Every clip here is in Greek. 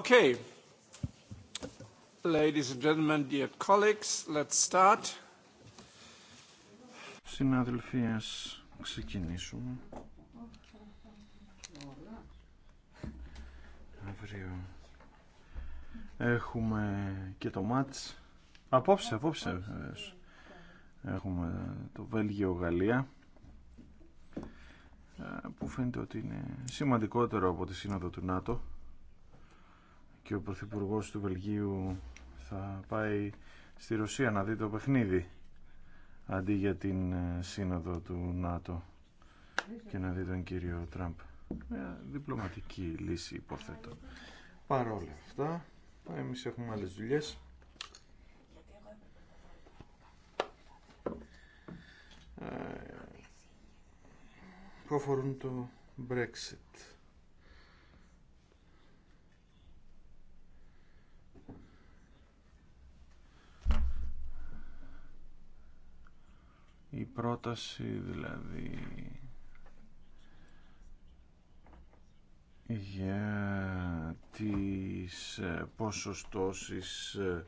Okay. Ladies and gentlemen, dear colleagues, let's start. Συναδελφοί, ας ξεκινήσουμε. Αύριο έχουμε και το μάτς. Απόψε, απόψε. Έχουμε το Βέλγιο-Γαλλία που φαίνεται ότι είναι σημαντικότερο από τη σύνοδο του ΝΑΤΟ και ο Πρωθυπουργό του Βελγίου θα πάει στη Ρωσία να δει το παιχνίδι αντί για την ε, σύνοδο του ΝΑΤΟ και να δει τον κύριο Τραμπ. Μια διπλωματική λύση υποθέτω. Παρόλα αυτά, εμείς έχουμε άλλες δουλειές. Ε, Πρόφορουν το Brexit. Η πρόταση δηλαδή για τις ε, ποσοστώσεις ε,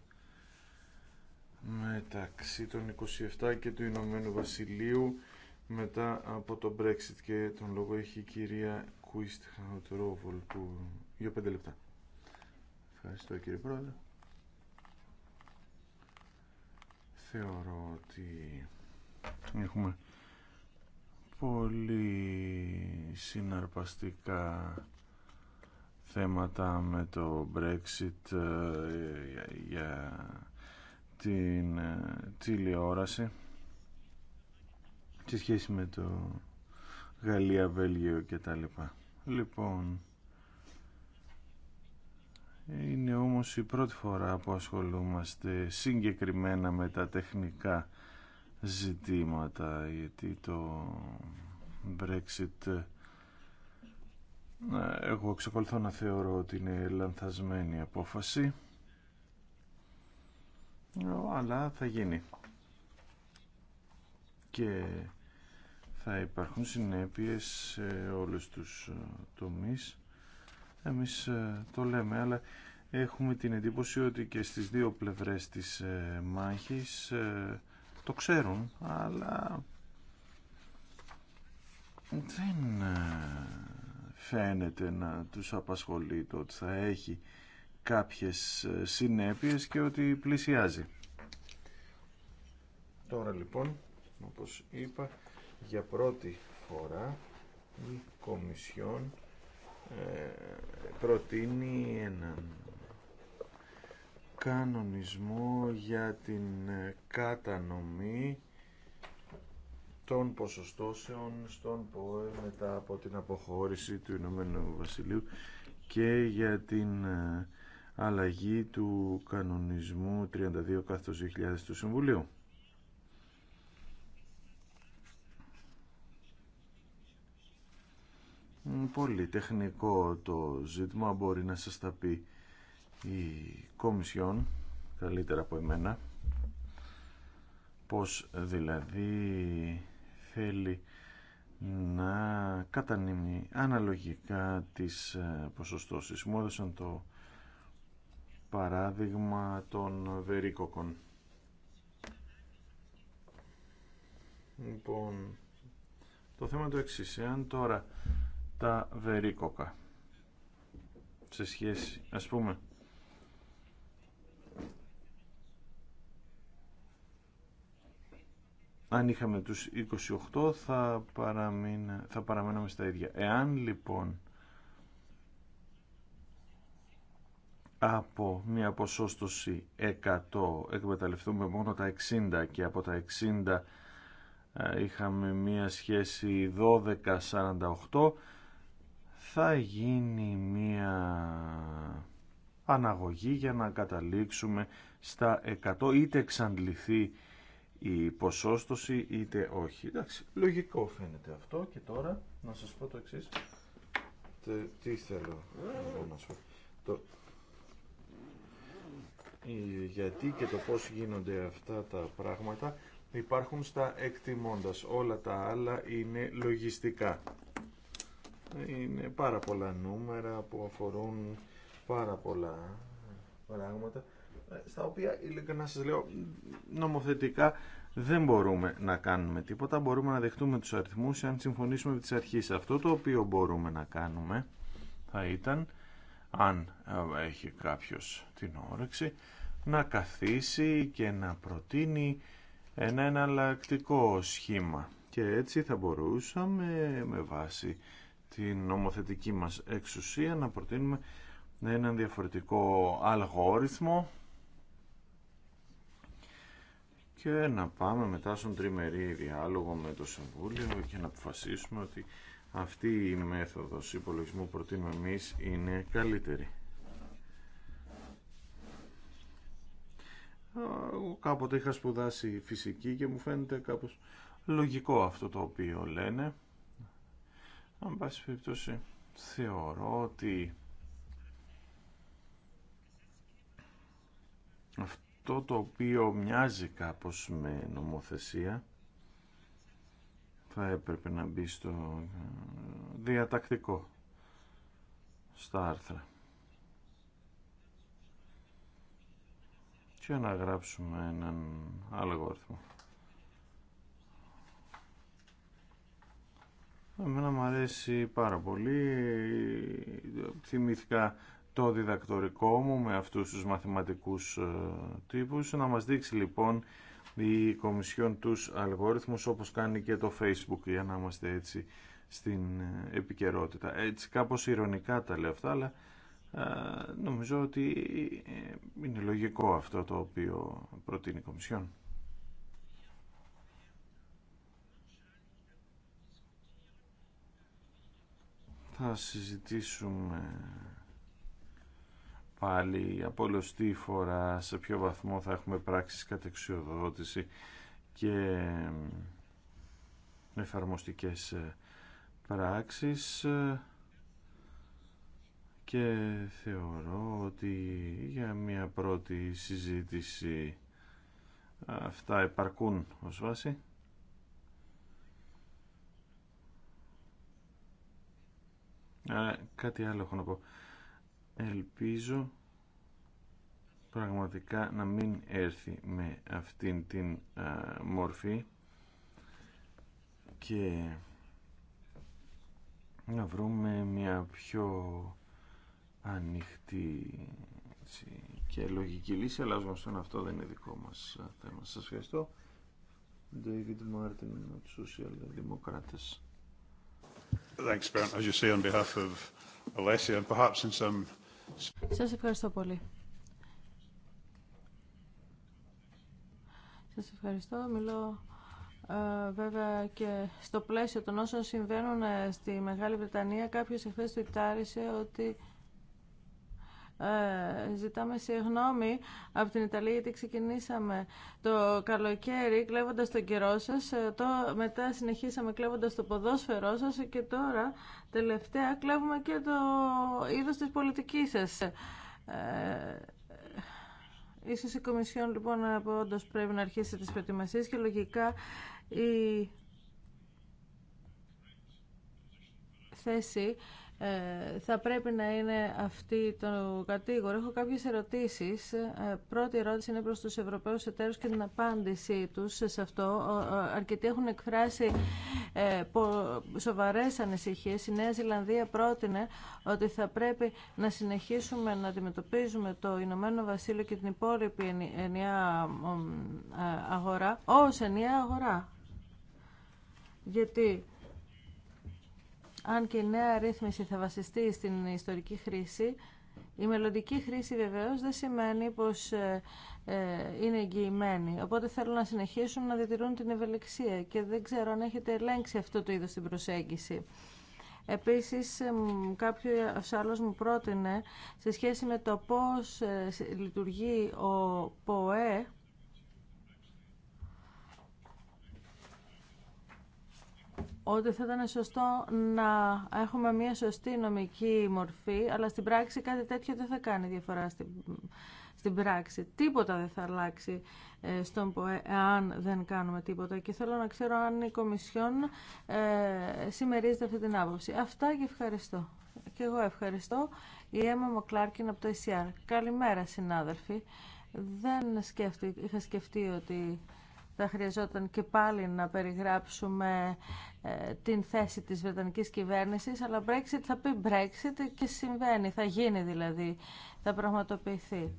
μεταξύ των 27 και του Ηνωμένου Βασιλείου μετά από το Brexit και τον λόγο έχει η κυρία Κουίστχαουτ Ρόβολ που... για 5 λεπτά. Ευχαριστώ κύριε Πρόεδρε. Θεωρώ ότι Έχουμε πολύ συναρπαστικά θέματα με το Brexit ε, για την ε, τηλεόραση σε σχέση με το Γαλλία, Βέλγιο και τα λοιπά. Λοιπόν, είναι όμως η πρώτη φορά που ασχολούμαστε συγκεκριμένα με τα τεχνικά ζητήματα γιατί το Brexit ε, εγώ εξακολουθώ να θεωρώ ότι είναι λανθασμένη απόφαση αλλά θα γίνει και θα υπάρχουν συνέπειες σε όλους τους ε, τομείς εμείς ε, το λέμε αλλά έχουμε την εντύπωση ότι και στις δύο πλευρές της μάχης το ξέρουν, αλλά δεν ε, φαίνεται να τους απασχολεί το ότι θα έχει κάποιες ε, συνέπειες και ότι πλησιάζει. Τώρα λοιπόν, όπως είπα, για πρώτη φορά η Κομισιόν ε, προτείνει έναν κανονισμό για την ε, κατανομή των ποσοστώσεων στον ΠΟΕ μετά από την αποχώρηση του Ηνωμένου Βασιλείου και για την ε, αλλαγή του κανονισμού 32 2000 του Συμβουλίου. Πολύ τεχνικό το ζήτημα, μπορεί να σας τα πει η Κομισιόν καλύτερα από εμένα πως δηλαδή θέλει να κατανείμει αναλογικά τις ε, ποσοστώσεις. Μου έδωσαν το παράδειγμα των βερίκοκων. Λοιπόν, το θέμα το εξής, εάν τώρα τα βερίκοκα σε σχέση, ας πούμε, αν είχαμε τους 28 θα, παραμείνα, θα παραμέναμε στα ίδια. Εάν λοιπόν από μια ποσόστοση 100 εκμεταλλευτούμε μόνο τα 60 και από τα 60 ε, είχαμε μια σχέση 12-48 θα γίνει μια αναγωγή για να καταλήξουμε στα 100 είτε εξαντληθεί η ποσόστοση είτε όχι. Εντάξει, λογικό φαίνεται αυτό και τώρα να σας πω το εξής. τι θέλω να σου πω. Το... Γιατί και το πώς γίνονται αυτά τα πράγματα υπάρχουν στα εκτιμώντας. Όλα τα άλλα είναι λογιστικά. Είναι πάρα πολλά νούμερα που αφορούν πάρα πολλά πράγματα στα οποία να σας λέω νομοθετικά δεν μπορούμε να κάνουμε τίποτα, μπορούμε να δεχτούμε τους αριθμούς αν συμφωνήσουμε με τις αρχές. Αυτό το οποίο μπορούμε να κάνουμε θα ήταν, αν ε, έχει κάποιος την όρεξη, να καθίσει και να προτείνει ένα εναλλακτικό σχήμα. Και έτσι θα μπορούσαμε με βάση την νομοθετική μας εξουσία να προτείνουμε έναν διαφορετικό αλγόριθμο και να πάμε μετά στον τριμερή διάλογο με το Συμβούλιο και να αποφασίσουμε ότι αυτή η μέθοδος υπολογισμού που προτείνουμε εμείς είναι καλύτερη. Εγώ κάποτε είχα σπουδάσει φυσική και μου φαίνεται κάπως λογικό αυτό το οποίο λένε. Αν πάση περιπτώσει θεωρώ ότι αυτό το οποίο μοιάζει κάπως με νομοθεσία θα έπρεπε να μπει στο ε, διατακτικό στα άρθρα και να γράψουμε έναν αλγόριθμο Εμένα μου αρέσει πάρα πολύ θυμήθηκα το διδακτορικό μου με αυτούς τους μαθηματικούς ε, τύπους. Να μας δείξει λοιπόν η Κομισιόν τους αλγόριθμους όπως κάνει και το Facebook για να είμαστε έτσι στην ε, επικαιρότητα. Έτσι κάπως ηρωνικά τα λέω αυτά, αλλά ε, νομίζω ότι είναι λογικό αυτό το οποίο προτείνει η Κομισιόν. Θα συζητήσουμε πάλι ή φορά σε ποιο βαθμό θα έχουμε πράξεις κατεξιοδότηση και εφαρμοστικές ε, πράξεις ε, και θεωρώ ότι για μια πρώτη συζήτηση ε, αυτά επαρκούν ως βάση. κάτι άλλο έχω να πω ελπίζω πραγματικά να μην έρθει με αυτήν την α, ε, μορφή και να βρούμε μια πιο ανοιχτή έτσι, και λογική λύση αλλά γνωστόν αυτό δεν είναι δικό μας ε, θέμα. Σας ευχαριστώ. David Martin από τους Σοσιαλδημοκράτες. Thanks, Bernd. As you say, on behalf of Alessia and perhaps in some σας ευχαριστώ πολύ. Σας ευχαριστώ. Μιλώ ε, βέβαια και στο πλαίσιο των όσων συμβαίνουν ε, στη Μεγάλη Βρετανία. Κάποιος εχθές του ότι ε, ζητάμε συγγνώμη από την Ιταλία γιατί ξεκινήσαμε το καλοκαίρι κλέβοντας τον καιρό σας, ε, το, μετά συνεχίσαμε κλέβοντας το ποδόσφαιρό σας και τώρα τελευταία κλέβουμε και το είδος της πολιτικής σας. Ε, ίσως η Κομισιόν λοιπόν όντως πρέπει να αρχίσει τις προετοιμασίες και λογικά η θέση ε, θα πρέπει να είναι αυτή το κατήγορο. Έχω κάποιες ερωτήσεις. Ε, πρώτη ερώτηση είναι προς τους Ευρωπαίους εταίρους και την απάντησή τους σε αυτό. Αρκετοί έχουν εκφράσει ε, σοβαρές ανησυχίες. Η Νέα Ζηλανδία πρότεινε ότι θα πρέπει να συνεχίσουμε να αντιμετωπίζουμε το Ηνωμένο Βασίλειο και την υπόλοιπη ενιαία αγορά ως ενιαία αγορά. Γιατί αν και η νέα ρύθμιση θα βασιστεί στην ιστορική χρήση, η μελλοντική χρήση βεβαίως δεν σημαίνει πως ε, ε, είναι εγγυημένη. Οπότε θέλω να συνεχίσουν να διατηρούν την ευελιξία και δεν ξέρω αν έχετε ελέγξει αυτό το είδος την προσέγγιση. Επίσης, ε, κάποιος άλλος μου πρότεινε σε σχέση με το πώς λειτουργεί ο ΠΟΕ, ότι θα ήταν σωστό να έχουμε μια σωστή νομική μορφή, αλλά στην πράξη κάτι τέτοιο δεν θα κάνει διαφορά στην, στην πράξη. Τίποτα δεν θα αλλάξει ε, στον ΠΟΕ, αν δεν κάνουμε τίποτα. Και θέλω να ξέρω αν η Κομισιόν ε, συμμερίζεται αυτή την άποψη. Αυτά και ευχαριστώ. Και εγώ ευχαριστώ. Η Έμα Μοκλάρκιν από το ECR. Καλημέρα, συνάδελφοι. Δεν είχα σκεφτεί ότι θα χρειαζόταν και πάλι να περιγράψουμε ε, την θέση της Βρετανικής κυβέρνησης, αλλά Brexit θα πει Brexit και συμβαίνει, θα γίνει δηλαδή, θα πραγματοποιηθεί.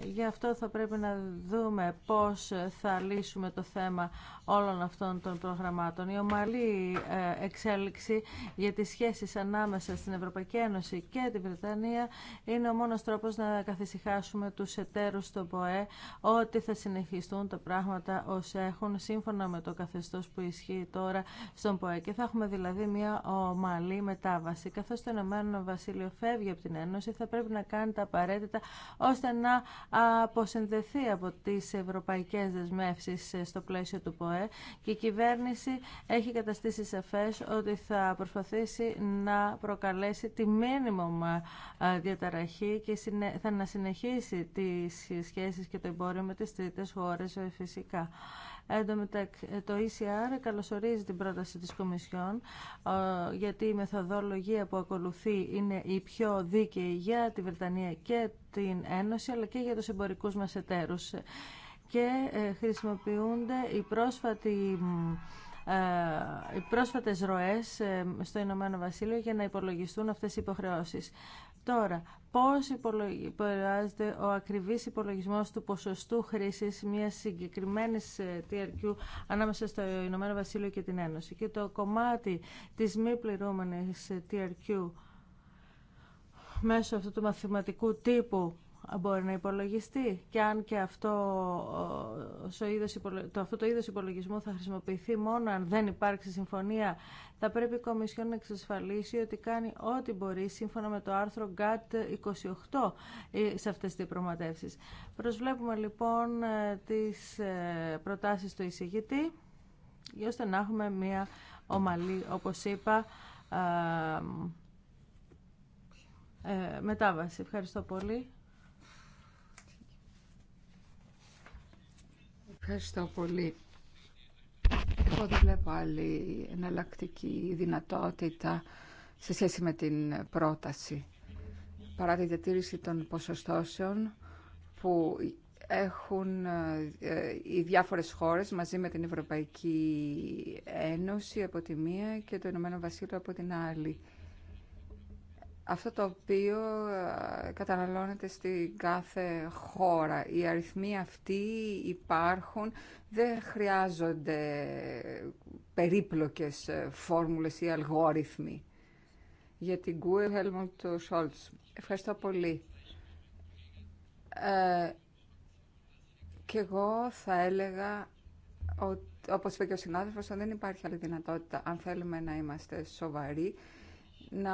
Γι' αυτό θα πρέπει να δούμε πώς θα λύσουμε το θέμα όλων αυτών των προγραμμάτων. Η ομαλή ε, εξέλιξη για τις σχέσεις ανάμεσα στην Ευρωπαϊκή Ένωση και την Βρετανία είναι ο μόνος τρόπος να καθησυχάσουμε τους εταίρους στο ΠΟΕ ότι θα συνεχιστούν τα πράγματα ως έχουν σύμφωνα με το καθεστώς που ισχύει τώρα στον ΠΟΕ και θα έχουμε δηλαδή μια ομαλή μετάβαση. Καθώς το Ηνωμένο Βασίλειο φεύγει από την Ένωση θα πρέπει να κάνει τα απαραίτητα ώστε να αποσυνδεθεί από τις ευρωπαϊκές δεσμεύσεις ε, στο πλαίσιο του ΠΟΕ και η κυβέρνηση έχει καταστήσει σαφές ότι θα προσπαθήσει να προκαλέσει τη μίνιμουμ ε, διαταραχή και θα να συνεχίσει τις σχέσεις και το εμπόριο με τις τρίτες χώρες ε, φυσικά. Ε, το ECR καλωσορίζει την πρόταση της Κομισιόν ε, γιατί η μεθοδολογία που ακολουθεί είναι η πιο δίκαιη για τη Βρετανία και την Ένωση αλλά και για τους εμπορικούς μας εταίρους και ε, χρησιμοποιούνται οι πρόσφατοι οι πρόσφατες ροές στο Ηνωμένο Βασίλειο για να υπολογιστούν αυτές οι υποχρεώσεις. Τώρα, πώς υπολογίζεται ο ακριβής υπολογισμός του ποσοστού χρήσης μιας συγκεκριμένης ε, TRQ ανάμεσα στο Ηνωμένο Βασίλειο και την Ένωση. Και το κομμάτι της μη πληρούμενης ε, TRQ μέσω αυτού του μαθηματικού τύπου μπορεί να υπολογιστεί και αν και αυτό, ε, το, αυτό το είδος υπολογισμού θα χρησιμοποιηθεί μόνο αν δεν υπάρξει συμφωνία θα πρέπει η Κομισιόν να εξασφαλίσει ότι κάνει ό,τι μπορεί σύμφωνα με το άρθρο GATT 28 ε, σε αυτές τις προματεύσεις Προσβλέπουμε λοιπόν ε, τις προτάσεις του εισηγητή ώστε να έχουμε μια ομαλή, όπως είπα, μετάβαση. Ευχαριστώ πολύ. Ευχαριστώ πολύ. Εγώ δεν βλέπω άλλη εναλλακτική δυνατότητα σε σχέση με την πρόταση. Παρά τη διατήρηση των ποσοστώσεων που έχουν ε, οι διάφορες χώρες μαζί με την Ευρωπαϊκή Ένωση από τη μία και το Ηνωμένο Βασίλειο από την άλλη αυτό το οποίο ε, καταναλώνεται στην κάθε χώρα. Οι αριθμοί αυτοί υπάρχουν, δεν χρειάζονται περίπλοκες ε, φόρμουλες ή αλγόριθμοι. Για την ΚΟΕ, Χέλμοντ Σόλτς. Ευχαριστώ πολύ. Ε, και εγώ θα έλεγα ότι, όπως είπε και ο συνάδελφος, δεν υπάρχει άλλη δυνατότητα αν θέλουμε να είμαστε σοβαροί να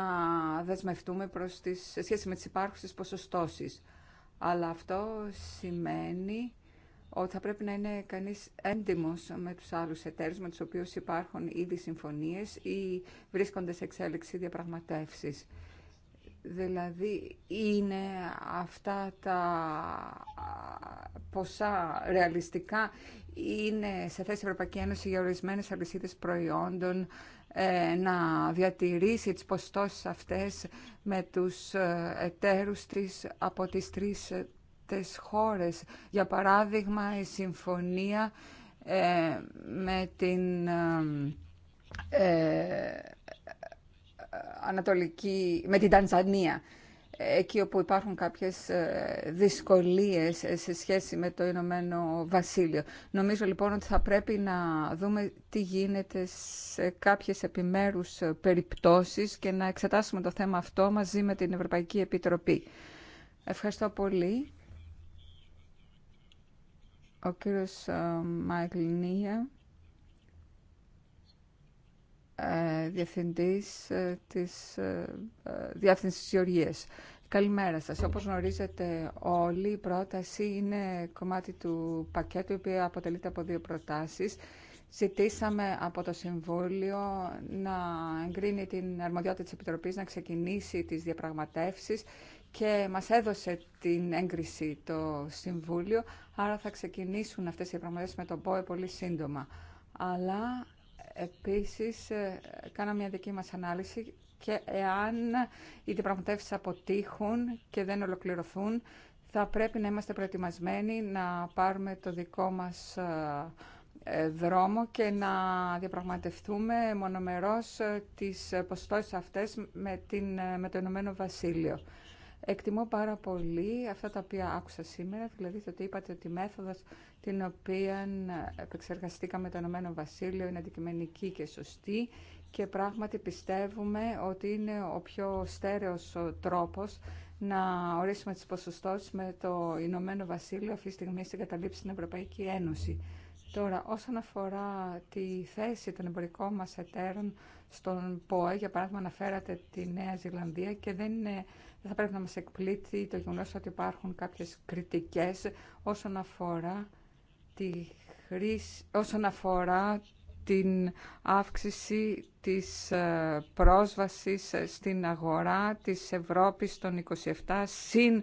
δεσμευτούμε προς τις, σε σχέση με τις υπάρχουσες ποσοστώσεις. Αλλά αυτό σημαίνει ότι θα πρέπει να είναι κανείς έντιμος με τους άλλους εταίρους με τους οποίους υπάρχουν ήδη συμφωνίες ή βρίσκονται σε εξέλιξη διαπραγματεύσεις. Δηλαδή είναι αυτά τα ποσά ρεαλιστικά, είναι σε θέση Ευρωπαϊκή Ένωση για ορισμένες αλυσίδε προϊόντων, ε, να διατηρήσει τις ποστώσεις αυτές με τους ε, εταίρους της από τις τρεις ε, τις χώρες. Για παράδειγμα, η συμφωνία με την Ανατολική, με την Τανζανία εκεί όπου υπάρχουν κάποιες ε, δυσκολίες ε, σε σχέση με το Ηνωμένο Βασίλειο. Νομίζω λοιπόν ότι θα πρέπει να δούμε τι γίνεται σε κάποιες επιμέρους ε, περιπτώσεις και να εξετάσουμε το θέμα αυτό μαζί με την Ευρωπαϊκή Επιτροπή. Ευχαριστώ πολύ. Ο κύριος Μάικλ ε, διευθυντής ε, της ε, Διεύθυνσης της Καλημέρα σας. Όπως γνωρίζετε όλοι, η πρόταση είναι κομμάτι του πακέτου, η οποία αποτελείται από δύο προτάσεις. Ζητήσαμε από το Συμβούλιο να εγκρίνει την αρμοδιότητα της Επιτροπής να ξεκινήσει τις διαπραγματεύσεις και μας έδωσε την έγκριση το Συμβούλιο, άρα θα ξεκινήσουν αυτές οι διαπραγματεύσεις με τον ΠΟΕ πολύ σύντομα. Αλλά Επίσης, ε, κάναμε μια δική μας ανάλυση και εάν οι διαπραγματεύσεις αποτύχουν και δεν ολοκληρωθούν, θα πρέπει να είμαστε προετοιμασμένοι να πάρουμε το δικό μας ε, ε, δρόμο και να διαπραγματευτούμε μονομερός τις ποσοστώσεις αυτές με, την, με το Ηνωμένο Βασίλειο. Εκτιμώ πάρα πολύ αυτά τα οποία άκουσα σήμερα, δηλαδή το ότι είπατε ότι η μέθοδος την οποία επεξεργαστήκαμε το Ηνωμένο Βασίλειο είναι αντικειμενική και σωστή και πράγματι πιστεύουμε ότι είναι ο πιο στέρεος τρόπος να ορίσουμε τις ποσοστώσεις με το Ηνωμένο Βασίλειο αυτή τη στιγμή στην καταλήψη στην Ευρωπαϊκή Ένωση. Τώρα, όσον αφορά τη θέση των εμπορικών μας εταίρων στον ΠΟΕ, για παράδειγμα αναφέρατε τη Νέα Ζηλανδία και δεν είναι δεν θα πρέπει να μας εκπλήττει το γεγονός ότι υπάρχουν κάποιες κριτικές όσον αφορά, τη χρήση, όσον αφορά την αύξηση της ε, πρόσβασης ε, στην αγορά της Ευρώπης των 27 συν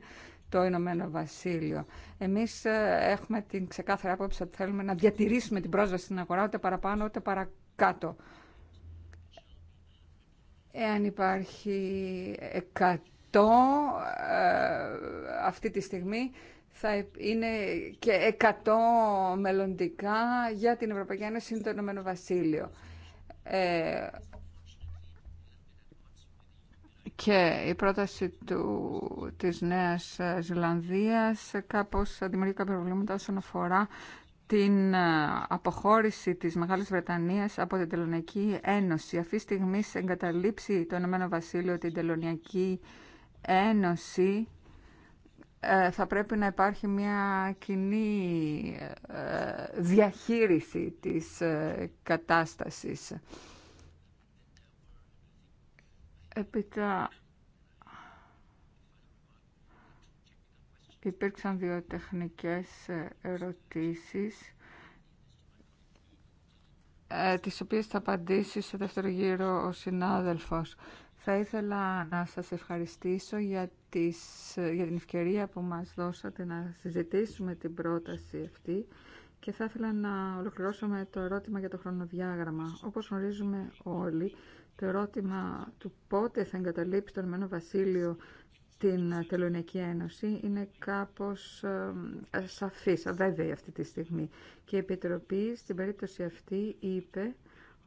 το Ηνωμένο Βασίλειο. Εμείς ε, έχουμε την ξεκάθαρη άποψη ότι θέλουμε να διατηρήσουμε την πρόσβαση στην αγορά ούτε παραπάνω ούτε παρακάτω. Εάν υπάρχει αυτό ε, αυτή τη στιγμή θα είναι και 100 μελλοντικά για την Ευρωπαϊκή Ένωση το Ηνωμένο Βασίλειο. Ε, και η πρόταση του, της Νέας Ζηλανδίας κάπως δημιουργεί κάποια προβλήματα όσον αφορά την ε, αποχώρηση της Μεγάλης Βρετανίας από την Τελωνιακή Ένωση. Αυτή τη στιγμή εγκαταλείψει το Ηνωμένο Βασίλειο την Τελωνιακή Ένωση ε, θα πρέπει να υπάρχει μια κοινή ε, διαχείριση της ε, κατάστασης. Επίτα υπήρξαν δύο τεχνικές ερωτήσεις τις οποίες θα απαντήσει στο δεύτερο γύρο ο συνάδελφος. Θα ήθελα να σας ευχαριστήσω για, τις, για την ευκαιρία που μας δώσατε να συζητήσουμε την πρόταση αυτή και θα ήθελα να ολοκληρώσω με το ερώτημα για το χρονοδιάγραμμα. Όπως γνωρίζουμε όλοι, το ερώτημα του πότε θα εγκαταλείψει το Ηνωμένο Βασίλειο την Τελωνιακή Ένωση είναι κάπως σαφής, αβέβαιη αυτή τη στιγμή. Και η Επιτροπή στην περίπτωση αυτή είπε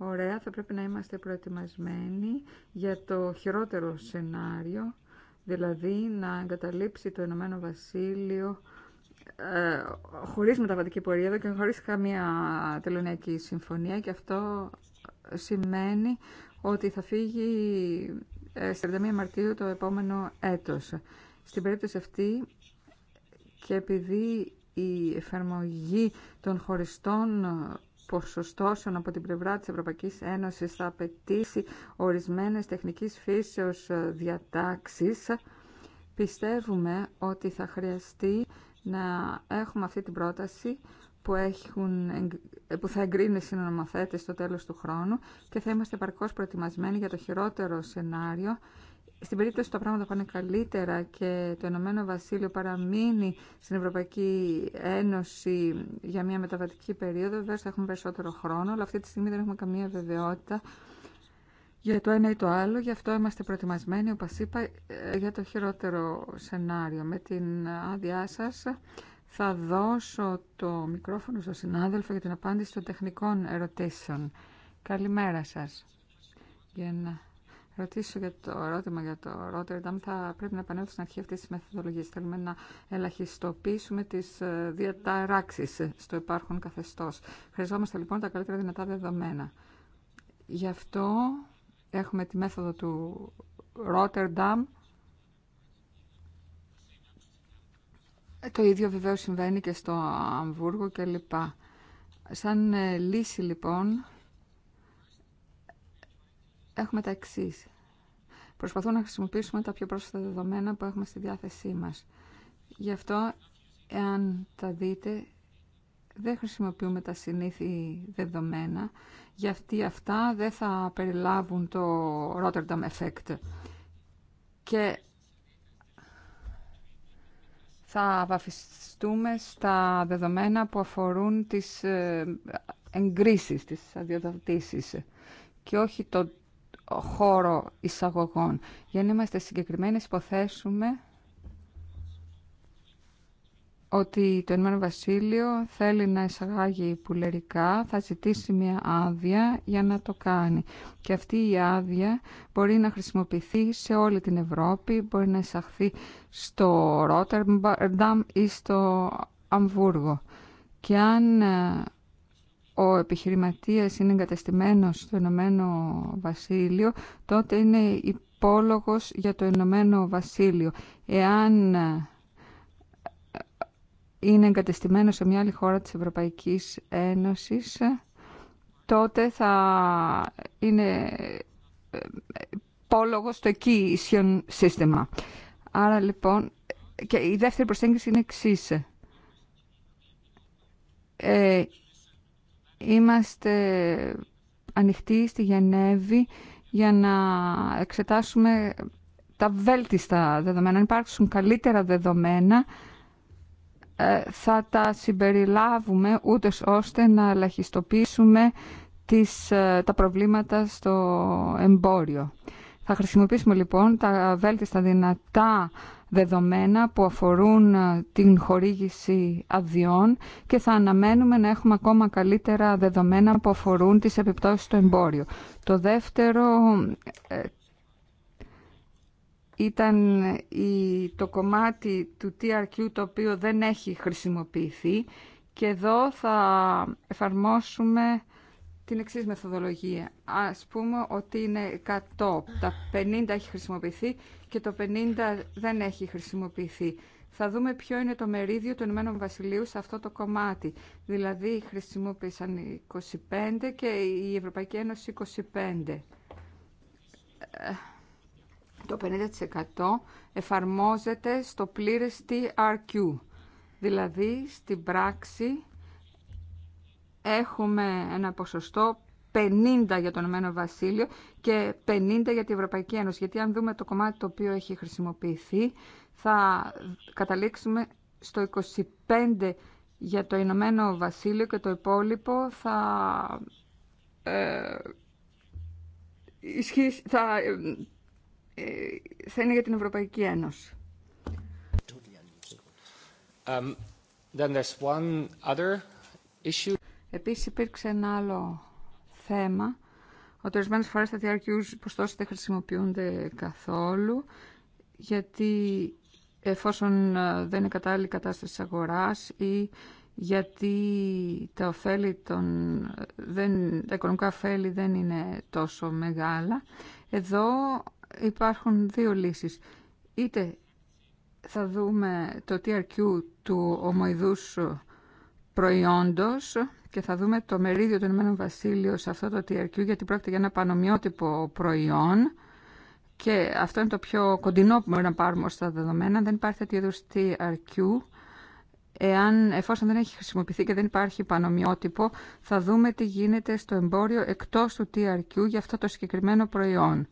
Ωραία, θα πρέπει να είμαστε προετοιμασμένοι για το χειρότερο σενάριο, δηλαδή να εγκαταλείψει το Ηνωμένο Βασίλειο ε, χωρίς μεταβατική πορεία και χωρίς καμία τελωνιακή συμφωνία και αυτό σημαίνει ότι θα φύγει ε, 31 Μαρτίου το επόμενο έτος. Στην περίπτωση αυτή και επειδή η εφαρμογή των χωριστών ποσοστώσεων από την πλευρά της Ευρωπαϊκής Ένωσης θα απαιτήσει ορισμένες τεχνικής φύσεως διατάξεις, πιστεύουμε ότι θα χρειαστεί να έχουμε αυτή την πρόταση που, έχουν, θα εγκρίνει οι στο τέλος του χρόνου και θα είμαστε παρκώς προετοιμασμένοι για το χειρότερο σενάριο στην περίπτωση που τα πράγματα πάνε καλύτερα και το Ηνωμένο Βασίλειο παραμείνει στην Ευρωπαϊκή Ένωση για μια μεταβατική περίοδο, βέβαια θα έχουμε περισσότερο χρόνο, αλλά αυτή τη στιγμή δεν έχουμε καμία βεβαιότητα για το ένα ή το άλλο. Γι' αυτό είμαστε προετοιμασμένοι, όπω είπα, για το χειρότερο σενάριο. Με την άδειά σα θα δώσω το μικρόφωνο στον συνάδελφο για την απάντηση των τεχνικών ερωτήσεων. Καλημέρα σας. Για ρωτήσω για το ερώτημα για το Ρότερνταμ θα πρέπει να επανέλθω στην αρχή αυτή τη μεθοδολογία. Θέλουμε να ελαχιστοποιήσουμε τι ε, διαταράξει στο υπάρχον καθεστώ. Χρειαζόμαστε λοιπόν τα καλύτερα δυνατά δεδομένα. Γι' αυτό έχουμε τη μέθοδο του Rotterdam. Ε, το ίδιο βεβαίω συμβαίνει και στο Αμβούργο κλπ. Σαν ε, λύση λοιπόν έχουμε τα εξή. Προσπαθούμε να χρησιμοποιήσουμε τα πιο πρόσφατα δεδομένα που έχουμε στη διάθεσή μας. Γι' αυτό, εάν τα δείτε, δεν χρησιμοποιούμε τα συνήθη δεδομένα, γιατί αυτά δεν θα περιλάβουν το Rotterdam Effect. Και θα βαφιστούμε στα δεδομένα που αφορούν τις ε, εγκρίσεις, τις αδειοδοτήσεις και όχι το χώρο εισαγωγών. Για να είμαστε συγκεκριμένοι, υποθέσουμε ότι το Ηνωμένο Βασίλειο θέλει να εισαγάγει πουλερικά, θα ζητήσει μια άδεια για να το κάνει. Και αυτή η άδεια μπορεί να χρησιμοποιηθεί σε όλη την Ευρώπη, μπορεί να εισαχθεί στο Ρότερνταμ ή στο Αμβούργο. Και αν ε, ο επιχειρηματίας είναι εγκαταστημένος στο Ηνωμένο Βασίλειο, τότε είναι υπόλογος για το Ηνωμένο Βασίλειο. Εάν ε, είναι εγκατεστημένο σε μια άλλη χώρα της Ευρωπαϊκής Ένωσης, τότε θα είναι ε, υπόλογο στο εκεί σύστημα. Άρα λοιπόν, και η δεύτερη προσέγγιση είναι εξή. Ε, Είμαστε ανοιχτοί στη Γενέβη για να εξετάσουμε τα βέλτιστα δεδομένα. Αν υπάρξουν καλύτερα δεδομένα, ε, θα τα συμπεριλάβουμε ούτε ώστε να ελαχιστοποιήσουμε τις, ε, τα προβλήματα στο εμπόριο. Θα χρησιμοποιήσουμε λοιπόν τα βέλτιστα δυνατά δεδομένα που αφορούν ε, την χορήγηση αδειών και θα αναμένουμε να έχουμε ακόμα καλύτερα δεδομένα που αφορούν τις επιπτώσεις στο εμπόριο. Το δεύτερο ε, ήταν ε, το κομμάτι του TRQ το οποίο δεν έχει χρησιμοποιηθεί και εδώ θα εφαρμόσουμε την εξή μεθοδολογία. Α πούμε ότι είναι 100, τα 50 έχει χρησιμοποιηθεί και το 50 δεν έχει χρησιμοποιηθεί. Θα δούμε ποιο είναι το μερίδιο του Ηνωμένου Βασιλείου σε αυτό το κομμάτι. Δηλαδή χρησιμοποίησαν 25 και η Ευρωπαϊκή Ένωση 25. Το 50% εφαρμόζεται στο πλήρες TRQ, δηλαδή στην πράξη έχουμε ένα ποσοστό 50 για το Ηνωμένο Βασίλειο και 50 για την Ευρωπαϊκή Ένωση. Γιατί αν δούμε το κομμάτι το οποίο έχει χρησιμοποιηθεί, θα καταλήξουμε στο 25 για το Ηνωμένο Βασίλειο και το υπόλοιπο θα, ε, θα, ε, είναι για την Ευρωπαϊκή Ένωση. Um, then there's one other issue. Επίσης υπήρξε ένα άλλο θέμα ότι ορισμένε φορέ τα TRQs, ποσοστώσει δεν χρησιμοποιούνται καθόλου γιατί εφόσον ε, δεν είναι κατάλληλη κατάσταση τη αγοράς ή γιατί τα, ωφέλη των, ε, δεν, τα οικονομικά ωφέλη δεν είναι τόσο μεγάλα. Εδώ υπάρχουν δύο λύσεις. Είτε θα δούμε το TRQ του ομοειδούς προϊόντος και θα δούμε το μερίδιο του Ηνωμένου Βασίλειου σε αυτό το TRQ γιατί πρόκειται για ένα πανομοιότυπο προϊόν και αυτό είναι το πιο κοντινό που μπορούμε να πάρουμε ως τα δεδομένα. Δεν υπάρχει τέτοιο TRQ. Εάν, εφόσον δεν έχει χρησιμοποιηθεί και δεν υπάρχει πανομοιότυπο, θα δούμε τι γίνεται στο εμπόριο εκτός του TRQ για αυτό το συγκεκριμένο προϊόν.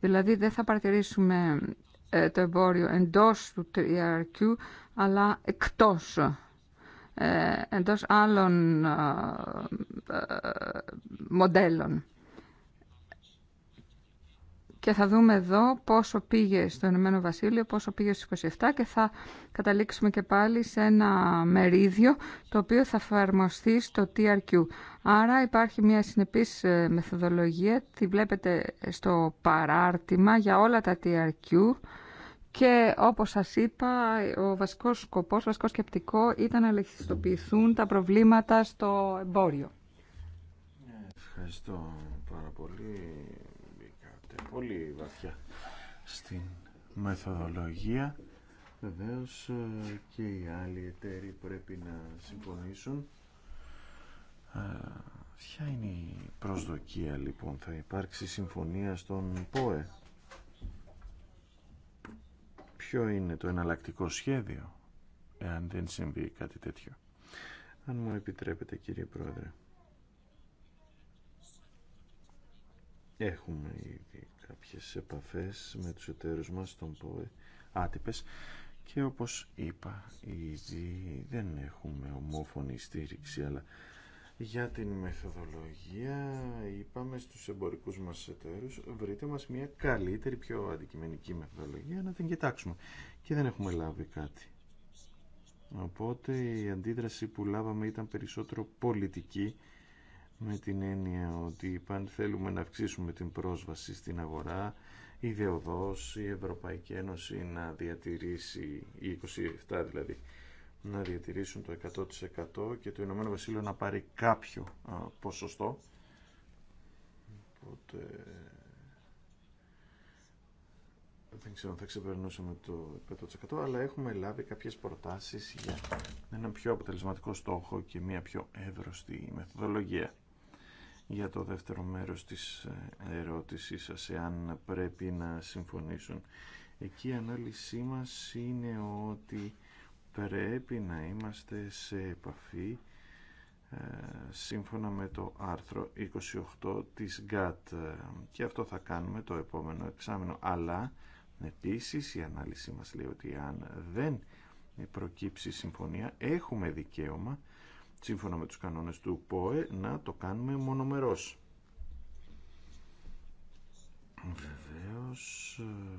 Δηλαδή δεν θα παρατηρήσουμε ε, το εμπόριο εντός του TRQ, αλλά εκτός ε, εντός άλλων ε, ε, μοντέλων. Και θα δούμε εδώ πόσο πήγε στο Ηνωμένο Βασίλειο, πόσο πήγε στις 27 και θα καταλήξουμε και πάλι σε ένα μερίδιο το οποίο θα εφαρμοστεί στο TRQ. Άρα υπάρχει μια συνεπής μεθοδολογία, τη βλέπετε στο παράρτημα για όλα τα TRQ και όπως σας είπα, ο βασικός σκοπός, ο βασικό σκεπτικό ήταν να ελεγχιστοποιηθούν τα προβλήματα στο εμπόριο. Ευχαριστώ πάρα πολύ. Μπήκατε πολύ βαθιά στην μεθοδολογία. Βεβαίω ε, και οι άλλοι εταίροι πρέπει να συμφωνήσουν. Ε, ποια είναι η προσδοκία λοιπόν, θα υπάρξει συμφωνία στον ΠΟΕ ποιο είναι το εναλλακτικό σχέδιο εάν δεν συμβεί κάτι τέτοιο. Αν μου επιτρέπετε κύριε Πρόεδρε. Έχουμε ήδη κάποιες επαφές με τους εταίρους μας τον ΠΟΕ άτυπες και όπως είπα ήδη δεν έχουμε ομόφωνη στήριξη αλλά για την μεθοδολογία είπαμε στους εμπορικούς μας εταίρους βρείτε μας μια καλύτερη, πιο αντικειμενική μεθοδολογία να την κοιτάξουμε και δεν έχουμε λάβει κάτι. Οπότε η αντίδραση που λάβαμε ήταν περισσότερο πολιτική με την έννοια ότι είπαν θέλουμε να αυξήσουμε την πρόσβαση στην αγορά η ΔΕΟΔΟΣ, η Ευρωπαϊκή Ένωση να διατηρήσει η 27 δηλαδή να διατηρήσουν το 100% και το Ηνωμένο Βασίλειο να πάρει κάποιο ποσοστό. Οπότε δεν ξέρω αν θα ξεπερνούσαμε το 100% αλλά έχουμε λάβει κάποιες προτάσεις για ένα πιο αποτελεσματικό στόχο και μια πιο εύρωστη μεθοδολογία. Για το δεύτερο μέρος της ε, ερώτησής σας, εάν πρέπει να συμφωνήσουν. Εκεί η ανάλυση μας είναι ότι πρέπει να είμαστε σε επαφή ε, σύμφωνα με το άρθρο 28 της Γάτ και αυτό θα κάνουμε το επόμενο εξάμεινο αλλά επίσης η ανάλυση μας λέει ότι αν δεν προκύψει συμφωνία έχουμε δικαίωμα σύμφωνα με τους κανόνες του ΠΟΕ να το κάνουμε μονομερός βεβαίως ε,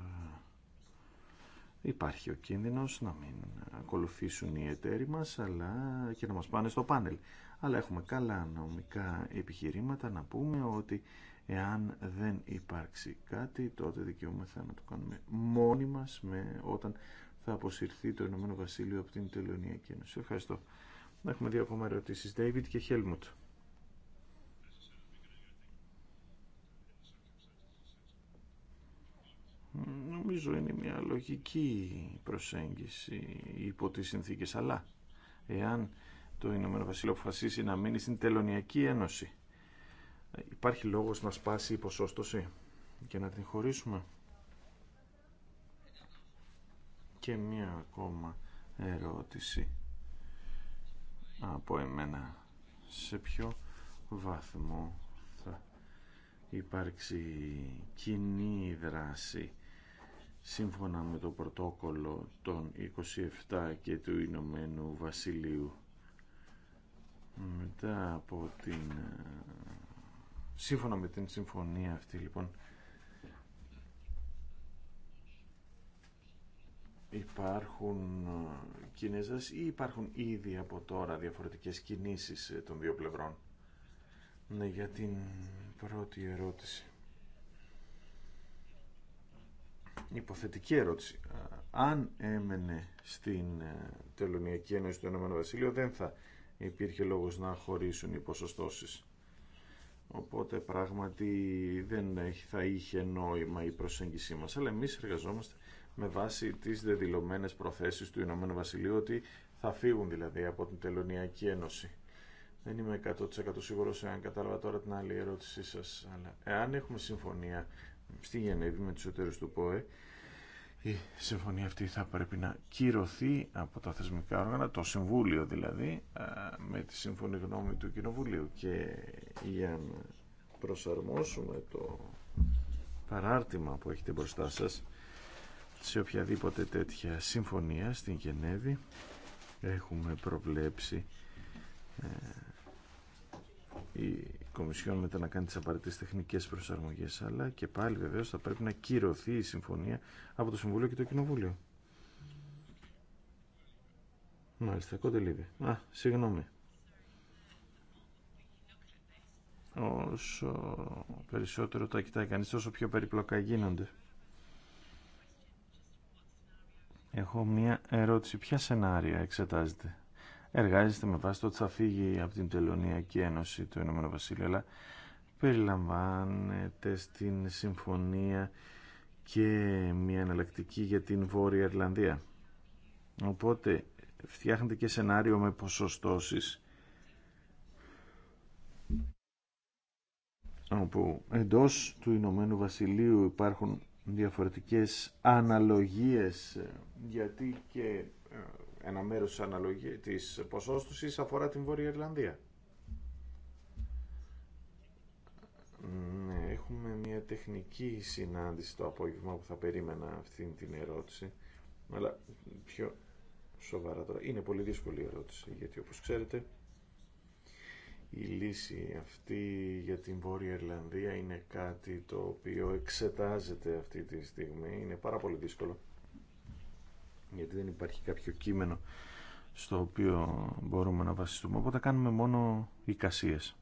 υπάρχει ο κίνδυνος να μην ακολουθήσουν οι εταίροι μας αλλά και να μας πάνε στο πάνελ. Αλλά έχουμε καλά νομικά επιχειρήματα να πούμε ότι εάν δεν υπάρξει κάτι τότε δικαιούμεθα να το κάνουμε μόνοι μας με, όταν θα αποσυρθεί το Ηνωμένο Βασίλειο από την Τελωνιακή Ένωση. Ευχαριστώ. Έχουμε δύο ακόμα ερωτήσεις. David και Helmut νομίζω είναι μια λογική προσέγγιση υπό τις συνθήκες. Αλλά εάν το Ηνωμένο Βασίλειο αποφασίσει να μείνει στην Τελωνιακή Ένωση, υπάρχει λόγος να σπάσει η ποσόστοση και να την χωρίσουμε. Και μία ακόμα ερώτηση από εμένα. Σε ποιο βαθμό θα υπάρξει κοινή δράση σύμφωνα με το πρωτόκολλο των 27 και του Ηνωμένου Βασιλείου μετά από την ε, σύμφωνα με την συμφωνία αυτή λοιπόν υπάρχουν ε, Κινέζας ή υπάρχουν ήδη από τώρα διαφορετικές κινήσεις ε, των δύο πλευρών ναι, για την πρώτη ερώτηση υποθετική ερώτηση. Αν έμενε στην ε, Τελωνιακή Ένωση του Ηνωμένου Βασίλειου δεν θα υπήρχε λόγος να χωρίσουν οι ποσοστώσεις. Οπότε πράγματι δεν θα είχε νόημα η προσέγγιση μας. Αλλά εμείς εργαζόμαστε με βάση τις δεδηλωμένες προθέσεις του Ηνωμένου Βασιλείου ότι θα φύγουν δηλαδή από την Τελωνιακή Ένωση. Δεν είμαι 100% σίγουρος εάν κατάλαβα τώρα την άλλη ερώτησή σας, αλλά εάν έχουμε συμφωνία στη Γενέβη με τους εταίρους του ΠΟΕ. Η συμφωνία αυτή θα πρέπει να κυρωθεί από τα θεσμικά όργανα, το Συμβούλιο δηλαδή, με τη σύμφωνη γνώμη του Κοινοβουλίου. Και για να προσαρμόσουμε το παράρτημα που έχετε μπροστά σας σε οποιαδήποτε τέτοια συμφωνία στην Γενέβη, έχουμε προβλέψει ε, η Κομισιόν μετά να κάνει τις απαραίτητε τεχνικές προσαρμογές, αλλά και πάλι βεβαίω θα πρέπει να κυρωθεί η συμφωνία από το Συμβούλιο και το Κοινοβούλιο. Μάλιστα, κοντελίδε. Α, συγγνώμη. Όσο περισσότερο τα κοιτάει κανείς, τόσο πιο περιπλοκά γίνονται. Έχω μία ερώτηση. Ποια σενάρια εξετάζετε Εργάζεται με βάση το ότι θα φύγει από την Τελωνιακή Ένωση το Ηνωμένο Βασίλειο, αλλά περιλαμβάνεται στην συμφωνία και μια εναλλακτική για την Βόρεια Ιρλανδία. Οπότε φτιάχνετε και σενάριο με ποσοστώσεις όπου εντός του Ηνωμένου Βασιλείου υπάρχουν διαφορετικές αναλογίες γιατί και ε, ένα μέρος της, αναλογίας, της ποσόστοσης αφορά την Βόρεια Ιρλανδία. Ναι, έχουμε μια τεχνική συνάντηση το απόγευμα που θα περίμενα αυτή την ερώτηση. Αλλά πιο σοβαρά τώρα. Είναι πολύ δύσκολη η ερώτηση γιατί όπως ξέρετε η λύση αυτή για την Βόρεια Ιρλανδία είναι κάτι το οποίο εξετάζεται αυτή τη στιγμή. Είναι πάρα πολύ δύσκολο γιατί δεν υπάρχει κάποιο κείμενο στο οποίο μπορούμε να βασιστούμε. Οπότε κάνουμε μόνο εικασίες.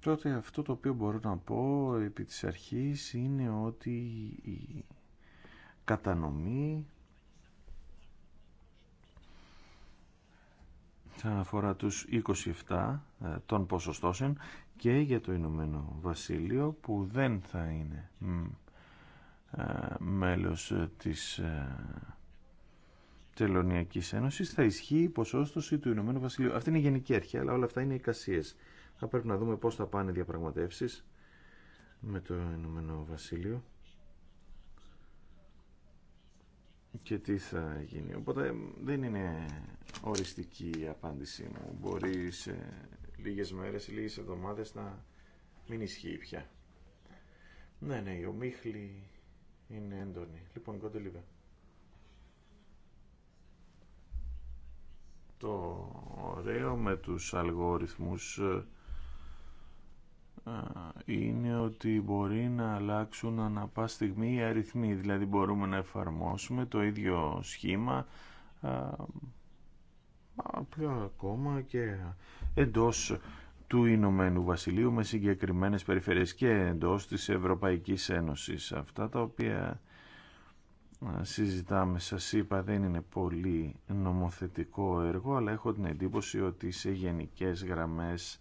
Τότε αυτό το οποίο μπορώ να πω επί της αρχής είναι ότι η κατανομή θα αφορά τους 27 ε, των ποσοστώσεων και για το Ηνωμένο Βασίλειο που δεν θα είναι ε, μέλος ε, της Τελωνιακής Ένωσης θα ισχύει η ποσόστοση του Ηνωμένου Βασιλείου. Αυτή είναι η γενική αρχή, αλλά όλα αυτά είναι εικασίες. Θα πρέπει να δούμε πώς θα πάνε οι διαπραγματεύσεις με το Ηνωμένο Βασίλειο και τι θα γίνει. Οπότε δεν είναι οριστική η απάντησή μου. Μπορεί σε λίγες μέρες ή λίγες εβδομάδες να μην ισχύει πια. Ναι, ναι, η ομίχλη είναι έντονη. Λοιπόν, κοντελίβε. Το ωραίο με τους αλγόριθμους ε, είναι ότι μπορεί να αλλάξουν ανα πάση στιγμή οι αριθμοί. Δηλαδή μπορούμε να εφαρμόσουμε το ίδιο σχήμα απλά ακόμα και εντός του Ηνωμένου Βασιλείου με συγκεκριμένες περιφερειές και εντός της Ευρωπαϊκής Ένωσης. Αυτά τα οποία συζητάμε, σας είπα, δεν είναι πολύ νομοθετικό έργο, αλλά έχω την εντύπωση ότι σε γενικές γραμμές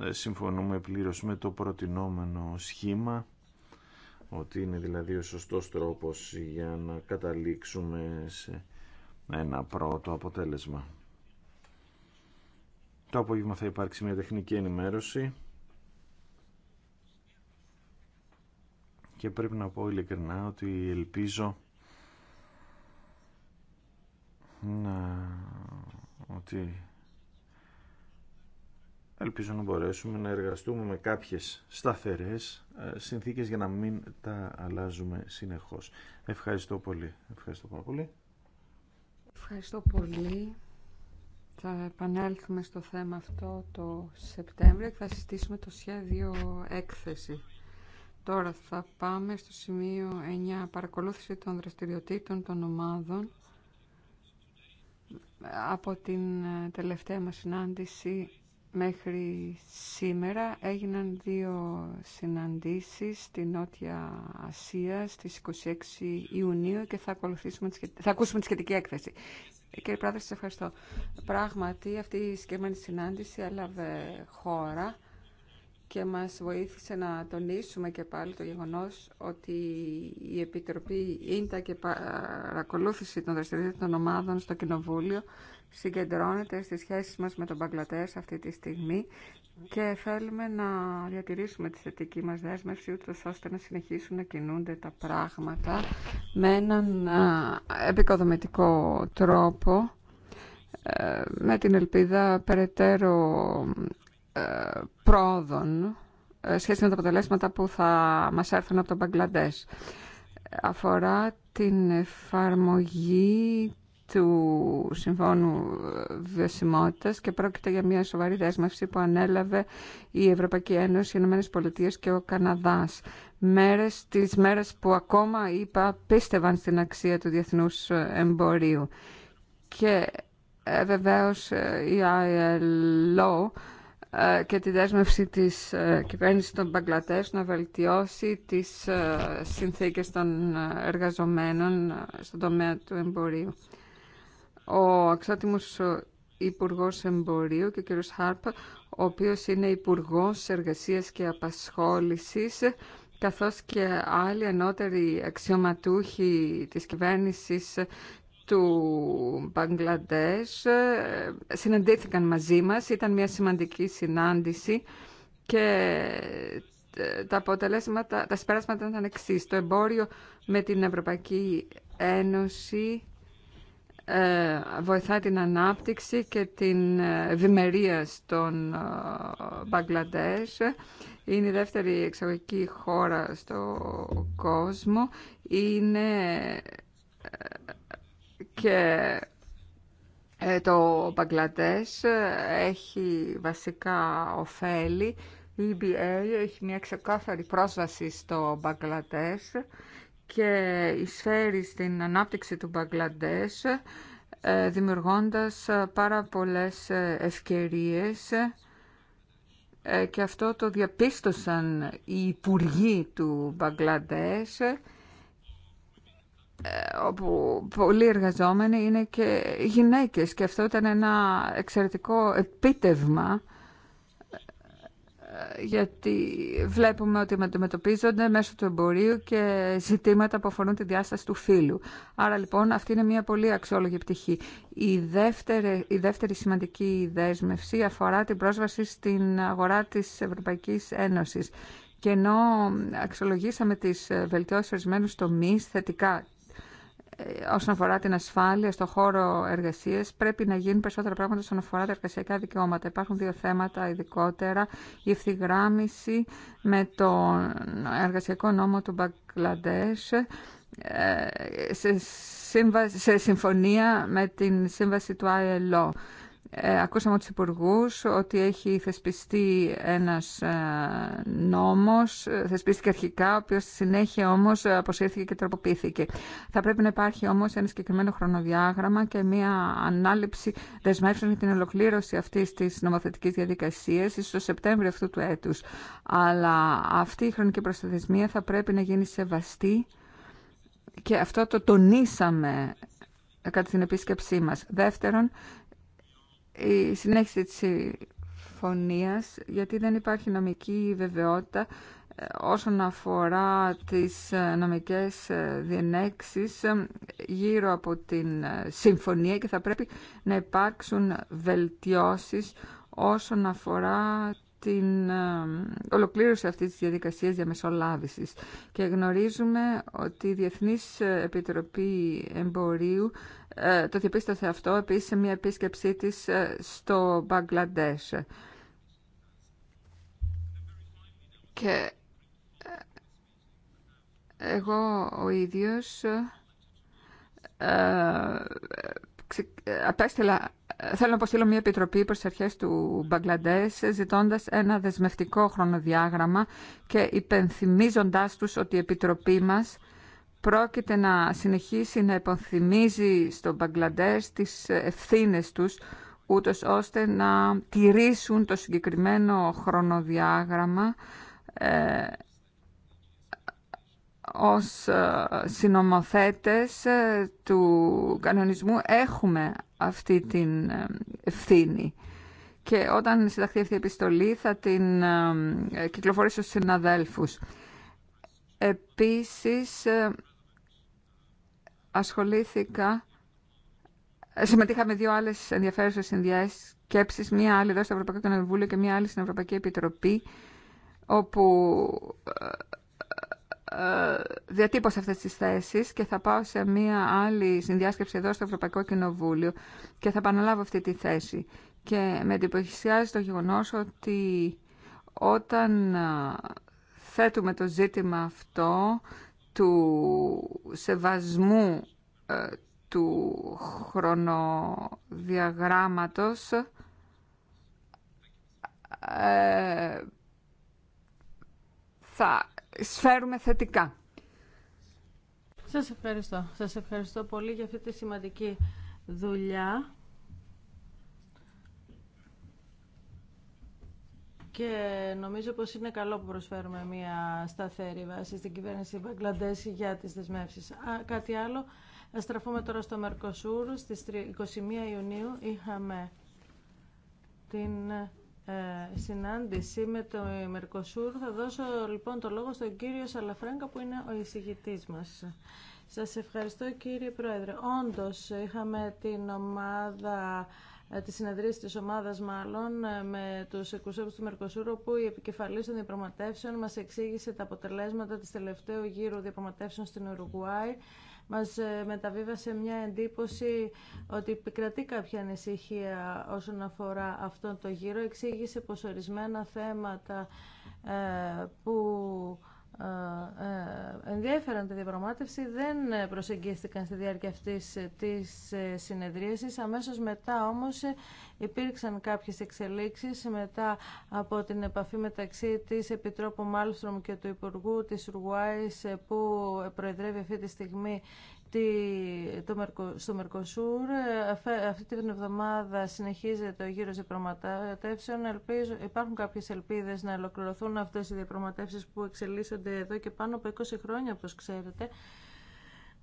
ε, συμφωνούμε πλήρως με το προτινόμενο σχήμα ότι είναι δηλαδή ο σωστός τρόπος για να καταλήξουμε σε ένα πρώτο αποτέλεσμα. Το απόγευμα θα υπάρξει μια τεχνική ενημέρωση και πρέπει να πω ειλικρινά ότι ελπίζω να... ότι Ελπίζω να μπορέσουμε να εργαστούμε με κάποιες σταθερές ε, συνθήκες για να μην τα αλλάζουμε συνεχώς. Ευχαριστώ πολύ. Ευχαριστώ πολύ. Ευχαριστώ πολύ. Θα επανέλθουμε στο θέμα αυτό το Σεπτέμβριο και θα συστήσουμε το σχέδιο έκθεση. Τώρα θα πάμε στο σημείο 9, παρακολούθηση των δραστηριοτήτων των ομάδων από την ε, τελευταία μας συνάντηση Μέχρι σήμερα έγιναν δύο συναντήσεις στη Νότια Ασία στις 26 Ιουνίου και θα, ακολουθήσουμε τη θα ακούσουμε τη σχετική έκθεση. Κύριε Πράδρε, σας ευχαριστώ. Πράγματι, αυτή η συγκεκριμένη συνάντηση έλαβε χώρα και μας βοήθησε να τονίσουμε και πάλι το γεγονός ότι η Επιτροπή Ίντα και παρακολούθηση των δραστηριοτήτων των ομάδων στο Κοινοβούλιο συγκεντρώνεται στις σχέσεις μας με τον Μπαγκλατές αυτή τη στιγμή και θέλουμε να διατηρήσουμε τη θετική μας δέσμευση ούτως ώστε να συνεχίσουν να κινούνται τα πράγματα με έναν επικοδομητικό τρόπο ε, με την ελπίδα περαιτέρω ε, πρόοδων ε, σχέση με τα αποτελέσματα που θα μας έρθουν από τον Μπαγκλαντές. Αφορά την εφαρμογή του Συμφώνου Βιωσιμότητας και πρόκειται για μια σοβαρή δέσμευση που ανέλαβε η Ευρωπαϊκή Ένωση, οι Ηνωμένες και ο Καναδάς. Μέρες, τις μέρες που ακόμα είπα πίστευαν στην αξία του διεθνού εμπορίου. Και ε, η ILO ε, και τη δέσμευση της ε, κυβέρνηση των Μπαγκλατές να βελτιώσει τις ε, συνθήκες των εργαζομένων στον τομέα του εμπορίου ο αξιότιμος Υπουργός Εμπορίου και ο κ. Χάρπ, ο οποίος είναι Υπουργός Εργασίας και Απασχόλησης, καθώς και άλλοι ανώτεροι αξιωματούχοι της κυβέρνησης του Μπαγκλαντές ε, συναντήθηκαν μαζί μας. Ήταν μια σημαντική συνάντηση και ε, τα αποτελέσματα, τα συμπέρασματα ήταν εξή. Το εμπόριο με την Ευρωπαϊκή Ένωση ε, βοηθάει την ανάπτυξη και την ε, ευημερία στον ε, Μπαγκλαντές. Είναι η δεύτερη εξαγωγική χώρα στο κόσμο. Είναι και το Μπαγκλαντές έχει βασικά ωφέλη. Η EBA έχει μια ξεκάθαρη πρόσβαση στο Μπαγκλαντές και εισφέρει στην ανάπτυξη του Μπαγκλαντές ε, δημιουργώντας ε, πάρα πολλές ε, ευκαιρίες και αυτό το διαπίστωσαν οι υπουργοί του Μπαγκλαντές όπου πολλοί εργαζόμενοι είναι και γυναίκες και αυτό ήταν ένα εξαιρετικό επίτευγμα γιατί βλέπουμε ότι αντιμετωπίζονται μέσω του εμπορίου και ζητήματα που αφορούν τη διάσταση του φύλου. Άρα λοιπόν αυτή είναι μια πολύ αξιόλογη πτυχή. Η δεύτερη, η δεύτερη σημαντική δέσμευση αφορά την πρόσβαση στην αγορά της Ευρωπαϊκής Ένωσης. Και ενώ αξιολογήσαμε τις βελτιώσεις ορισμένου τομεί θετικά όσον αφορά την ασφάλεια στον χώρο εργασία, πρέπει να γίνουν περισσότερα πράγματα όσον αφορά τα εργασιακά δικαιώματα. Υπάρχουν δύο θέματα ειδικότερα. Η ευθυγράμμιση με τον εργασιακό νόμο του Μπαγκλαντές ε, σε συμφωνία με την σύμβαση του ILO. Ε, ακούσαμε τους υπουργού ότι έχει θεσπιστεί ένας ε, νόμος, ε, θεσπίστηκε αρχικά, ο οποίος στη συνέχεια όμως αποσύρθηκε και τροποποιήθηκε. Θα πρέπει να υπάρχει όμως ένα συγκεκριμένο χρονοδιάγραμμα και μια ανάληψη δεσμεύσεων για την ολοκλήρωση αυτής της νομοθετικής διαδικασίας, ίσως το Σεπτέμβριο αυτού του έτους. Αλλά αυτή η χρονική προσταθεσμία θα πρέπει να γίνει σεβαστή και αυτό το τονίσαμε κατά την επίσκεψή μας. Δεύτερον, η συνέχιση της συμφωνίας, γιατί δεν υπάρχει νομική βεβαιότητα ε, όσον αφορά τις ε, νομικές ε, διενέξεις γύρω από την συμφωνία και θα πρέπει να υπάρξουν βελτιώσεις όσον αφορά την ε, ολοκλήρωση αυτής της διαδικασίας διαμεσολάβησης. Και γνωρίζουμε ότι η Διεθνής Επιτροπή Εμπορίου ε, το διαπίστωσε αυτό επίσης σε μια επίσκεψή της ε, στο Μπαγκλαντές. Και εγώ ο ίδιος ε, απέστειλα, ε, θέλω να αποστείλω μια επιτροπή προς τις αρχές του Μπαγκλαντές ζητώντας ένα δεσμευτικό χρονοδιάγραμμα και υπενθυμίζοντάς τους ότι η επιτροπή μας πρόκειται να συνεχίσει να υποθυμίζει στο Μπαγκλαντές τις ευθύνες τους ούτως ώστε να τηρήσουν το συγκεκριμένο χρονοδιάγραμμα ε, ως ε, συνομοθέτες ε, του κανονισμού έχουμε αυτή την ε, ευθύνη. Και όταν συνταχθεί αυτή η επιστολή θα την κυκλοφορήσω στους συναδέλφους. Επίσης, ασχολήθηκα, συμμετείχα δύο άλλες ενδιαφέρουσες συνδιασκέψεις, μία άλλη εδώ στο Ευρωπαϊκό Κοινοβούλιο και μία άλλη στην Ευρωπαϊκή Επιτροπή, όπου ε, διατύπωσα αυτές τις θέσεις και θα πάω σε μία άλλη συνδιάσκεψη εδώ στο Ευρωπαϊκό Κοινοβούλιο και θα επαναλάβω αυτή τη θέση. Και με εντυπωσιάζει το γεγονός ότι όταν ε, θέτουμε το ζήτημα αυτό του σεβασμού ε, του χρονοδιαγράμματος θα σφέρουμε θετικά. Σας ευχαριστώ. Σας ευχαριστώ πολύ για αυτή τη σημαντική δουλειά. Και νομίζω πως είναι καλό που προσφέρουμε μια σταθερή βάση στην κυβέρνηση Βαγκλαντές για τις δεσμεύσεις. Α, κάτι άλλο, στραφούμε τώρα στο Μερκοσούρ. Στις 21 Ιουνίου είχαμε την ε, συνάντηση με το Μερκοσούρ. Θα δώσω λοιπόν το λόγο στον κύριο Σαλαφράγκα που είναι ο εισηγητής μας. Σας ευχαριστώ κύριε Πρόεδρε. Όντως είχαμε την ομάδα ε, τη συνεδρίαση της ομάδας μάλλον ε, με τους εκπροσώπους του Μερκοσούρ όπου η επικεφαλής των διαπραγματεύσεων μας εξήγησε τα αποτελέσματα της τελευταίου γύρου διαπραγματεύσεων στην Ουρουγουάη μας ε, μεταβίβασε μια εντύπωση ότι επικρατεί κάποια ανησυχία όσον αφορά αυτόν το γύρο. Εξήγησε πως ορισμένα θέματα ε, που ε, ενδιαφέρον τη διαπραγμάτευση δεν προσεγγίστηκαν στη διάρκεια αυτής ε, της ε, συνεδρίασης. Αμέσως μετά όμως υπήρξαν κάποιες εξελίξεις μετά από την επαφή μεταξύ της Επιτρόπου Μάλστρομ και του Υπουργού της Ουρουάης που προεδρεύει αυτή τη στιγμή στο Μερκοσούρ ε, αυτή την εβδομάδα συνεχίζεται ο γύρος διαπραγματεύσεων. Ελπίζω, υπάρχουν κάποιε ελπίδε να ολοκληρωθούν αυτές οι διαπραγματεύσει που εξελίσσονται εδώ και πάνω από 20 χρόνια, όπως ξέρετε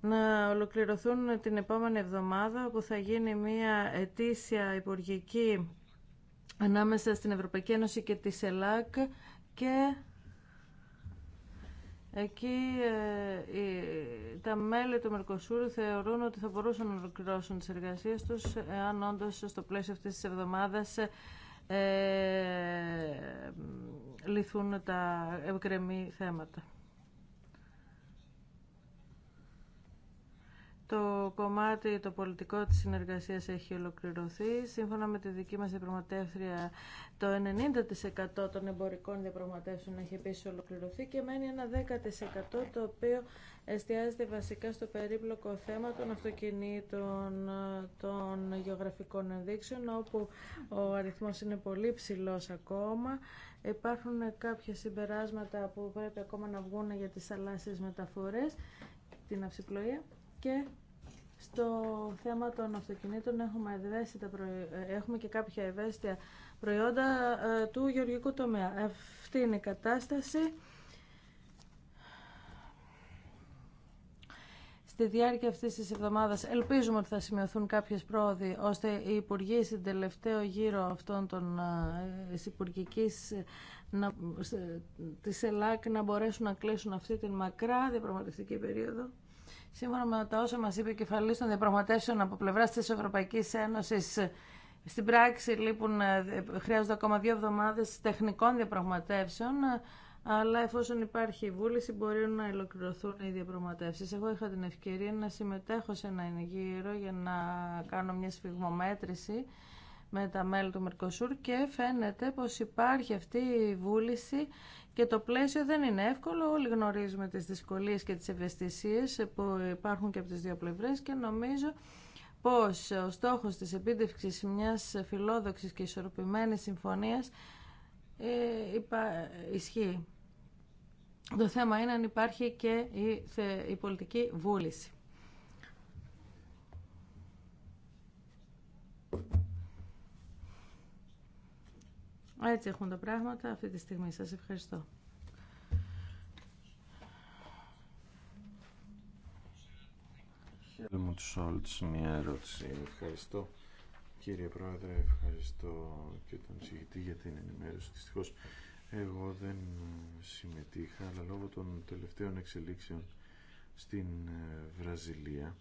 να ολοκληρωθούν την επόμενη εβδομάδα που θα γίνει μια ετήσια υπουργική ανάμεσα στην Ευρωπαϊκή Ένωση και τη ΣΕΛΑΚ και Εκεί ε, τα μέλη του Μερκοσούρου θεωρούν ότι θα μπορούσαν να ολοκληρώσουν τις εργασίες τους εάν όντως στο πλαίσιο αυτής της εβδομάδας ε, λυθούν τα ευκρεμή θέματα. Το κομμάτι το πολιτικό της συνεργασίας έχει ολοκληρωθεί. Σύμφωνα με τη δική μας διεπροματεύθρια, το 90% των εμπορικών διαπραγματεύσεων έχει επίσης ολοκληρωθεί και μένει ένα 10% το οποίο εστιάζεται βασικά στο περίπλοκο θέμα των αυτοκινήτων, των γεωγραφικών ενδείξεων, όπου ο αριθμός είναι πολύ ψηλός ακόμα. Υπάρχουν κάποια συμπεράσματα που πρέπει ακόμα να βγουν για τις θαλάσσιες μεταφορές, την αυσιπλοεία και στο θέμα των αυτοκινήτων έχουμε, ε, έχουμε και κάποια ευαίσθητα προϊόντα ε, του γεωργικού τομέα. Αυτή είναι η κατάσταση. Στη διάρκεια αυτή τη εβδομάδα ελπίζουμε ότι θα σημειωθούν κάποιε πρόοδοι ώστε οι υπουργοί στην τελευταίο γύρο αυτών των ε, υπουργική τη ΕΛΑΚ να μπορέσουν να κλείσουν αυτή την μακρά διαπραγματευτική περίοδο. Σύμφωνα με τα όσα μας είπε ο κεφαλή των διαπραγματεύσεων από πλευρά της Ευρωπαϊκή Ένωση στην πράξη λείπουν, ε, χρειάζονται ακόμα δύο εβδομάδες τεχνικών διαπραγματεύσεων, αλλά εφόσον υπάρχει βούληση μπορεί να ολοκληρωθούν οι διαπραγματεύσει. Εγώ είχα την ευκαιρία να συμμετέχω σε ένα γύρο για να κάνω μια σφιγμομέτρηση με τα μέλη του Μερκοσούρ και φαίνεται πως υπάρχει αυτή η βούληση και το πλαίσιο δεν είναι εύκολο. Όλοι γνωρίζουμε τις δυσκολίες και τις ευαισθησίες που υπάρχουν και από τις δύο πλευρές και νομίζω πως ο στόχος της επίτευξης μιας φιλόδοξης και ισορροπημένης συμφωνίας ε, ισχύει. Το θέμα είναι αν υπάρχει και η πολιτική βούληση. Έτσι έχουν τα πράγματα αυτή τη στιγμή. Σας ευχαριστώ. μου του μια ερώτηση. Ευχαριστώ κύριε Πρόεδρε, ευχαριστώ και τον συγητή για την ενημέρωση. Δυστυχώς εγώ δεν συμμετείχα, αλλά λόγω των τελευταίων εξελίξεων στην ε, Βραζιλία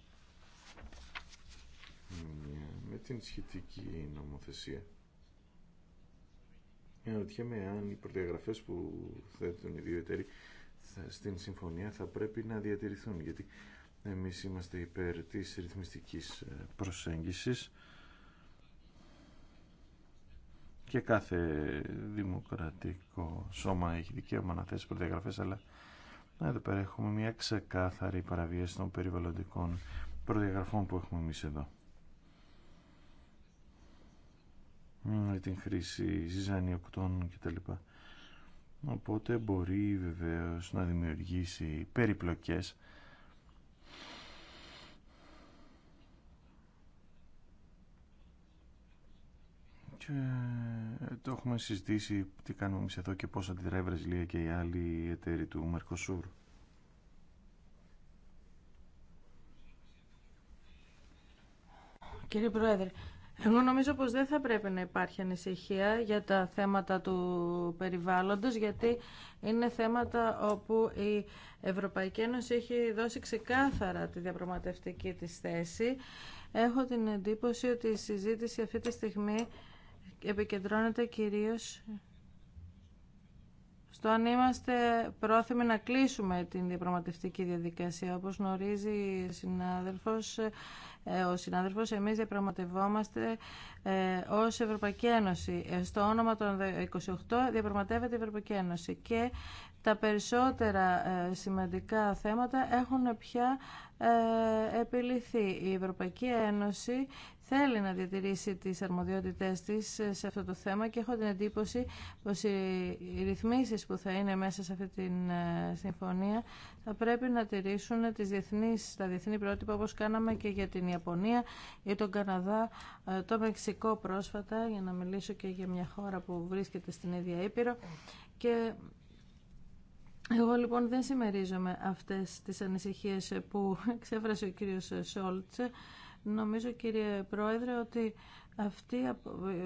με την σχετική νομοθεσία Αναρωτιέμαι αν οι προδιαγραφές που θέτουν οι δύο εταίροι στην συμφωνία θα πρέπει να διατηρηθούν, γιατί εμείς είμαστε υπέρ της ρυθμιστικής ε, προσέγγισης και κάθε δημοκρατικό σώμα έχει δικαίωμα να θέσει προδιαγραφές, αλλά εδώ πέρα έχουμε μια ξεκάθαρη παραβίαση των περιβαλλοντικών προδιαγραφών που έχουμε εμείς εδώ. με την χρήση ζυζανιοκτών κτλ. Οπότε μπορεί βεβαίως να δημιουργήσει περιπλοκές και ε, το έχουμε συζητήσει τι κάνουμε εμείς εδώ και πώς αντιδράει η Βραζιλία και οι άλλοι εταίροι του Μερκοσούρ. Κύριε Πρόεδρε, εγώ νομίζω πως δεν θα πρέπει να υπάρχει ανησυχία για τα θέματα του περιβάλλοντος, γιατί είναι θέματα όπου η Ευρωπαϊκή Ένωση έχει δώσει ξεκάθαρα τη διαπραγματευτική της θέση. Έχω την εντύπωση ότι η συζήτηση αυτή τη στιγμή επικεντρώνεται κυρίως στο αν είμαστε πρόθυμοι να κλείσουμε την διαπραγματευτική διαδικασία. Όπως γνωρίζει η συνάδελφος, ε, ο συνάδελφος, εμείς διαπραγματευόμαστε ε, ως Ευρωπαϊκή Ένωση. Ε, στο όνομα των 28 διαπραγματεύεται η Ευρωπαϊκή Ένωση και τα περισσότερα σημαντικά θέματα έχουν πια επιληθεί. Η Ευρωπαϊκή Ένωση θέλει να διατηρήσει τις αρμοδιότητές της σε αυτό το θέμα και έχω την εντύπωση πως οι ρυθμίσεις που θα είναι μέσα σε αυτή τη ε, συμφωνία θα πρέπει να τηρήσουν τις διεθνείς, τα διεθνή πρότυπα όπως κάναμε και για την Ιαπωνία, ή τον Καναδά, ε, το Μεξικό πρόσφατα για να μιλήσω και για μια χώρα που βρίσκεται στην ίδια Ήπειρο και εγώ λοιπόν δεν συμμερίζομαι αυτές τις ανησυχίες που εξέφρασε ο κύριος Σόλτσε Νομίζω κύριε Πρόεδρε ότι αυτή,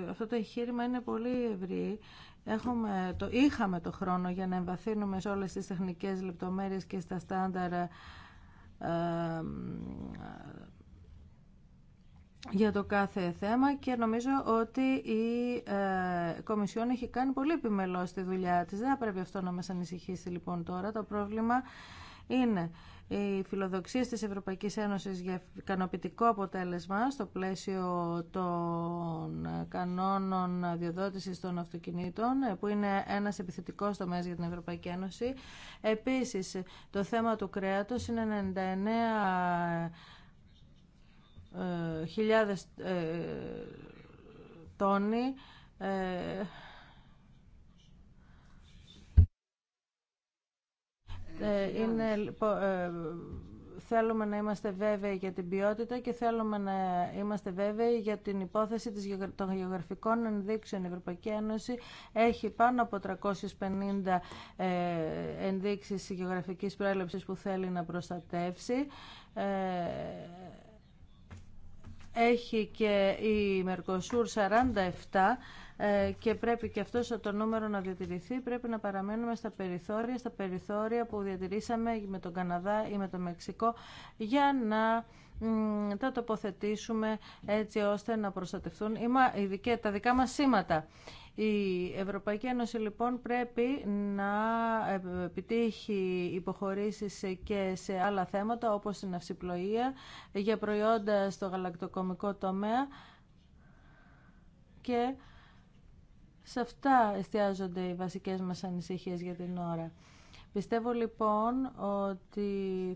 αυτό το εγχείρημα είναι πολύ ευρύ. Έχουμε, το, είχαμε το χρόνο για να εμβαθύνουμε σε όλες τις τεχνικές λεπτομέρειες και στα στάνταρα ε, για το κάθε θέμα και νομίζω ότι η ε, Κομισιόν έχει κάνει πολύ επιμελώς τη δουλειά της. Δεν πρέπει αυτό να μας ανησυχήσει λοιπόν τώρα. Το πρόβλημα είναι οι φιλοδοξίες της Ευρωπαϊκής Ένωσης για ικανοποιητικό αποτέλεσμα στο πλαίσιο των κανόνων διοδότησης των αυτοκινήτων που είναι ένας επιθετικός τομέας για την Ευρωπαϊκή Ένωση. Επίσης το θέμα του κρέατος είναι 99 ε, χιλιάδες ε, τόνοι ε, Ε, είναι, λοιπόν, ε, θέλουμε να είμαστε βέβαιοι για την ποιότητα και θέλουμε να είμαστε βέβαιοι για την υπόθεση των γεωγραφικών ενδείξεων. Η Ευρωπαϊκή Ένωση έχει πάνω από 350 ε, ενδείξεις γεωγραφικής προέλευσης που θέλει να προστατεύσει. Έχει και η Μερκοσούρ 47 ε, και πρέπει και αυτό το νούμερο να διατηρηθεί. Πρέπει να παραμένουμε στα περιθώρια, στα περιθώρια που διατηρήσαμε με τον Καναδά ή με το Μεξικό για να τα τοποθετήσουμε έτσι ώστε να προστατευτούν τα δικά μας σήματα. Η Ευρωπαϊκή Ένωση λοιπόν πρέπει να ε, επιτύχει υποχωρήσεις και σε άλλα θέματα όπως την αυσιπλοεία για προϊόντα στο γαλακτοκομικό τομέα και σε αυτά εστιάζονται οι βασικές μας ανησυχίες για την ώρα. Πιστεύω λοιπόν ότι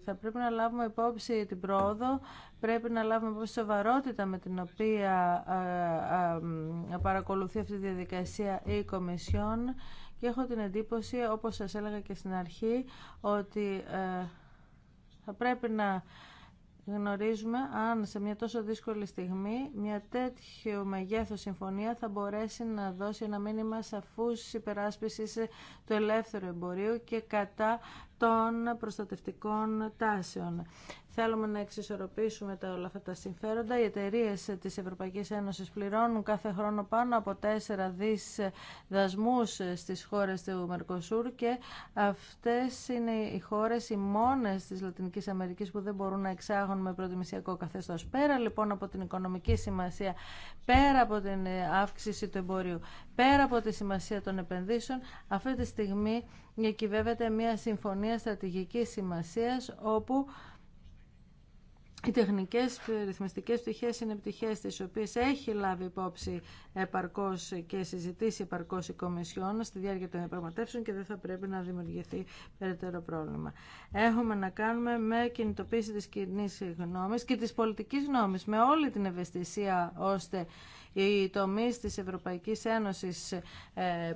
θα πρέπει να λάβουμε υπόψη την πρόοδο, πρέπει να λάβουμε υπόψη σοβαρότητα με την οποία ε, ε, ε, παρακολουθεί αυτή τη διαδικασία η Κομισιόν και έχω την εντύπωση, όπως σας έλεγα και στην αρχή, ότι θα πρέπει να γνωρίζουμε αν σε μια τόσο δύσκολη στιγμή μια τέτοιο μεγέθο συμφωνία θα μπορέσει να δώσει ένα μήνυμα σαφούς υπεράσπισης του ελεύθερου εμπορίου και κατά των προστατευτικών τάσεων. Θέλουμε να εξισορροπήσουμε τα, όλα αυτά τα συμφέροντα. Οι εταιρείε τη Ευρωπαϊκή Ένωση πληρώνουν κάθε χρόνο πάνω από 4 δι δασμού στις χώρες του Μερκοσούρ και αυτέ είναι οι χώρε οι μόνες τη Λατινική Αμερική που δεν μπορούν να εξάγουν με προτιμησιακό καθεστώ. Πέρα λοιπόν από την οικονομική σημασία, πέρα από την αύξηση του εμπορίου, πέρα από τη σημασία των επενδύσεων, αυτή τη στιγμή διακυβεύεται μια συμφωνία στρατηγική σημασία, όπου οι τεχνικέ ρυθμιστικέ πτυχέ είναι πτυχέ τι οποίε έχει λάβει υπόψη επαρκώ και συζητήσει επαρκώ η Κομισιόν στη διάρκεια των διαπραγματεύσεων και δεν θα πρέπει να δημιουργηθεί περαιτέρω πρόβλημα. Έχουμε να κάνουμε με κινητοποίηση τη κοινή γνώμη και τη πολιτική γνώμη, με όλη την ευαισθησία ώστε οι τομείς της Ευρωπαϊκής Ένωσης ε,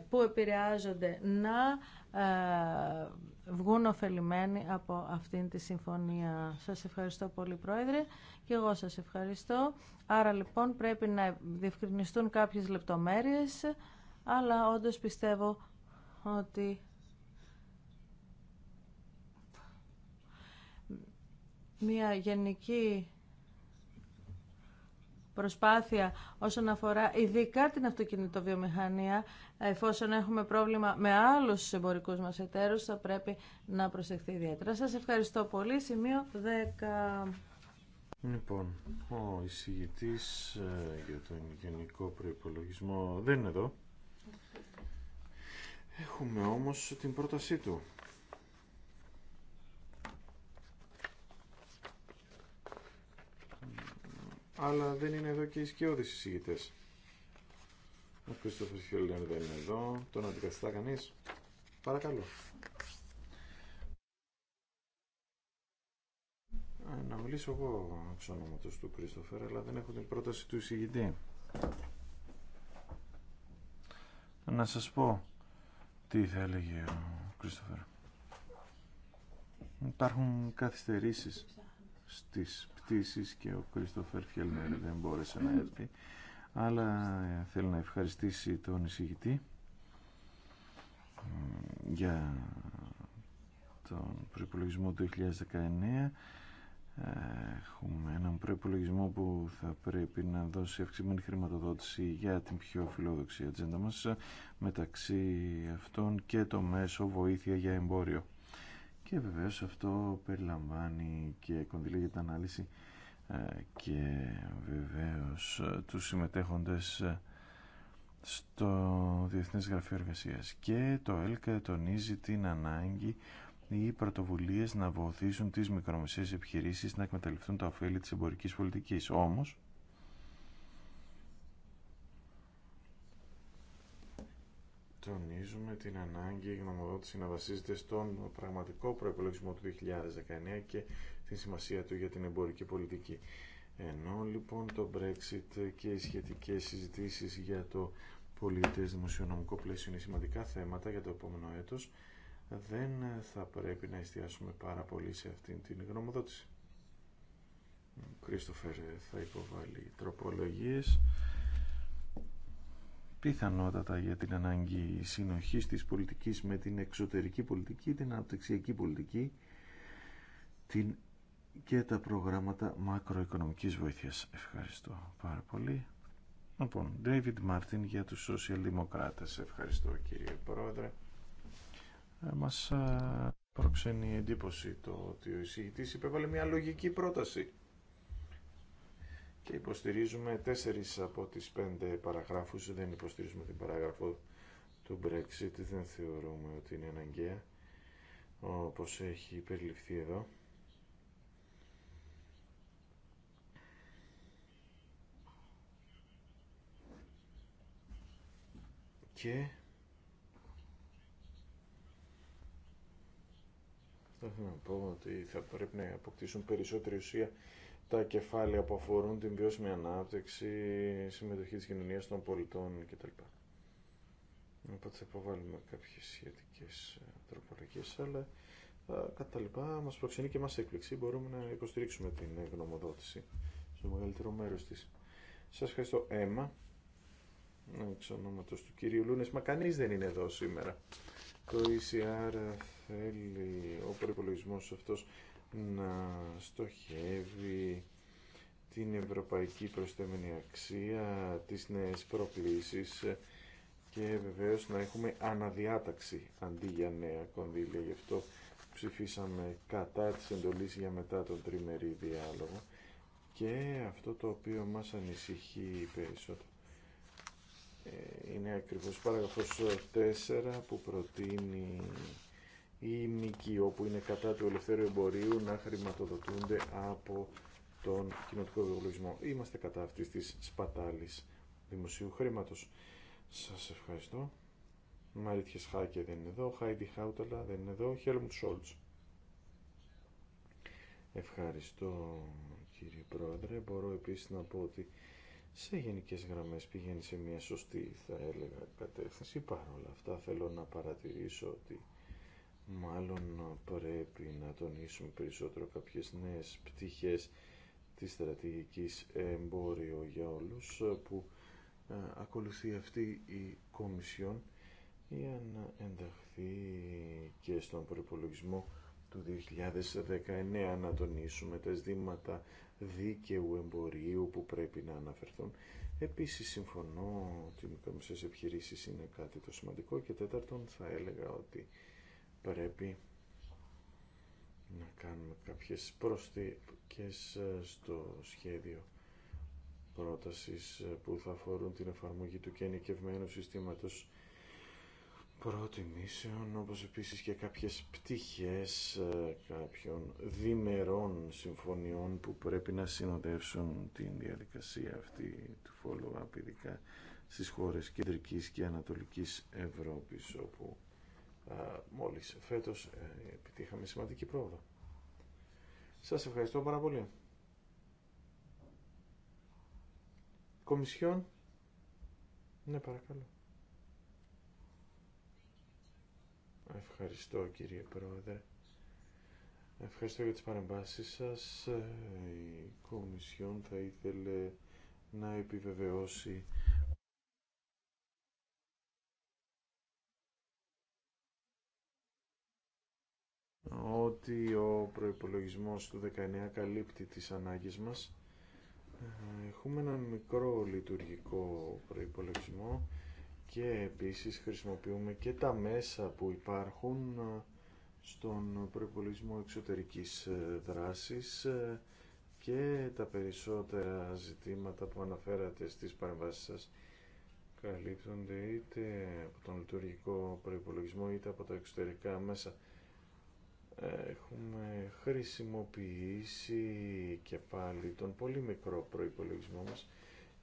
που επηρεάζονται να ε, βγουν ωφελημένοι από αυτήν τη συμφωνία. Σας ευχαριστώ πολύ Πρόεδρε και εγώ σας ευχαριστώ. Άρα λοιπόν πρέπει να διευκρινιστούν κάποιες λεπτομέρειες αλλά όντως πιστεύω ότι μια γενική προσπάθεια όσον αφορά ειδικά την αυτοκινητοβιομηχανία, εφόσον έχουμε πρόβλημα με άλλους εμπορικούς μας εταίρους, θα πρέπει να προσεχθεί ιδιαίτερα. Σας ευχαριστώ πολύ. Σημείο 10. Λοιπόν, ο εισηγητής ε, για τον γενικό προϋπολογισμό δεν είναι εδώ. Έχουμε όμως την πρότασή του αλλά δεν είναι εδώ και οι σκιώδεις εισηγητές. Ο Κρίστοφερ Χιόλιαν δεν είναι εδώ. Τον αντικαθιστά κανείς. Παρακαλώ. Ε, να μιλήσω εγώ εξ του Κρίστοφερ, αλλά δεν έχω την πρόταση του εισηγητή. Να σας πω τι θα έλεγε ο Κρίστοφερ. Υπάρχουν καθυστερήσεις στις πτήσεις και ο Κρίστοφερ Φιέλνερ δεν μπόρεσε να έρθει αλλά ε, θέλω να ευχαριστήσει τον εισηγητή για τον προϋπολογισμό του 2019 Έχουμε έναν προπολογισμό που θα πρέπει να δώσει αυξημένη χρηματοδότηση για την πιο φιλόδοξη ατζέντα μας μεταξύ αυτών και το μέσο βοήθεια για εμπόριο και βεβαίω αυτό περιλαμβάνει και κονδυλία για την ανάλυση ε, και βεβαίω ε, τους συμμετέχοντες ε, στο Διεθνέ Γραφείο Εργασία. Και το ΕΛΚΑ τονίζει την ανάγκη οι πρωτοβουλίες να βοηθήσουν τις μικρομεσαίες επιχειρήσεις να εκμεταλλευτούν τα ωφέλη τη εμπορικής πολιτικής. Όμως, τονίζουμε την ανάγκη η γνωμοδότηση να βασίζεται στον πραγματικό προπολογισμό του 2019 και την σημασία του για την εμπορική πολιτική. Ενώ λοιπόν το Brexit και οι σχετικές συζητήσεις για το πολίτες δημοσιονομικό πλαίσιο είναι σημαντικά θέματα για το επόμενο έτος, δεν θα πρέπει να εστιάσουμε πάρα πολύ σε αυτήν την γνωμοδότηση. Ο Κρίστοφερ θα υποβάλει τροπολογίες πιθανότατα για την ανάγκη συνοχής της πολιτικής με την εξωτερική πολιτική, την αναπτυξιακή πολιτική την... και τα προγράμματα μακροοικονομικής βοήθειας. Ευχαριστώ πάρα πολύ. Λοιπόν, David Martin για τους σοσιαλδημοκράτες. Ευχαριστώ κύριε Πρόεδρε. Ε, μας ε, προξενεί εντύπωση το ότι ο εισηγητής υπέβαλε μια λογική πρόταση και υποστηρίζουμε τέσσερις από τις πέντε παραγράφους, δεν υποστηρίζουμε την παράγραφο του Brexit, δεν θεωρούμε ότι είναι αναγκαία, όπως έχει περιληφθεί εδώ. Και θα ήθελα να πω ότι θα πρέπει να αποκτήσουν περισσότερη ουσία τα κεφάλαια που αφορούν την βιώσιμη ανάπτυξη, συμμετοχή της κοινωνίας των πολιτών κτλ. Οπότε θα υποβάλουμε κάποιες σχετικές ε, τροπολογίες, αλλά ε, κατά λοιπά μας προξενεί και μας έκπληξη. Μπορούμε να υποστηρίξουμε την ε, γνωμοδότηση στο μεγαλύτερο μέρος της. Σας ευχαριστώ, Έμα, εξ ονόματος του κυρίου Λούνες, μα κανείς δεν είναι εδώ σήμερα. Το ECR θέλει ο προπολογισμό αυτός να στοχεύει την ευρωπαϊκή προστέμενη αξία, της νέες προκλήσεις και βεβαίως να έχουμε αναδιάταξη αντί για νέα κονδύλια. Γι' αυτό ψηφίσαμε κατά της εντολής για μετά τον τριμερή διάλογο και αυτό το οποίο μας ανησυχεί περισσότερο ε, είναι ακριβώς παραγραφός 4 που προτείνει ή ΜΚΟ που είναι κατά του ελευθέρου εμπορίου να χρηματοδοτούνται από τον κοινοτικό βιολογισμό. Είμαστε κατά αυτής της σπατάλης δημοσίου χρήματος. Σας ευχαριστώ. Μαρίτια Χάκε δεν είναι εδώ, Χάιντι Χάουταλα δεν είναι εδώ, Χέλμουντ Σόλτς. Ευχαριστώ κύριε Πρόεδρε. Μπορώ επίσης να πω ότι σε γενικές γραμμές πηγαίνει σε μια σωστή θα έλεγα κατεύθυνση. Παρ' όλα αυτά θέλω να παρατηρήσω ότι Μάλλον πρέπει να τονίσουμε περισσότερο κάποιες νέες πτυχές της στρατηγικής εμπόριο για όλους που ε, ακολουθεί αυτή η Κομισιόν για να ενταχθεί και στον προπολογισμό του 2019 να τονίσουμε τα ζητήματα δίκαιου εμπορίου που πρέπει να αναφερθούν. Επίσης συμφωνώ ότι οι μικρόμεσες επιχειρήσεις είναι κάτι το σημαντικό και τέταρτον θα έλεγα ότι πρέπει να κάνουμε κάποιες προσθήκες ε, στο σχέδιο πρότασης ε, που θα αφορούν την εφαρμογή του κενικευμένου συστήματος προτιμήσεων, όπως επίσης και κάποιες πτυχές ε, κάποιων διμερών συμφωνιών που πρέπει να συνοδεύσουν την διαδικασία αυτή του follow-up, ειδικά στις χώρες κεντρικής και ανατολικής Ευρώπης, όπου μόλις φέτος ε, επιτύχαμε σημαντική πρόοδο. Σας ευχαριστώ πάρα πολύ. Κομισιόν. Ναι, παρακαλώ. Ευχαριστώ κύριε Πρόεδρε. Ευχαριστώ για τις παρεμβάσεις σας. Ε, η Κομισιόν θα ήθελε να επιβεβαιώσει ότι ο προϋπολογισμός του 19 καλύπτει τις ανάγκες μας. Έχουμε έναν μικρό λειτουργικό προϋπολογισμό και επίσης χρησιμοποιούμε και τα μέσα που υπάρχουν ε, στον προϋπολογισμό εξωτερικής ε, δράσης ε, και τα περισσότερα ζητήματα που αναφέρατε στις παρεμβάσεις σας καλύπτονται είτε από τον λειτουργικό προϋπολογισμό είτε από τα εξωτερικά μέσα έχουμε χρησιμοποιήσει και πάλι τον πολύ μικρό προϋπολογισμό μας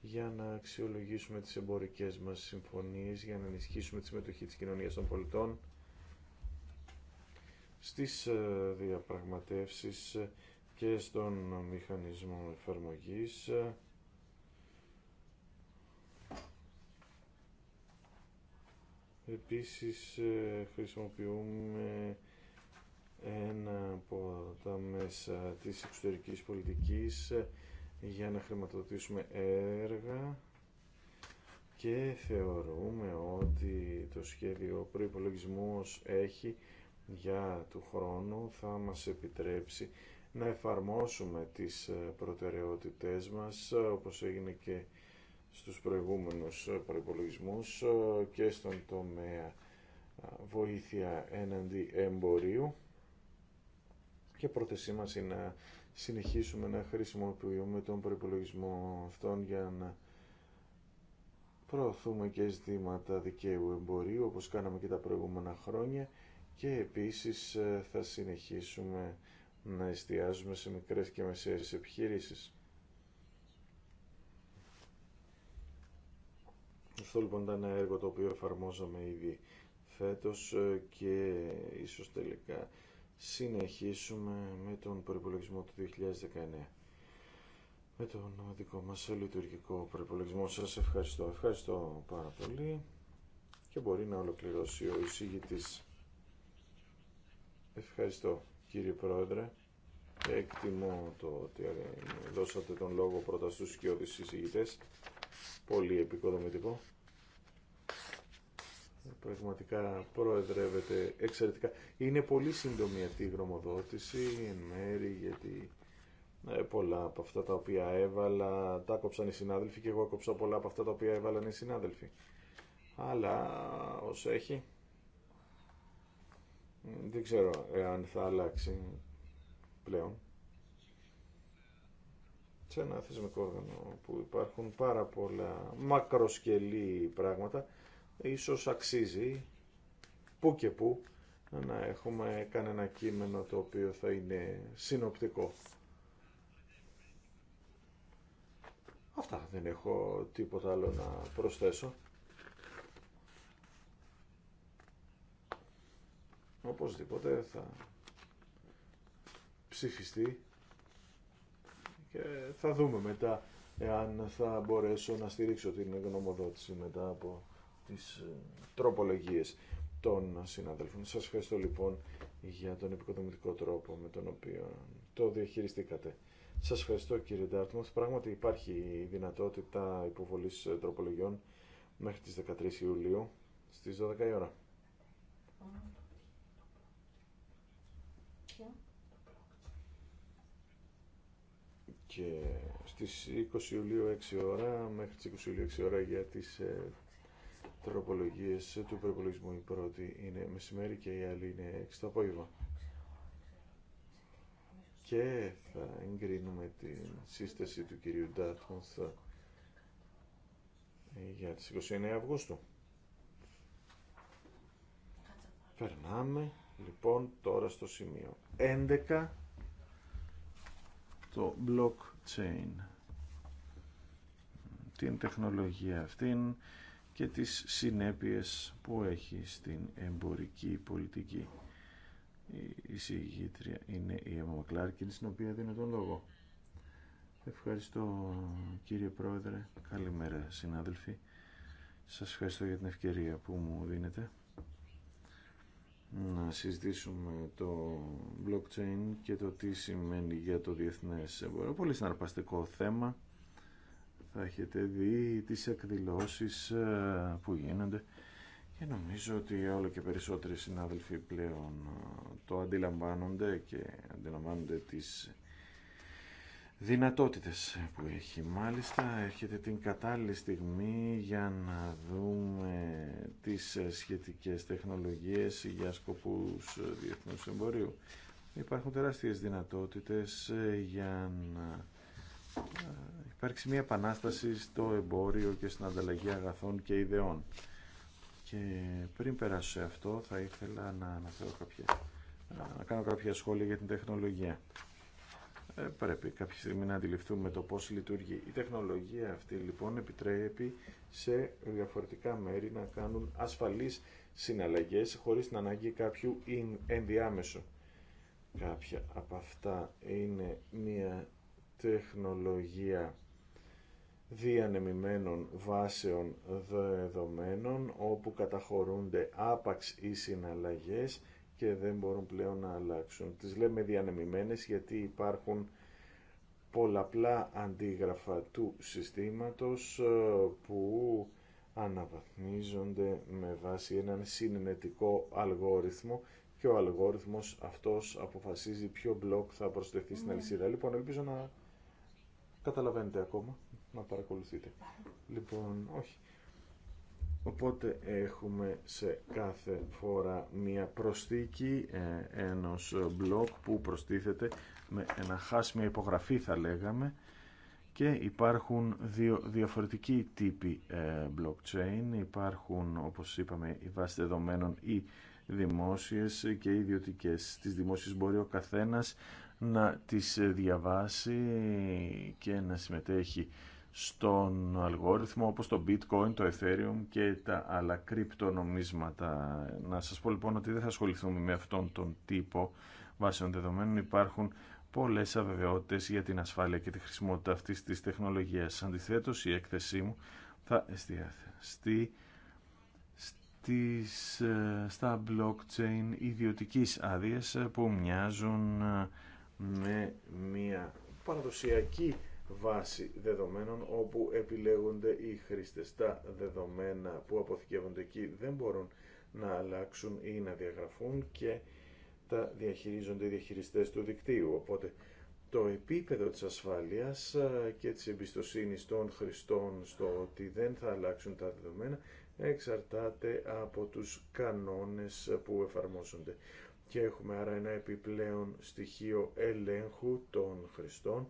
για να αξιολογήσουμε τις εμπορικές μας συμφωνίες, για να ενισχύσουμε τη συμμετοχή της κοινωνίας των πολιτών στις ε, διαπραγματεύσεις και στον μηχανισμό εφαρμογής. Επίσης ε, χρησιμοποιούμε ένα από τα μέσα της εξωτερικής πολιτικής ε, για να χρηματοδοτήσουμε έργα και θεωρούμε ότι το σχέδιο προϋπολογισμούς έχει για του χρόνου θα μας επιτρέψει να εφαρμόσουμε τις ε, προτεραιότητές μας ε, όπως έγινε και στους προηγούμενους προϋπολογισμούς και στον τομέα βοήθεια έναντι εμπορίου και πρόθεσή μας είναι να συνεχίσουμε να χρησιμοποιούμε τον προπολογισμό αυτόν για να προωθούμε και ζητήματα δικαίου εμπορίου όπως κάναμε και τα προηγούμενα χρόνια και επίσης ε, θα συνεχίσουμε να εστιάζουμε σε μικρές και μεσαίες επιχειρήσεις. Αυτό λοιπόν ήταν ένα έργο το οποίο εφαρμόζαμε ήδη φέτος ε, και ίσως τελικά συνεχίσουμε με τον προπολογισμό του 2019 με τον δικό μας λειτουργικό προπολογισμό. Σας ευχαριστώ. Ευχαριστώ πάρα πολύ και μπορεί να ολοκληρώσει ο εισήγητης. Ευχαριστώ κύριε Πρόεδρε. Εκτιμώ το ότι δώσατε τον λόγο πρώτα στους σκιώδεις εισηγητές. Πολύ επικοδομητικό πραγματικά προεδρεύεται εξαιρετικά. Είναι πολύ σύντομη αυτή η γνωμοδότηση εν μέρη γιατί ε, πολλά από αυτά τα οποία έβαλα τα κόψαν οι συνάδελφοι και εγώ κόψα πολλά από αυτά τα οποία έβαλαν οι συνάδελφοι. Αλλά ως έχει δεν ξέρω εάν θα αλλάξει πλέον σε ένα θεσμικό όργανο που υπάρχουν πάρα πολλά μακροσκελή πράγματα ίσως αξίζει που και που να έχουμε κανένα κείμενο το οποίο θα είναι συνοπτικό. Αυτά δεν έχω τίποτα άλλο να προσθέσω. Οπωσδήποτε θα ψηφιστεί και θα δούμε μετά εάν θα μπορέσω να στηρίξω την γνωμοδότηση μετά από τις ε, τροπολογίες των συναδέλφων. Σας ευχαριστώ λοιπόν για τον επικοδομητικό τρόπο με τον οποίο το διαχειριστήκατε. Σας ευχαριστώ κύριε Ντάρτμος. Πράγματι υπάρχει δυνατότητα υποβολής ε, τροπολογιών μέχρι τις 13 Ιουλίου στις 12 η ώρα. Και στις 20 Ιουλίου 6 ώρα μέχρι τις 20 Ιουλίου 6 ώρα για τις ε, τροπολογίες του προπολογισμού. Η πρώτη είναι μεσημέρι και η άλλη είναι 6 απόγευμα. Και θα εγκρίνουμε την σύσταση του κυρίου Ντάτμουθ ε, για τις 29 Αυγούστου. Περνάμε λοιπόν τώρα στο σημείο 11 το blockchain την τεχνολογία αυτήν και τις συνέπειες που έχει στην εμπορική πολιτική. Η συγγήτρια είναι η Εύα Μακλάρκιν, στην οποία δίνω τον λόγο. Ευχαριστώ κύριε Πρόεδρε. Καλημέρα συνάδελφοι. Σας ευχαριστώ για την ευκαιρία που μου δίνετε να συζητήσουμε το blockchain και το τι σημαίνει για το διεθνές εμπόριο. Πολύ συναρπαστικό θέμα θα έχετε δει τις εκδηλώσεις ε, που γίνονται και νομίζω ότι όλο και περισσότεροι συνάδελφοι πλέον ε, το αντιλαμβάνονται και αντιλαμβάνονται τις δυνατότητες που έχει. Μάλιστα έρχεται την κατάλληλη στιγμή για να δούμε τις ε, σχετικές τεχνολογίες για σκοπούς διεθνούς εμπορίου. Υπάρχουν τεράστιες δυνατότητες για να υπάρξει μια επανάσταση στο εμπόριο και στην ανταλλαγή αγαθών και ιδεών. Και πριν περάσω σε αυτό θα ήθελα να, κάνω κάποια σχόλια για την τεχνολογία. Ε, πρέπει κάποια στιγμή να αντιληφθούμε το πώς λειτουργεί. Η τεχνολογία αυτή λοιπόν επιτρέπει σε διαφορετικά μέρη να κάνουν ασφαλείς συναλλαγές χωρίς την ανάγκη κάποιου ενδιάμεσο. Κάποια από αυτά είναι μια τεχνολογία διανεμημένων βάσεων δεδομένων όπου καταχωρούνται άπαξ οι συναλλαγές και δεν μπορούν πλέον να αλλάξουν. Τις λέμε διανεμημένες γιατί υπάρχουν πολλαπλά αντίγραφα του συστήματος ε, που αναβαθμίζονται με βάση έναν συνενετικό αλγόριθμο και ο αλγόριθμος αυτός αποφασίζει ποιο μπλοκ θα προσθεθεί στην ναι. αλυσίδα. Λοιπόν, ελπίζω να καταλαβαίνετε ακόμα να παρακολουθείτε. Λοιπόν, όχι. Οπότε έχουμε σε κάθε φορά μία προσθήκη ε, ενός μπλοκ που προστίθεται με ένα χάσμα υπογραφή θα λέγαμε και υπάρχουν δύο διαφορετικοί τύποι ε, blockchain. Υπάρχουν όπως είπαμε οι βάσεις δεδομένων ή δημόσιες και ιδιωτικές. Τις δημόσιες μπορεί ο καθένας να τις διαβάσει και να συμμετέχει στον αλγόριθμο όπως το bitcoin, το ethereum και τα άλλα κρυπτονομίσματα. Να σας πω λοιπόν ότι δεν θα ασχοληθούμε με αυτόν τον τύπο βάσεων δεδομένων. Υπάρχουν πολλές αβεβαιότητες για την ασφάλεια και τη χρησιμότητα αυτής της τεχνολογίας. Αντιθέτως η έκθεσή μου θα εστιαστεί στις, ε, στα blockchain ιδιωτικής άδειας ε, που μοιάζουν ε, με μια παραδοσιακή βάση δεδομένων όπου επιλέγονται οι χρήστες. Τα δεδομένα που αποθηκεύονται εκεί δεν μπορούν να αλλάξουν ή να διαγραφούν και τα διαχειρίζονται οι διαχειριστές του δικτύου. Οπότε το επίπεδο της ασφάλειας ε, και της εμπιστοσύνης των χρηστών στο ότι δεν θα αλλάξουν τα δεδομένα εξαρτάται από τους κανόνες που εφαρμόζονται. Και έχουμε άρα ένα επιπλέον στοιχείο ελέγχου των χρηστών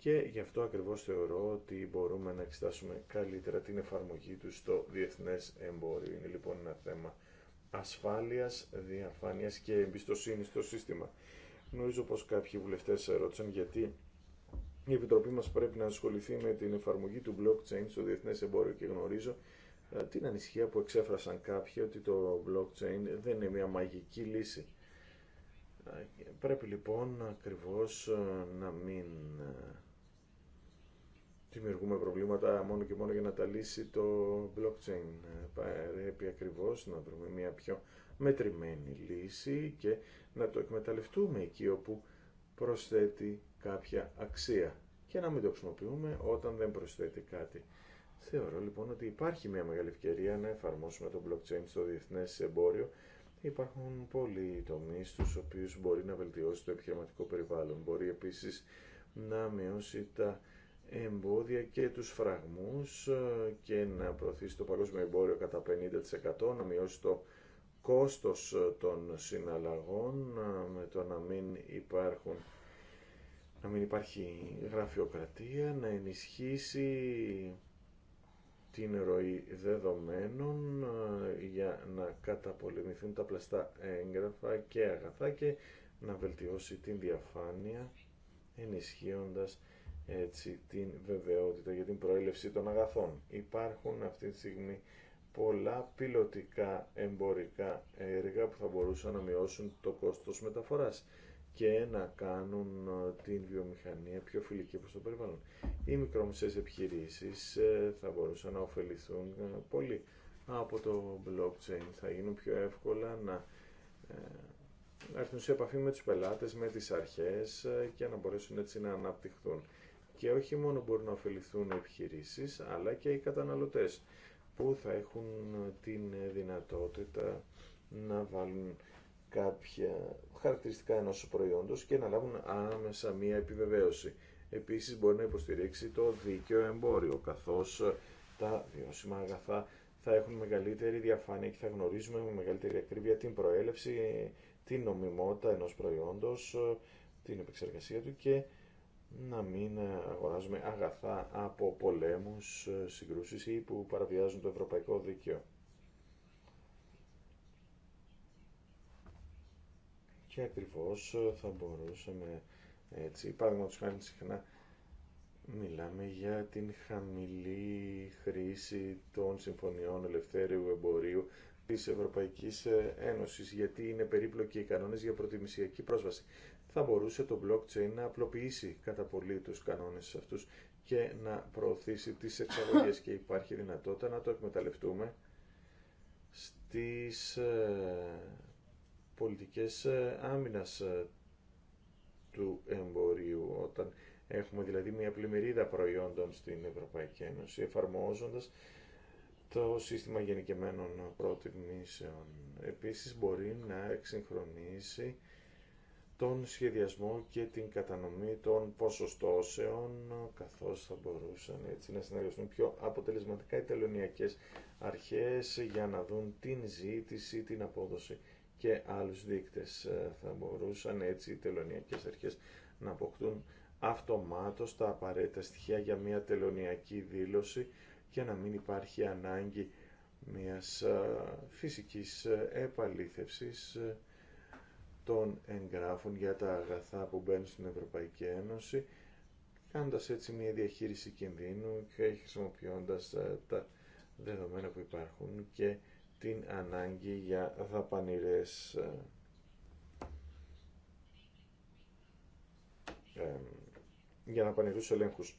και γι' αυτό ακριβώς θεωρώ ότι μπορούμε να εξετάσουμε καλύτερα την εφαρμογή του στο διεθνές εμπόριο. Είναι λοιπόν ένα θέμα ασφάλειας, διαφάνειας και εμπιστοσύνη στο σύστημα. Γνωρίζω πως κάποιοι βουλευτές ερώτησαν γιατί η Επιτροπή μας πρέπει να ασχοληθεί με την εφαρμογή του blockchain στο διεθνές εμπόριο και γνωρίζω ε, την ανησυχία που εξέφρασαν κάποιοι ότι το blockchain δεν είναι μια μαγική λύση. Ε, πρέπει λοιπόν ακριβώς ε, να μην δημιουργούμε προβλήματα μόνο και μόνο για να τα λύσει το blockchain. Πρέπει ακριβώς να βρούμε μια πιο μετρημένη λύση και να το εκμεταλλευτούμε εκεί όπου προσθέτει κάποια αξία και να μην το χρησιμοποιούμε όταν δεν προσθέτει κάτι. Θεωρώ λοιπόν ότι υπάρχει μια μεγάλη ευκαιρία να εφαρμόσουμε το blockchain στο διεθνές εμπόριο. Υπάρχουν πολλοί τομεί στους οποίου μπορεί να βελτιώσει το επιχειρηματικό περιβάλλον. Μπορεί επίση να μειώσει τα εμπόδια και τους φραγμούς ε, και να προωθήσει το παγκόσμιο εμπόριο κατά 50%, να μειώσει το κόστος ε, των συναλλαγών ε, με το να μην υπάρχουν να μην υπάρχει γραφειοκρατία, να ενισχύσει την ροή δεδομένων για να καταπολεμηθούν τα πλαστά έγγραφα και αγαθά και να βελτιώσει την διαφάνεια ενισχύοντας έτσι την βεβαιότητα για την προέλευση των αγαθών. Υπάρχουν αυτή τη στιγμή πολλά πιλωτικά εμπορικά έργα που θα μπορούσαν να μειώσουν το κόστος μεταφοράς και να κάνουν ε, την βιομηχανία πιο φιλική προς το περιβάλλον. Οι μικρομεσαίες επιχειρήσεις ε, θα μπορούσαν να ωφεληθούν ε, πολύ από το blockchain. Θα γίνουν πιο εύκολα να έρθουν σε επαφή με τους πελάτες, με τις αρχές και να μπορέσουν έτσι να αναπτυχθούν. Και όχι μόνο μπορούν να ωφεληθούν οι επιχειρήσεις, αλλά και οι καταναλωτές, που θα έχουν την δυνατότητα να βάλουν κάποια χαρακτηριστικά ενός προϊόντος και να λάβουν άμεσα μία επιβεβαίωση. Επίσης μπορεί να υποστηρίξει το δίκαιο εμπόριο, καθώς τα βιώσιμα αγαθά θα έχουν μεγαλύτερη διαφάνεια και θα γνωρίζουμε με μεγαλύτερη ακρίβεια την προέλευση, την νομιμότητα ενός προϊόντος, την επεξεργασία του και να μην ε, αγοράζουμε αγαθά από πολέμους, ε, συγκρούσεις ή που παραβιάζουν το ευρωπαϊκό δίκαιο. Και ακριβώς ε, θα μπορούσαμε έτσι, παραδείγματος χάρη συχνά μιλάμε για την χαμηλή χρήση των συμφωνιών ελευθέριου εμπορίου της Ευρωπαϊκής Ένωσης, γιατί είναι περίπλοκοι οι κανόνες για προτιμησιακή πρόσβαση θα μπορούσε το blockchain να απλοποιήσει κατά πολύ τους κανόνες αυτούς και να προωθήσει τις εξαγωγές και υπάρχει δυνατότητα να το εκμεταλλευτούμε στις ε, πολιτικές ε, άμυνας ε, του εμπορίου όταν έχουμε δηλαδή μια πλημμυρίδα προϊόντων στην Ευρωπαϊκή Ένωση εφαρμόζοντας το σύστημα γενικεμένων προτιμήσεων. Επίσης μπορεί να εξυγχρονίσει τον σχεδιασμό και την κατανομή των ποσοστώσεων, καθώς θα μπορούσαν έτσι να συνεργαστούν πιο αποτελεσματικά οι τελωνιακές αρχές για να δουν την ζήτηση, την απόδοση και άλλους δείκτες. Ε, θα μπορούσαν έτσι οι τελωνιακές αρχές να αποκτούν αυτομάτως τα απαραίτητα στοιχεία για μια τελωνιακή δήλωση και να μην υπάρχει ανάγκη μιας ε, φυσικής ε, επαλήθευσης των εγγράφων για τα αγαθά που μπαίνουν στην Ευρωπαϊκή Ένωση, κάνοντας έτσι μια διαχείριση κινδύνου και χρησιμοποιώντας ε, τα δεδομένα που υπάρχουν και την ανάγκη για δαπανηρές ε, για να πανηρούς ελέγχους.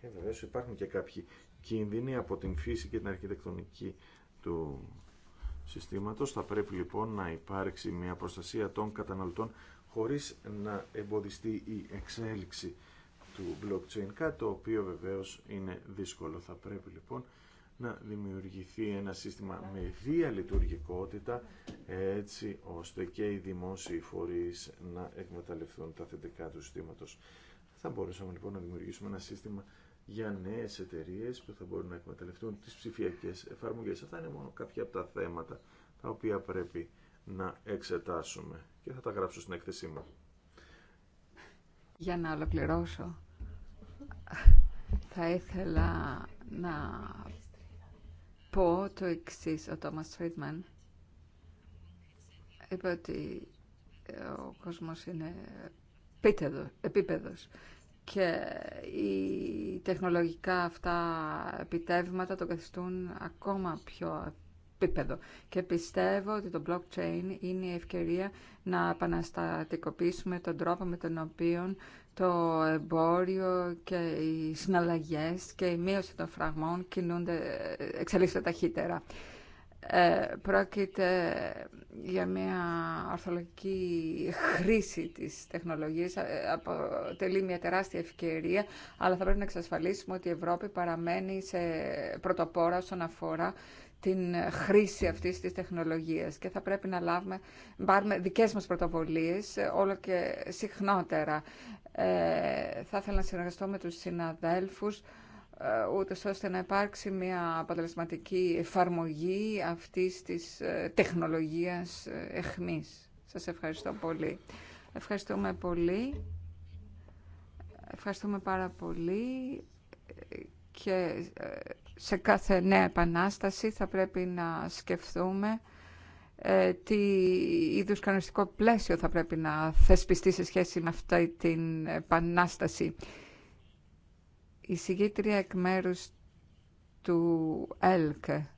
Και βεβαίως υπάρχουν και κάποιοι κίνδυνοι από την φύση και την αρχιτεκτονική του συστήματος. Θα πρέπει λοιπόν να υπάρξει μια προστασία των καταναλωτών χωρίς να εμποδιστεί η εξέλιξη του blockchain, κάτι το οποίο βεβαίως είναι δύσκολο. Θα πρέπει λοιπόν να δημιουργηθεί ένα σύστημα με διαλειτουργικότητα έτσι ώστε και οι δημόσιοι φορείς να εκμεταλλευτούν τα θετικά του συστήματος. Θα μπορούσαμε λοιπόν να δημιουργήσουμε ένα σύστημα για νέες εταιρείε που θα μπορούν να εκμεταλλευτούν τις ψηφιακέ εφαρμογές. Αυτά είναι μόνο κάποια από τα θέματα τα οποία πρέπει να εξετάσουμε και θα τα γράψω στην έκθεσή μου. Για να ολοκληρώσω, θα ήθελα να πω το εξή ο Τόμας Φρίτμαν είπε ότι ο κόσμος είναι επίπεδος και οι τεχνολογικά αυτά επιτεύγματα το καθιστούν ακόμα πιο επίπεδο. Και πιστεύω ότι το blockchain είναι η ευκαιρία να επαναστατικοποιήσουμε τον τρόπο με τον οποίο το εμπόριο και οι συναλλαγές και η μείωση των φραγμών κινούνται, εξελίσσονται ταχύτερα. Ε, πρόκειται για μια ορθολογική χρήση της τεχνολογίας, ε, αποτελεί μια τεράστια ευκαιρία, αλλά θα πρέπει να εξασφαλίσουμε ότι η Ευρώπη παραμένει σε πρωτοπόρα όσον αφορά την χρήση αυτής της τεχνολογίας και θα πρέπει να λάβουμε, πάρουμε δικές μας πρωτοβολίες όλο και συχνότερα. Ε, θα ήθελα να συνεργαστώ με τους συναδέλφους ε, Ούτε ώστε να υπάρξει μια αποτελεσματική εφαρμογή αυτής της ε, τεχνολογίας ε, εχμής. Σας ευχαριστώ πολύ. Ευχαριστούμε πολύ. Ευχαριστούμε πάρα πολύ και σε κάθε νέα επανάσταση θα πρέπει να σκεφτούμε τι είδους κανονιστικό πλαίσιο θα πρέπει να θεσπιστεί σε σχέση με αυτή την επανάσταση η εκ μέρους του ΕΛΚΕ.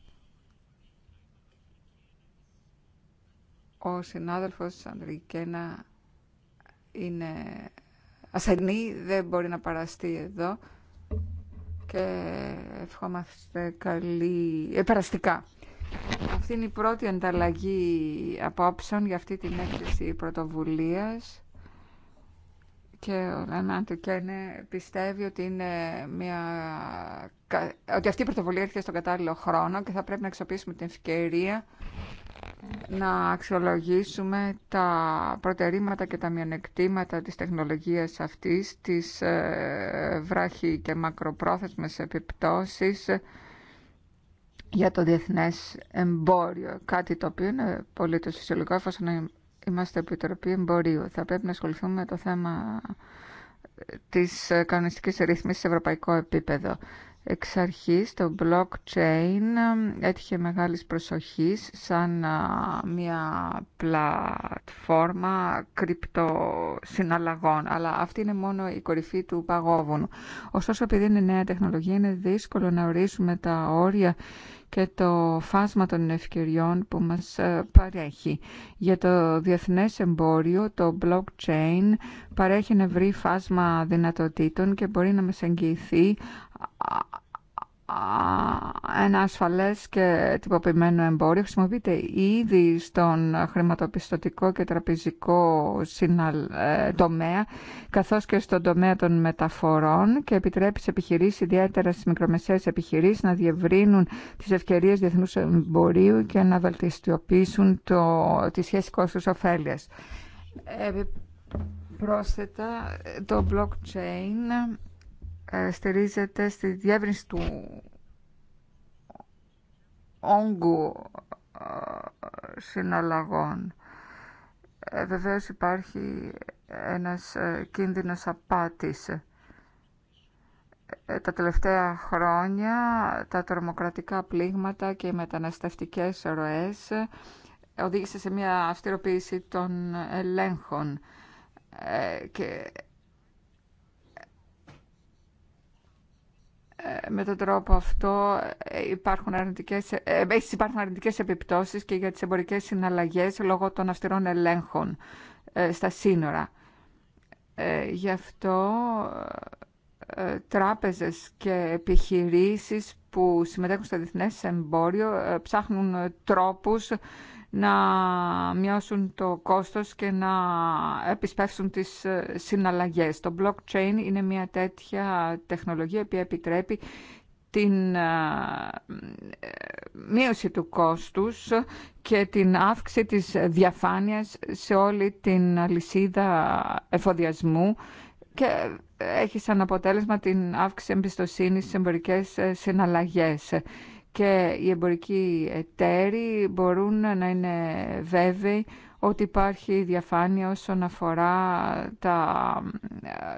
Ο συνάδελφος Ανδρικένα είναι ασθενή, δεν μπορεί να παραστεί εδώ και ευχόμαστε καλή... Ε, Αυτή είναι η πρώτη ανταλλαγή απόψεων για αυτή την έκθεση πρωτοβουλίας και ο Λανάντου Κένε πιστεύει ότι, είναι μια... ότι αυτή η πρωτοβουλία έρχεται στον κατάλληλο χρόνο και θα πρέπει να εξοπλίσουμε την ευκαιρία να αξιολογήσουμε τα προτερήματα και τα μειονεκτήματα της τεχνολογίας αυτής, της ε, βράχη και μακροπρόθεσμες επιπτώσεις για το διεθνές εμπόριο. Κάτι το οποίο είναι πολύ το φυσιολογικό, εφόσον είμαστε Επιτροπή Εμπορίου. Θα πρέπει να ασχοληθούμε με το θέμα της κανονιστικής ρύθμισης σε ευρωπαϊκό επίπεδο. Εξ αρχής το blockchain έτυχε μεγάλης προσοχής σαν μια πλατφόρμα κρυπτοσυναλλαγών, αλλά αυτή είναι μόνο η κορυφή του παγόβουνου. Ωστόσο, επειδή είναι νέα τεχνολογία, είναι δύσκολο να ορίσουμε τα όρια και το φάσμα των ευκαιριών που μας ε, παρέχει. Για το διεθνές εμπόριο, το blockchain παρέχει ένα ευρύ φάσμα δυνατοτήτων και μπορεί να μας εγγυηθεί ένα ασφαλές και τυποποιημένο εμπόριο χρησιμοποιείται ήδη στον χρηματοπιστωτικό και τραπεζικό ε, τομέα καθώς και στον τομέα των μεταφορών και επιτρέπει σε επιχειρήσεις, ιδιαίτερα στις μικρομεσαίες επιχειρήσεις, να διευρύνουν τις ευκαιρίες διεθνούς εμπορίου και να βελτιστιοποιήσουν το, τη σχέση κόστους ε, πρόσθετα, το blockchain στηρίζεται στη διεύρυνση του όγκου ε, συναλλαγών. Ε, βεβαίως υπάρχει ένας ε, κίνδυνος απάτης. Τα τελευταία χρόνια τα τρομοκρατικά πλήγματα και οι μεταναστευτικές ροές οδήγησε σε μια αυστηροποίηση των ελέγχων και Ε, με τον τρόπο αυτό ε, υπάρχουν αρνητικές, ε, υπάρχουν αρνητικές επιπτώσεις και για τις εμπορικές συναλλαγές λόγω των αυστηρών ελέγχων στα σύνορα. Γι' αυτό τράπεζες και επιχειρήσεις που συμμετέχουν στο διεθνές εμπόριο ψάχνουν τρόπους να μειώσουν το κόστος και να επισπεύσουν τις ε, συναλλαγές. Το blockchain είναι μια τέτοια τεχνολογία που επιτρέπει την ε, ε, μείωση του κόστους και την αύξηση της διαφάνειας σε όλη την αλυσίδα εφοδιασμού και έχει σαν αποτέλεσμα την αύξηση εμπιστοσύνης σε εμπορικές συναλλαγές και οι εμπορικοί εταίροι μπορούν να είναι βέβαιοι ότι υπάρχει διαφάνεια όσον αφορά τα,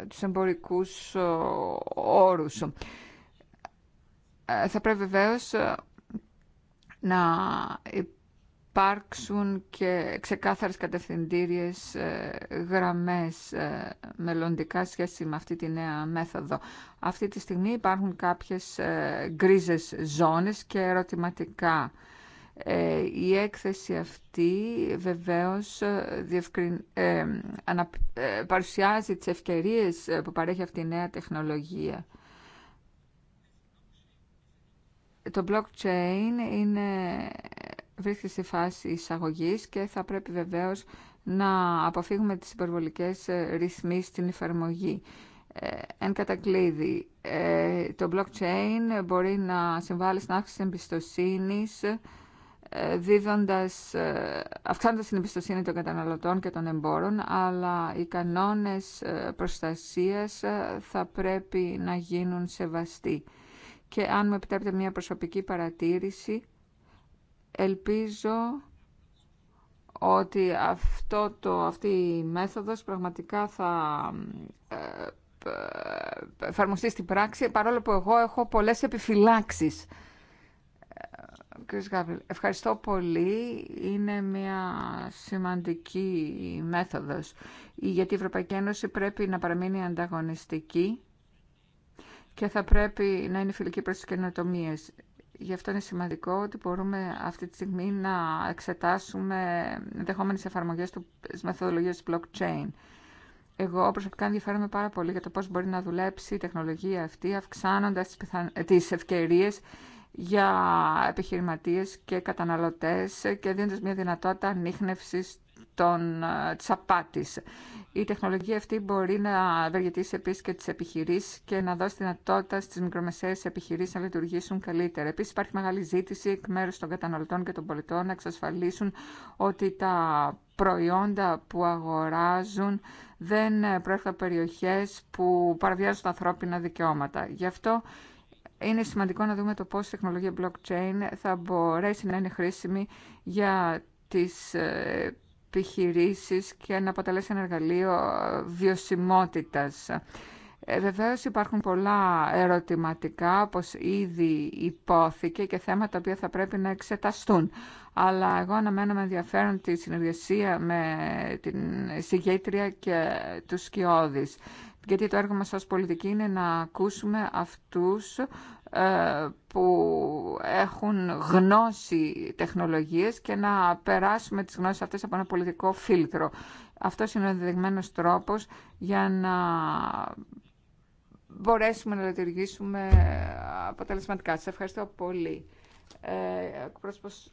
τους εμπορικούς όρους. Ε, θα πρέπει βεβαίως να υπάρξουν και ξεκάθαρες κατευθυντήριες ε, γραμμές ε, μελλοντικά σχέση με αυτή τη νέα μέθοδο. Αυτή τη στιγμή υπάρχουν κάποιες ε, γκρίζες ζώνες και ερωτηματικά. Η έκθεση αυτή βεβαίως παρουσιάζει τις ευκαιρίες που παρέχει αυτή η νέα τεχνολογία. Το blockchain είναι βρίσκεται στη φάση εισαγωγής και θα πρέπει βεβαίως να αποφύγουμε τις υπερβολικές ε, ρυθμίσεις στην εφαρμογή. Ε, εν κατακλείδη, ε, το blockchain μπορεί να συμβάλλει στην αύξηση εμπιστοσύνης, ε, δίδοντας, αυξάνοντας την εμπιστοσύνη των καταναλωτών και των εμπόρων, αλλά οι κανόνες προστασίας θα πρέπει να γίνουν σεβαστοί. Και αν μου επιτρέπετε μια προσωπική παρατήρηση, Ελπίζω ότι αυτό το, αυτή η μέθοδος πραγματικά ε, ε, θα εφαρμοστεί στην πράξη, παρόλο που εγώ έχω πολλές επιφυλάξεις. Ε, ευχαριστώ πολύ. Είναι μια σημαντική μέθοδος, γιατί η Ευρωπαϊκή Ένωση πρέπει να παραμείνει ανταγωνιστική και θα πρέπει να είναι φιλική προς τις καινοτομίες. Γι' αυτό είναι σημαντικό ότι μπορούμε αυτή τη στιγμή να εξετάσουμε ενδεχόμενες εφαρμογέ τη μεθοδολογία blockchain. Εγώ προσωπικά ενδιαφέρομαι πάρα πολύ για το πώς μπορεί να δουλέψει η τεχνολογία αυτή, αυξάνοντας τις, πιθαν... Ε, ευκαιρίες για επιχειρηματίες και καταναλωτές και δίνοντας μια δυνατότητα ανείχνευσης των, ε, της Η τεχνολογία αυτή μπορεί να ευεργετήσει επίσης και τις επιχειρήσεις και να δώσει δυνατότητα στις μικρομεσαίες επιχειρήσεις να λειτουργήσουν καλύτερα. Επίσης υπάρχει μεγάλη ζήτηση εκ μέρους των καταναλωτών και των πολιτών να εξασφαλίσουν ότι τα προϊόντα που αγοράζουν δεν προέρχονται από περιοχές που παραβιάζουν τα ανθρώπινα δικαιώματα. Γι' αυτό είναι σημαντικό να δούμε το πώς η τεχνολογία blockchain θα μπορέσει να είναι χρήσιμη για τις ε, επιχειρήσεις και να αποτελέσει ένα εργαλείο βιωσιμότητας. Ε, Βεβαίω υπάρχουν πολλά ερωτηματικά, όπως ήδη υπόθηκε, και θέματα που θα πρέπει να εξεταστούν. Αλλά εγώ αναμένω με ενδιαφέρον τη συνεργασία με την συγγέτρια και τους σκιώδεις. Γιατί το έργο μας ως πολιτική είναι να ακούσουμε αυτούς ε, που έχουν γνώση τεχνολογίες και να περάσουμε τις γνώσεις αυτές από ένα πολιτικό φίλτρο. Αυτό είναι ο ενδεδειγμένος τρόπος για να μπορέσουμε να λειτουργήσουμε αποτελεσματικά. Σας ευχαριστώ πολύ. Ε,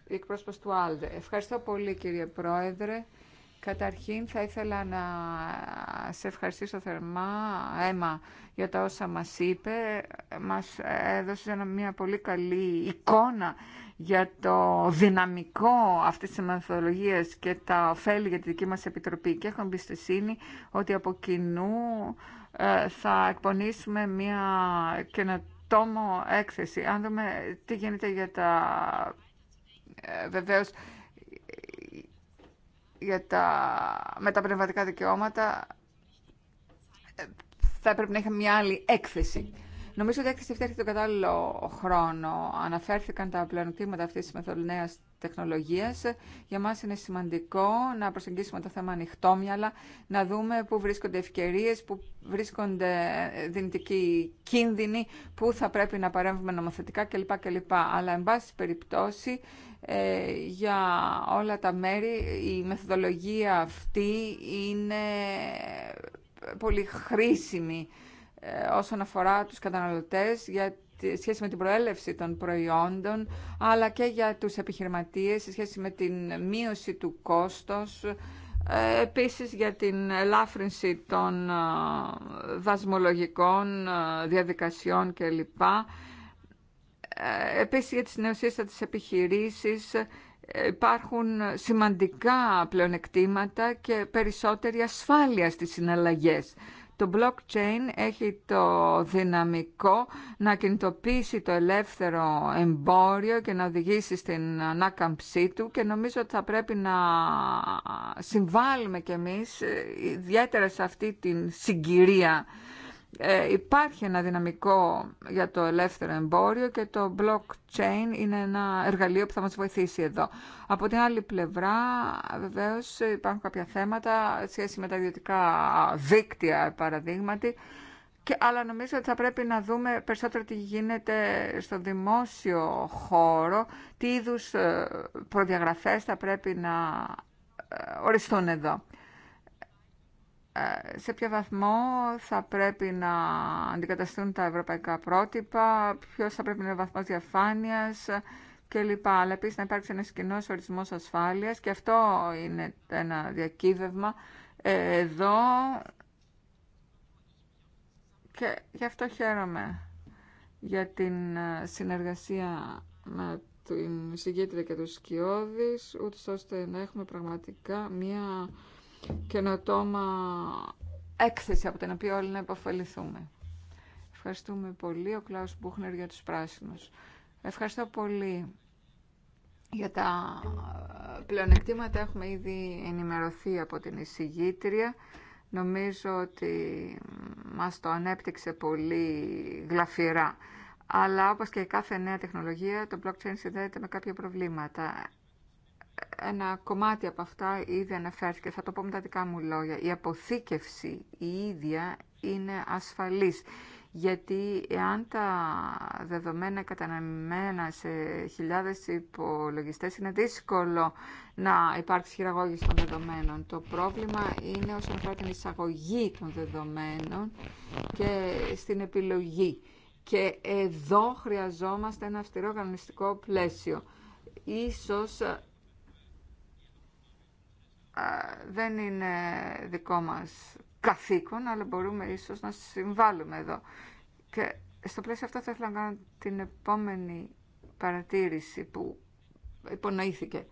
εκπρόσωπος του ΑΛΔΕ. Ευχαριστώ πολύ κύριε Πρόεδρε. Καταρχήν θα ήθελα να σε ευχαριστήσω θερμά, Έμα, για τα όσα μας είπε. Μας έδωσε μια πολύ καλή εικόνα για το δυναμικό αυτής της μεθοδολογίας και τα ωφέλη για τη δική μας Επιτροπή. Και έχω εμπιστοσύνη ότι από κοινού ε, θα εκπονήσουμε μια καινοτόμο έκθεση. Αν δούμε τι γίνεται για τα... Ε, βεβαίως, για τα, με τα πνευματικά δικαιώματα ε, θα έπρεπε να είχαμε μια άλλη έκθεση. Νομίζω ότι η έκθεση αυτή έρχεται τον κατάλληλο χρόνο. Αναφέρθηκαν τα πλεονεκτήματα αυτή τη μεθοδονέα τεχνολογία. Για μα είναι σημαντικό να προσεγγίσουμε το θέμα ανοιχτόμυαλα, να δούμε πού βρίσκονται ευκαιρίε, πού βρίσκονται ε, δυνητικοί κίνδυνοι, πού θα πρέπει να παρέμβουμε νομοθετικά κλπ. κλπ. Αλλά, εν πάση περιπτώσει, ε, για όλα τα μέρη. Η μεθοδολογία αυτή είναι πολύ χρήσιμη ε, όσον αφορά τους καταναλωτές για σχέση με την προέλευση των προϊόντων, αλλά και για τους επιχειρηματίες σε σχέση με την μείωση του κόστος, ε, επίσης για την ελάφρυνση των δασμολογικών διαδικασιών κλπ ε, επίσης για τις νεοσύστατες επιχειρήσεις ε, υπάρχουν σημαντικά πλεονεκτήματα και περισσότερη ασφάλεια στις συναλλαγές. Το blockchain έχει το δυναμικό να κινητοποιήσει το ελεύθερο εμπόριο και να οδηγήσει στην ανάκαμψή του και νομίζω ότι θα πρέπει να συμβάλλουμε κι εμείς ε, ιδιαίτερα σε αυτή την συγκυρία ε, υπάρχει ένα δυναμικό για το ελεύθερο εμπόριο και το blockchain είναι ένα εργαλείο που θα μας βοηθήσει εδώ. Από την άλλη πλευρά, βεβαίως, υπάρχουν κάποια θέματα σχέση με τα ιδιωτικά δίκτυα, παραδείγματι, και, αλλά νομίζω ότι θα πρέπει να δούμε περισσότερο τι γίνεται στο δημόσιο χώρο, τι είδους ε, προδιαγραφές θα πρέπει να ε, οριστούν εδώ. Ε, σε ποιο βαθμό θα πρέπει να αντικαταστούν τα ευρωπαϊκά πρότυπα, ποιος θα πρέπει να είναι ο βαθμός διαφάνειας κλπ. Αλλά επίσης να υπάρξει ένας κοινό ορισμός ασφάλειας και αυτό είναι ένα διακύβευμα εδώ και γι' αυτό χαίρομαι για την ε, συνεργασία με την συγκέντρια και τους σκιώδεις, ούτως ώστε να έχουμε πραγματικά μία καινοτόμα έκθεση από την οποία όλοι να υποφεληθούμε. Ευχαριστούμε πολύ ο Κλάους Μπούχνερ για τους πράσινους. Ευχαριστώ πολύ για τα ε, πλεονεκτήματα. Έχουμε ήδη ενημερωθεί από την εισηγήτρια. Νομίζω ότι μας το ανέπτυξε πολύ γλαφυρά. Αλλά όπως και κάθε νέα τεχνολογία, το blockchain συνδέεται με κάποια προβλήματα ένα κομμάτι από αυτά ήδη αναφέρθηκε, θα το πω με τα δικά μου λόγια. Η αποθήκευση η ίδια είναι ασφαλής, γιατί εάν τα δεδομένα καταναμμένα σε χιλιάδες υπολογιστές είναι δύσκολο να υπάρξει χειραγώγηση των δεδομένων. Το πρόβλημα είναι όσον αφορά την εισαγωγή των δεδομένων και στην επιλογή. Και εδώ χρειαζόμαστε ένα αυστηρό κανονιστικό πλαίσιο ίσως δεν είναι δικό μας καθήκον, αλλά μπορούμε ίσως να συμβάλλουμε εδώ. Και στο πλαίσιο αυτό θα ήθελα να κάνω την επόμενη παρατήρηση που υπονοήθηκε.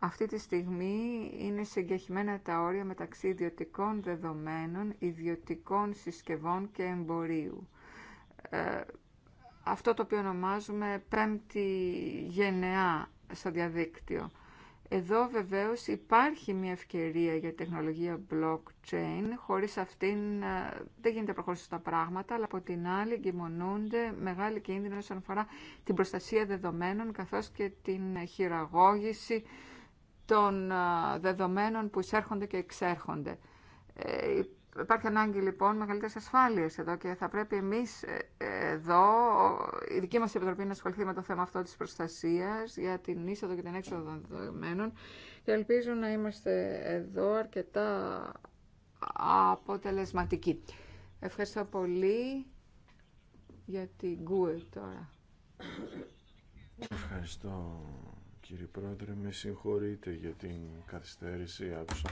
Αυτή τη στιγμή είναι συγκεχημένα τα όρια μεταξύ ιδιωτικών δεδομένων, ιδιωτικών συσκευών και εμπορίου. Ε, αυτό το οποίο ονομάζουμε πέμπτη γενεά στο διαδίκτυο. Εδώ βεβαίως υπάρχει μια ευκαιρία για τεχνολογία blockchain, χωρίς αυτήν ε, δεν γίνεται προχώρηση στα πράγματα, αλλά από την άλλη εγκυμονούνται μεγάλη κίνδυνο όσον αφορά την προστασία δεδομένων, καθώς και την χειραγώγηση των ε, δεδομένων που εισέρχονται και εξέρχονται. Ε, Υπάρχει ανάγκη λοιπόν μεγαλύτερη ασφάλεια εδώ και θα πρέπει εμεί ε, ε, εδώ, η δική μα επιτροπή να ασχοληθεί με το θέμα αυτό τη προστασία για την είσοδο και την έξοδο των δεδομένων και ελπίζω να είμαστε εδώ αρκετά αποτελεσματικοί. Ευχαριστώ πολύ για την ΚΟΕ τώρα. Ευχαριστώ κύριε Πρόεδρε, με συγχωρείτε για την καθυστέρηση, άκουσα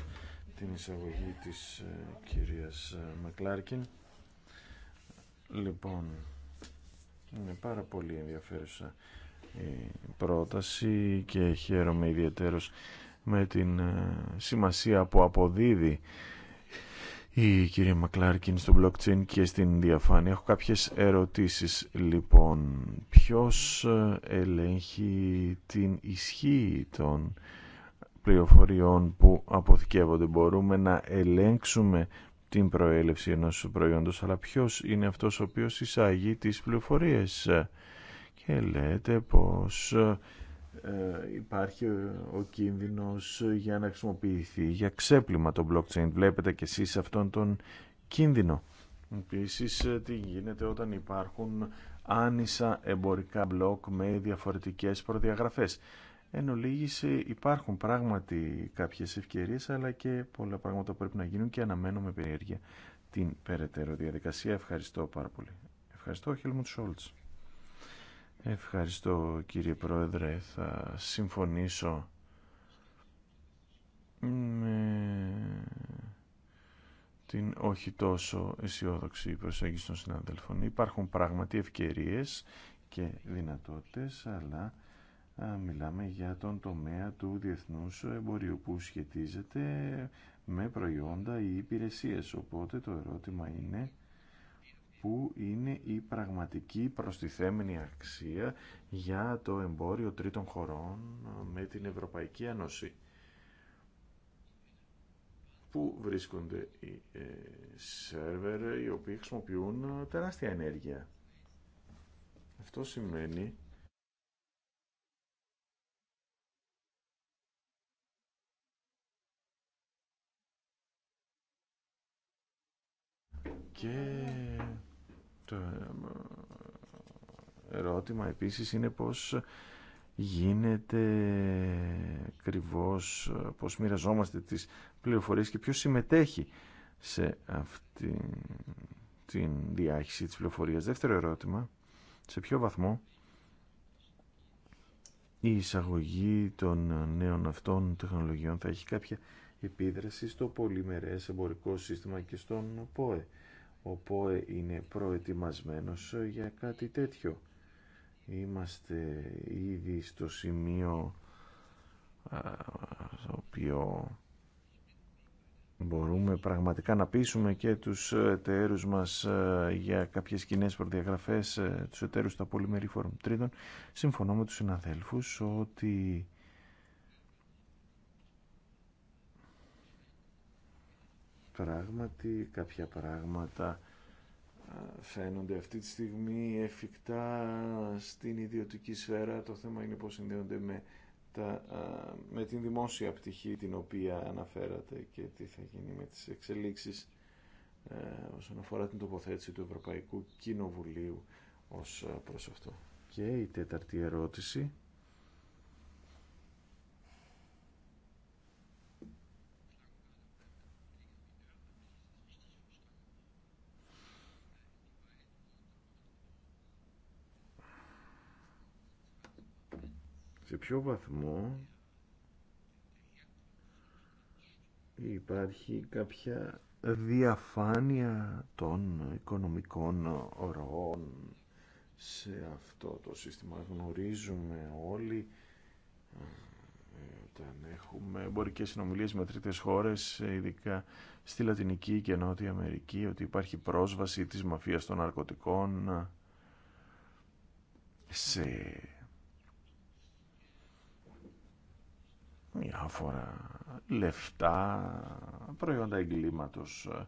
την εισαγωγή της ε, κυρίας ε, Μακλάρκιν. Λοιπόν, είναι πάρα πολύ ενδιαφέρουσα η πρόταση και χαίρομαι ιδιαίτερος με την ε, σημασία που αποδίδει η κυρία Μακλάρκιν στο blockchain και στην διαφάνεια. Έχω κάποιες ερωτήσεις λοιπόν. Ποιος ελέγχει την ισχύ των πληροφοριών που αποθηκεύονται. Μπορούμε να ελέγξουμε την προέλευση ενός προϊόντος, αλλά ποιος είναι αυτός ο οποίος εισάγει τις πληροφορίες. Και λέτε πως ε, υπάρχει ο κίνδυνος για να χρησιμοποιηθεί για ξέπλυμα το blockchain. Βλέπετε κι εσείς αυτόν τον κίνδυνο. Επίση ε, τι γίνεται όταν υπάρχουν άνισα εμπορικά μπλοκ με διαφορετικές προδιαγραφές. Εν ολίγηση υπάρχουν πράγματι κάποιες ευκαιρίες αλλά και πολλά πράγματα που πρέπει να γίνουν και αναμένουμε με περιέργεια την περαιτέρω διαδικασία. Ευχαριστώ πάρα πολύ. Ευχαριστώ Χέλμουντ Σόλτς. Ευχαριστώ κύριε Πρόεδρε. Θα συμφωνήσω με την όχι τόσο αισιόδοξη προσέγγιση των συναδέλφων. Υπάρχουν πράγματι ευκαιρίες και δυνατότητες αλλά μιλάμε για τον τομέα του διεθνούς εμπορίου που σχετίζεται με προϊόντα ή υπηρεσίες. Οπότε το ερώτημα είναι που είναι η πραγματική προστιθέμενη αξία για το εμπόριο τρίτων χωρών με την Ευρωπαϊκή Ένωση. Πού βρίσκονται οι ε, σερβερ οι οποίοι χρησιμοποιούν τεράστια ενέργεια. Αυτό σημαίνει Και το ε, ερώτημα επίσης είναι πώς γίνεται ακριβώς πώς μοιραζόμαστε τις πληροφορίες και ποιος συμμετέχει σε αυτή την διάχυση της πληροφορίας. Δεύτερο ερώτημα, σε ποιο βαθμό η εισαγωγή των νέων αυτών τεχνολογιών θα έχει κάποια επίδραση στο πολυμερές εμπορικό σύστημα και στον ΠΟΕ ο ΠΟΕ είναι προετοιμασμένος για κάτι τέτοιο. Είμαστε ήδη στο σημείο στο οποίο μπορούμε πραγματικά να πείσουμε και τους εταίρους μας για κάποιες κοινέ προδιαγραφές, τους εταίρους στα πολυμερή φόρουμ. Τρίτον, συμφωνώ με τους συναδέλφους ότι Πράγματι, κάποια πράγματα φαίνονται αυτή τη στιγμή εφικτά στην ιδιωτική σφαίρα. Το θέμα είναι πώς συνδέονται με, τα, με την δημόσια πτυχή την οποία αναφέρατε και τι θα γίνει με τις εξελίξεις ε, όσον αφορά την τοποθέτηση του Ευρωπαϊκού Κοινοβουλίου ως προς αυτό. Και η τέταρτη ερώτηση ποιο βαθμό υπάρχει κάποια διαφάνεια των οικονομικών ροών σε αυτό το σύστημα. Γνωρίζουμε όλοι ε, όταν έχουμε εμπορικές συνομιλίες με τρίτες χώρες, ειδικά στη Λατινική και Νότια Αμερική, ότι υπάρχει πρόσβαση της μαφίας των ναρκωτικών σε διάφορα λεφτά, προϊόντα εγκλήματος ε,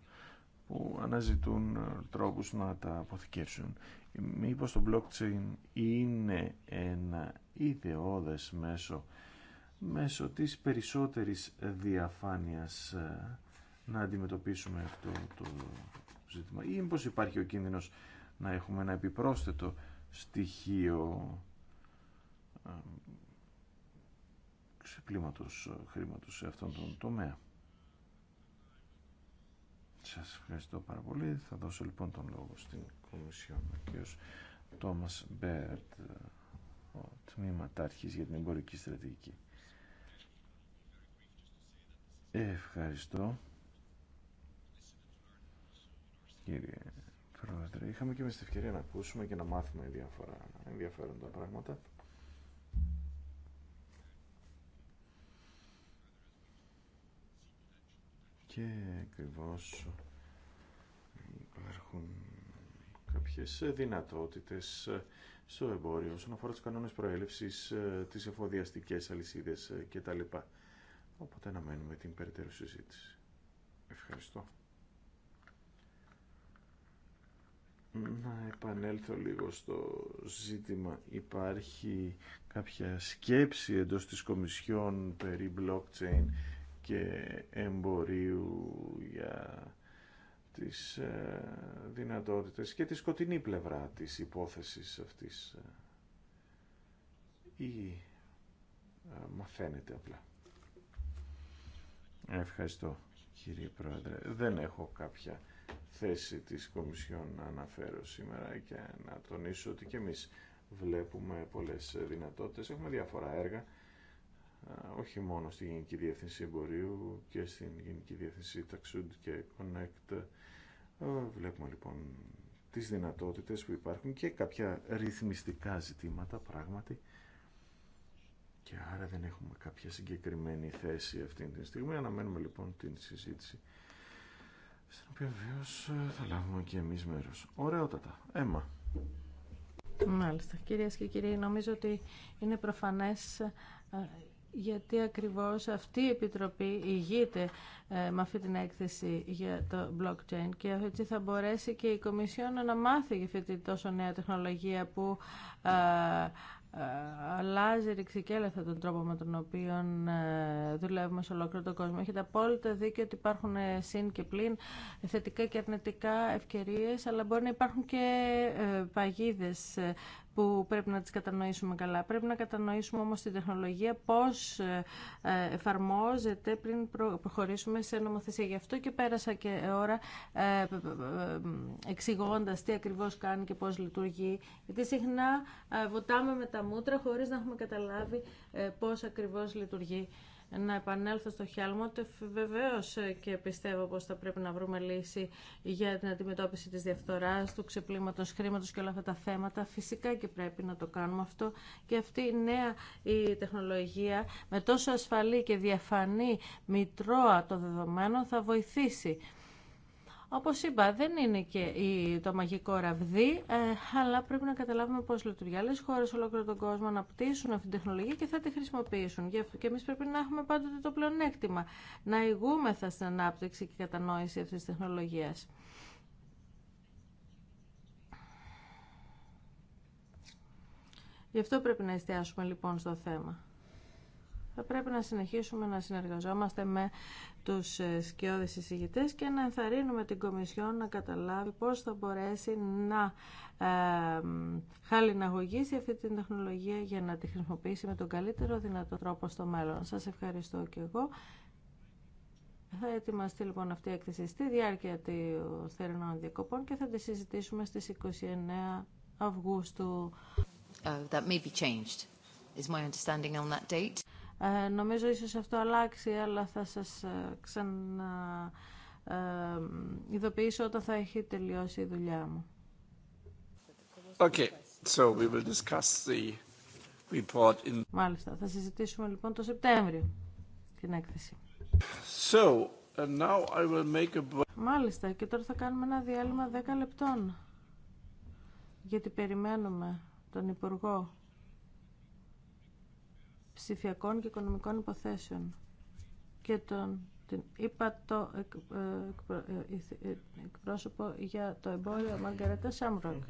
που αναζητούν ε, τρόπους να τα αποθηκεύσουν. Ε, μήπως το blockchain είναι ένα ιδεώδες μέσο μέσω της περισσότερης διαφάνειας να αντιμετωπίσουμε αυτό το ζήτημα ή μήπως υπάρχει ο κίνδυνος να έχουμε ένα επιπρόσθετο στοιχείο ξεπλήματος ε, χρήματος σε αυτόν τον τομέα. Σας ευχαριστώ πάρα πολύ. Θα δώσω λοιπόν τον λόγο στην Κομισιόν. Ο κ. Τόμας Μπέρτ, ε, ο τμήματάρχης για την εμπορική στρατηγική. Ευχαριστώ. Κύριε Πρόεδρε, είχαμε και εμείς την ευκαιρία να ακούσουμε και να μάθουμε διάφορα ενδιαφέροντα πράγματα. και ακριβώ υπάρχουν κάποιες δυνατότητες στο εμπόριο όσον αφορά τις κανόνες προέλευσης, τις εφοδιαστικές αλυσίδες κτλ. Οπότε μένουμε την περαιτέρω συζήτηση. Ευχαριστώ. Να επανέλθω λίγο στο ζήτημα. Υπάρχει κάποια σκέψη εντός της Κομισιόν περί blockchain και εμπορίου για τις ε, δυνατότητες και τη σκοτεινή πλευρά της υπόθεσης αυτής ή ε, μαθαίνετε απλά. Ευχαριστώ κύριε Πρόεδρε. Δεν έχω κάποια θέση της Κομισιόν να αναφέρω σήμερα και να τονίσω ότι και εμείς βλέπουμε πολλές δυνατότητες. Έχουμε διάφορα έργα όχι μόνο στη Γενική Διεύθυνση Εμπορίου και στην Γενική Διεύθυνση Ταξούντ και Connect. Βλέπουμε λοιπόν τις δυνατότητες που υπάρχουν και κάποια ρυθμιστικά ζητήματα πράγματι και άρα δεν έχουμε κάποια συγκεκριμένη θέση αυτή τη στιγμή. Αναμένουμε λοιπόν την συζήτηση στην οποία βεβαίω ε, θα λάβουμε και εμείς μέρος. Ωραιότατα. Έμα. Μάλιστα. Κυρίες και κύριοι, νομίζω ότι είναι προφανές ε, γιατί ακριβώς αυτή η Επιτροπή ηγείται ε, με αυτή την έκθεση για το blockchain και έτσι θα μπορέσει και η Κομισιόν να μάθει για αυτή τη τόσο νέα τεχνολογία που ε, ε, αλλάζει ρηξικέλευτα τον τρόπο με τον οποίο δουλεύουμε σε ολόκληρο τον κόσμο. Έχετε απόλυτα δίκιο ότι υπάρχουν συν και πλήν θετικά και αρνητικά ευκαιρίες, αλλά μπορεί να υπάρχουν και παγίδες που πρέπει να τις κατανοήσουμε καλά. Πρέπει να κατανοήσουμε όμως την τεχνολογία πώς ε, εφαρμόζεται πριν προχωρήσουμε σε νομοθεσία. Γι' αυτό και πέρασα και ώρα ε, ε, εξηγώντα τι ακριβώς κάνει και πώς λειτουργεί. Γιατί συχνά βοτάμε με τα μούτρα χωρίς να έχουμε καταλάβει πώς ακριβώς λειτουργεί να επανέλθω στο Χιάλμοτεφ, βεβαίω ε, και πιστεύω πως θα πρέπει να βρούμε λύση για την αντιμετώπιση της διαφθοράς, του ξεπλήματο χρήματο και όλα αυτά τα θέματα. Φυσικά και πρέπει να το κάνουμε αυτό. Και αυτή η νέα η τεχνολογία με τόσο ασφαλή και διαφανή μητρώα των δεδομένων θα βοηθήσει. Όπως είπα, δεν είναι και το μαγικό ραβδί, ε, αλλά πρέπει να καταλάβουμε πώς λειτουργεί. Άλλες χώρες ολόκληρο τον κόσμο να πτήσουν αυτή την τεχνολογία και θα τη χρησιμοποιήσουν. Και εμείς πρέπει να έχουμε πάντοτε το πλεονέκτημα, να ηγούμεθα στην ανάπτυξη και κατανόηση αυτής της τεχνολογίας. Γι' αυτό πρέπει να εστιάσουμε λοιπόν στο θέμα. Θα πρέπει να συνεχίσουμε να συνεργαζόμαστε με τους ε, σκιώδεις συζητητές και να ενθαρρύνουμε την Κομισιόν να καταλάβει πώς θα μπορέσει να ε, χαλιναγωγήσει αυτή την τεχνολογία για να τη χρησιμοποιήσει με τον καλύτερο δυνατό τρόπο στο μέλλον. Σας ευχαριστώ και εγώ. Θα ετοιμαστεί λοιπόν αυτή η έκθεση στη διάρκεια των θερινών διακοπών και θα τη συζητήσουμε στις 29 Αυγούστου. Oh, that may changed. Is my understanding on that date? Ε, νομίζω ίσως αυτό αλλάξει, αλλά θα σας ε, ξανα ε, όταν θα έχει τελειώσει η δουλειά μου. Μάλιστα, θα συζητήσουμε λοιπόν το Σεπτέμβριο την έκθεση. Μάλιστα, και τώρα θα κάνουμε ένα διάλειμμα 10 λεπτών, γιατί περιμένουμε τον Υπουργό ψηφιακών και οικονομικών υποθέσεων και τον την είπα το ε, ε, ε, εκπρόσωπο για το εμπόριο Μαργαρέτα Σάμρογκ.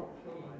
Ευχαριστώ.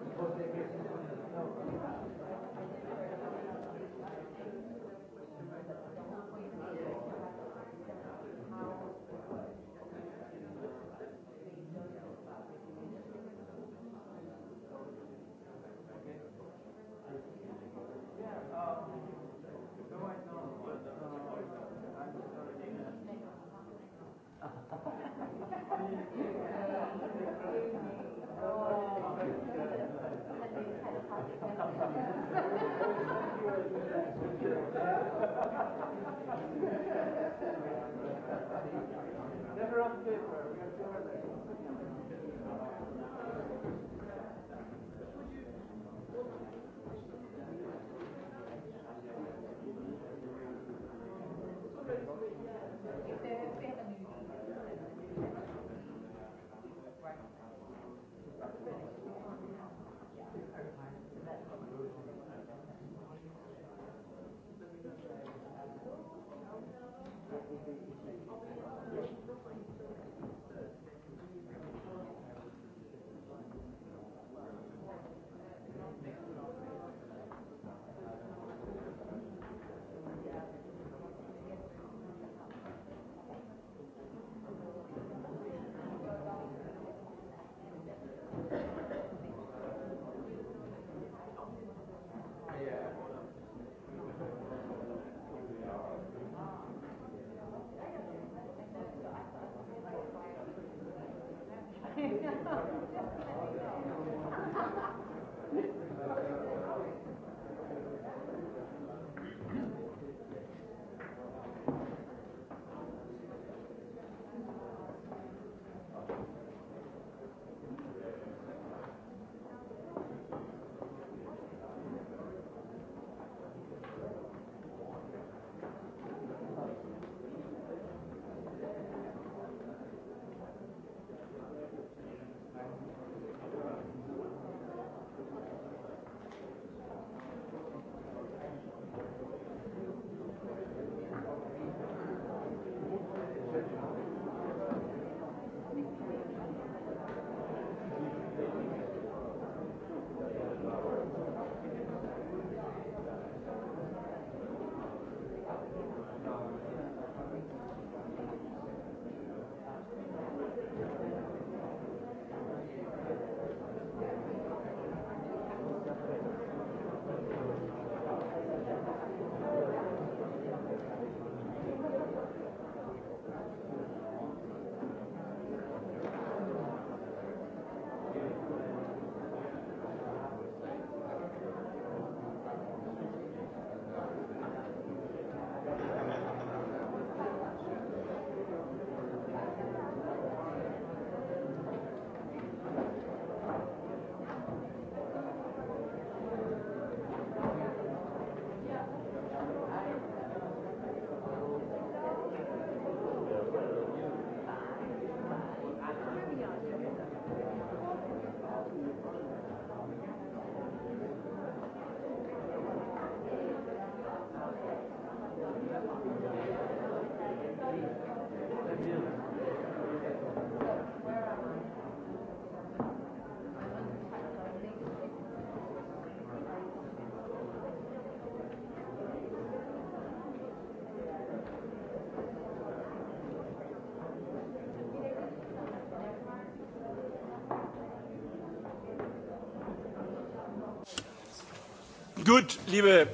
Gut, liebe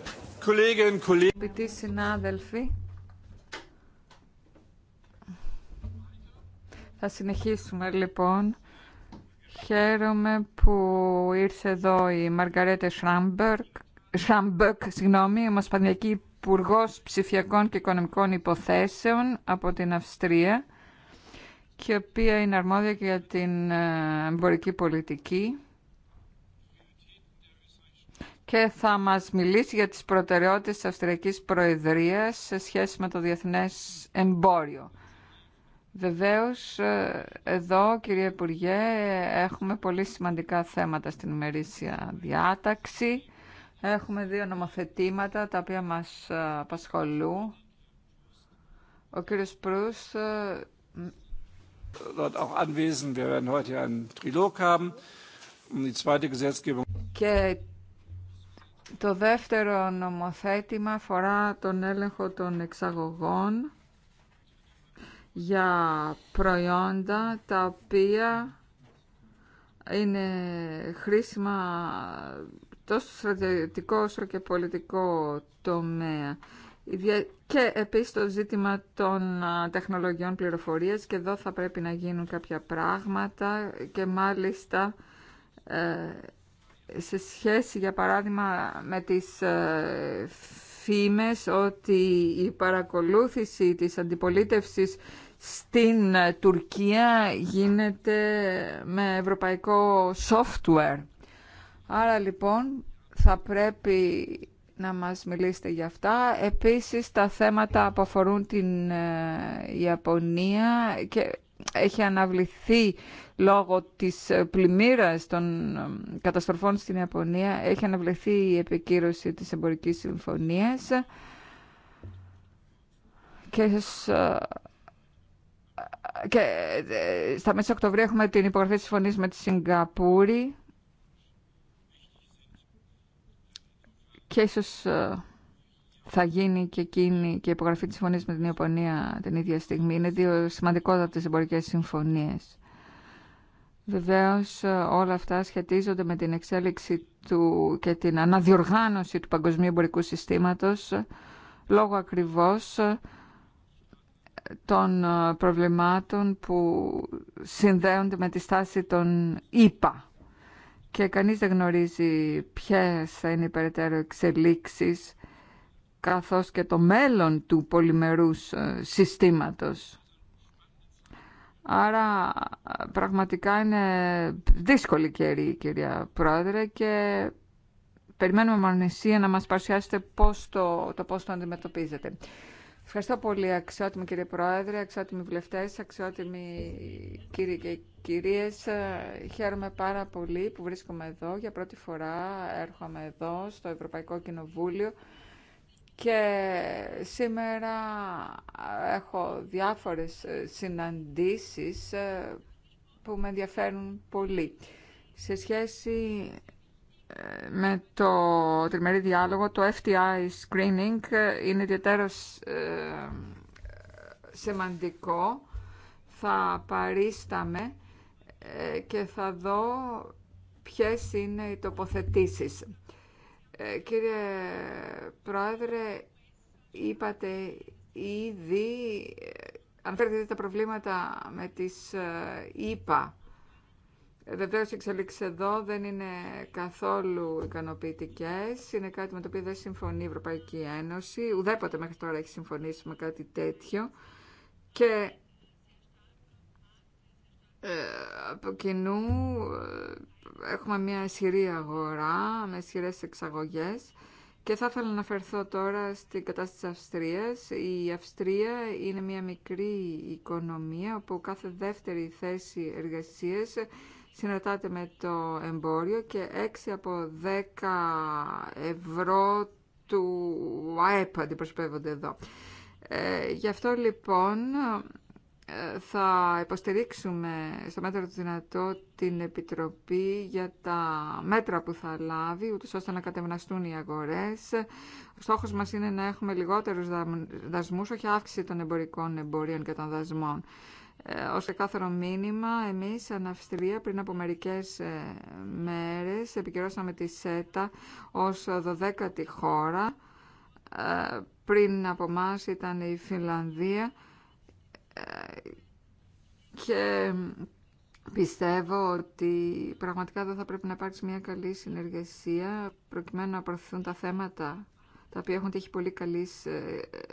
Kolleginnen, Kollegen. συνάδελφοι, θα συνεχίσουμε λοιπόν. Χαίρομαι που ήρθε εδώ η Μαργαρέτε Σραμπερκ, συγγνώμη, ομοσπονδιακή υπουργό ψηφιακών και οικονομικών υποθέσεων από την Αυστρία και η οποία είναι αρμόδια για την ε, εμπορική πολιτική και θα μας μιλήσει για τις προτεραιότητες της Αυστριακής Προεδρίας σε σχέση με το διεθνές εμπόριο. Βεβαίως, εδώ, κύριε Υπουργέ, έχουμε πολύ σημαντικά θέματα στην ημερήσια διάταξη. Έχουμε δύο νομοθετήματα τα οποία μας απασχολούν. Ο κύριος Προύς... Ε, um και το δεύτερο νομοθέτημα αφορά τον έλεγχο των εξαγωγών για προϊόντα τα οποία είναι χρήσιμα τόσο στρατιωτικό όσο και πολιτικό τομέα. Και επίσης το ζήτημα των τεχνολογιών πληροφορίας και εδώ θα πρέπει να γίνουν κάποια πράγματα και μάλιστα ε, σε σχέση για παράδειγμα με τις ε, φήμες ότι η παρακολούθηση της αντιπολίτευσης στην ε, Τουρκία γίνεται με ευρωπαϊκό software. Άρα λοιπόν θα πρέπει να μας μιλήσετε για αυτά. Επίσης τα θέματα που αφορούν την ε, Ιαπωνία και έχει αναβληθεί λόγω της ε, πλημμύρας των ε, καταστροφών στην Ιαπωνία έχει αναβληθεί η επικύρωση της εμπορικής συμφωνίας και, ε, και στα μέσα Οκτωβρίου έχουμε την υπογραφή της συμφωνίας με τη Σιγκαπούρη και ίσως θα γίνει και εκείνη και η υπογραφή της συμφωνίας με την Ιαπωνία την ίδια στιγμή. Είναι δύο σημαντικότατες εμπορικές συμφωνίες. Βεβαίως ε, όλα αυτά σχετίζονται με την εξέλιξη του και την αναδιοργάνωση του παγκοσμίου εμπορικού συστήματος ε, λόγω ακριβώς ε, των προβλημάτων που συνδέονται με τη στάση των ΙΠΑ. Και κανείς δεν γνωρίζει ποιες θα είναι οι περαιτέρω εξελίξεις καθώς και το μέλλον του πολυμερούς συστήματος. Άρα πραγματικά είναι δύσκολη καιρή, κυρία Πρόεδρε, και περιμένουμε με ανησία να μας παρουσιάσετε πώς το, το πώς το αντιμετωπίζετε. Ευχαριστώ πολύ, αξιότιμη κύριε Πρόεδρε, αξιότιμοι βουλευτές, αξιότιμοι κύριοι και κυρίες. Χαίρομαι πάρα πολύ που βρίσκομαι εδώ. Για πρώτη φορά έρχομαι εδώ στο Ευρωπαϊκό Κοινοβούλιο και σήμερα έχω διάφορες ε, συναντήσεις ε, που με ενδιαφέρουν πολύ. Σε σχέση ε, με το τριμερή διάλογο, το FTI screening είναι ιδιαίτερο σημαντικό. Θα παρίσταμε και θα δω ποιες είναι οι τοποθετήσεις. Ε, κύριε Πρόεδρε, είπατε ήδη, ε, αν τα προβλήματα με τις ε, ΙΠΑ, Βεβαίω οι εξελίξει εδώ δεν είναι καθόλου ικανοποιητικέ. Είναι κάτι με το οποίο δεν συμφωνεί η Ευρωπαϊκή Ένωση. Ουδέποτε μέχρι τώρα έχει συμφωνήσει με κάτι τέτοιο. Και ε, από κοινού ε, έχουμε μια ισχυρή αγορά με ισχυρέ εξαγωγές και θα ήθελα να αναφερθώ τώρα στην κατάσταση της Αυστρίας. Η Αυστρία είναι μια μικρή οικονομία όπου κάθε δεύτερη θέση εργασίας συναρτάται με το εμπόριο και 6 από 10 ευρώ του ΑΕΠ αντιπροσωπεύονται εδώ. Ε, γι' αυτό λοιπόν θα υποστηρίξουμε στο μέτρο του δυνατό την Επιτροπή για τα μέτρα που θα λάβει, ούτως ώστε να κατευναστούν οι αγορές. Ο στόχος μας είναι να έχουμε λιγότερους δασμούς, όχι αύξηση των εμπορικών εμπορίων και των δασμών. Ε, ως κάθερο μήνυμα, εμείς σαν Αυστρία πριν από μερικές ε, μέρες επικυρώσαμε τη ΣΕΤΑ ως 12η χώρα. Ε, πριν από εμά ήταν η χωρα πριν απο εμα ηταν η φιλανδια και πιστεύω ότι πραγματικά δεν θα πρέπει να υπάρξει μια καλή συνεργασία προκειμένου να προωθηθούν τα θέματα τα οποία έχουν τύχει πολύ καλή ε,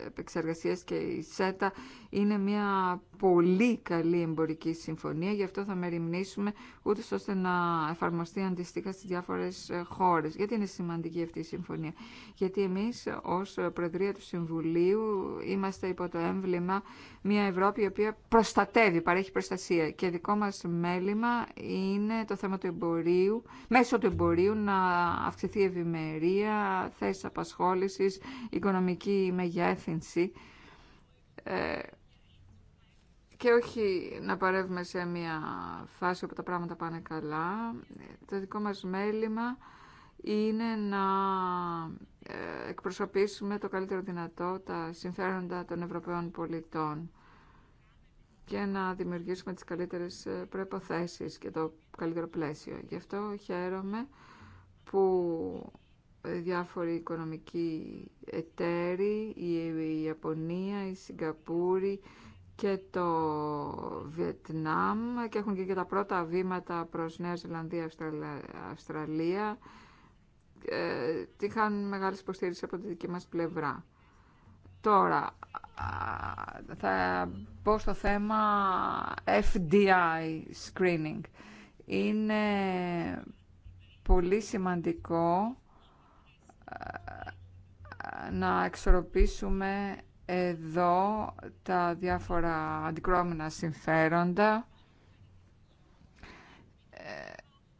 επεξεργασία και η ΣΕΤΑ είναι μια πολύ καλή εμπορική συμφωνία. Γι' αυτό θα μεριμνήσουμε ούτε ώστε να εφαρμοστεί αντιστοιχά στι διάφορε ε, χώρε. Γιατί είναι σημαντική αυτή η συμφωνία, Γιατί εμεί ω Προεδρία του Συμβουλίου είμαστε υπό το έμβλημα μια Ευρώπη η οποία προστατεύει, παρέχει προστασία. Και δικό μα μέλημα είναι το θέμα του εμπορίου, μέσω του εμπορίου να αυξηθεί η ευημερία, θέσει απασχόληση επίσης οικονομική μεγέθυνση ε, και όχι να παρεύουμε σε μια φάση όπου τα πράγματα πάνε καλά. Το δικό μας μέλημα είναι να ε, εκπροσωπήσουμε το καλύτερο δυνατό τα συμφέροντα των Ευρωπαίων πολιτών και να δημιουργήσουμε τις καλύτερες ε, προϋποθέσεις και το καλύτερο πλαίσιο. Γι' αυτό χαίρομαι που διάφοροι οικονομικοί εταίροι, η Ιαπωνία, η Σιγκαπούρη και το Βιετνάμ και έχουν και, τα πρώτα βήματα προς Νέα Ζηλανδία, Αυστραλία ε, είχαν μεγάλη υποστήριξη από τη δική μας πλευρά. Τώρα, θα πω στο θέμα FDI screening. Είναι πολύ σημαντικό να εξορροπήσουμε εδώ τα διάφορα αντικρώμενα συμφέροντα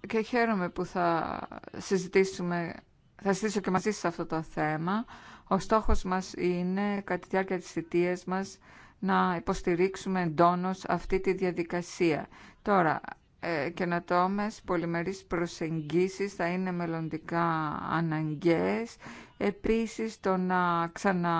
ε, και χαίρομαι που θα συζητήσουμε, θα συζητήσω και μαζί σας αυτό το θέμα. Ο στόχος μας είναι κατά τη διάρκεια της θητείας μας να υποστηρίξουμε εντόνως αυτή τη διαδικασία. Τώρα, ε, καινοτόμες πολυμερείς προσεγγίσεις θα είναι μελλοντικά αναγκαίες. Επίσης το να, ξανα,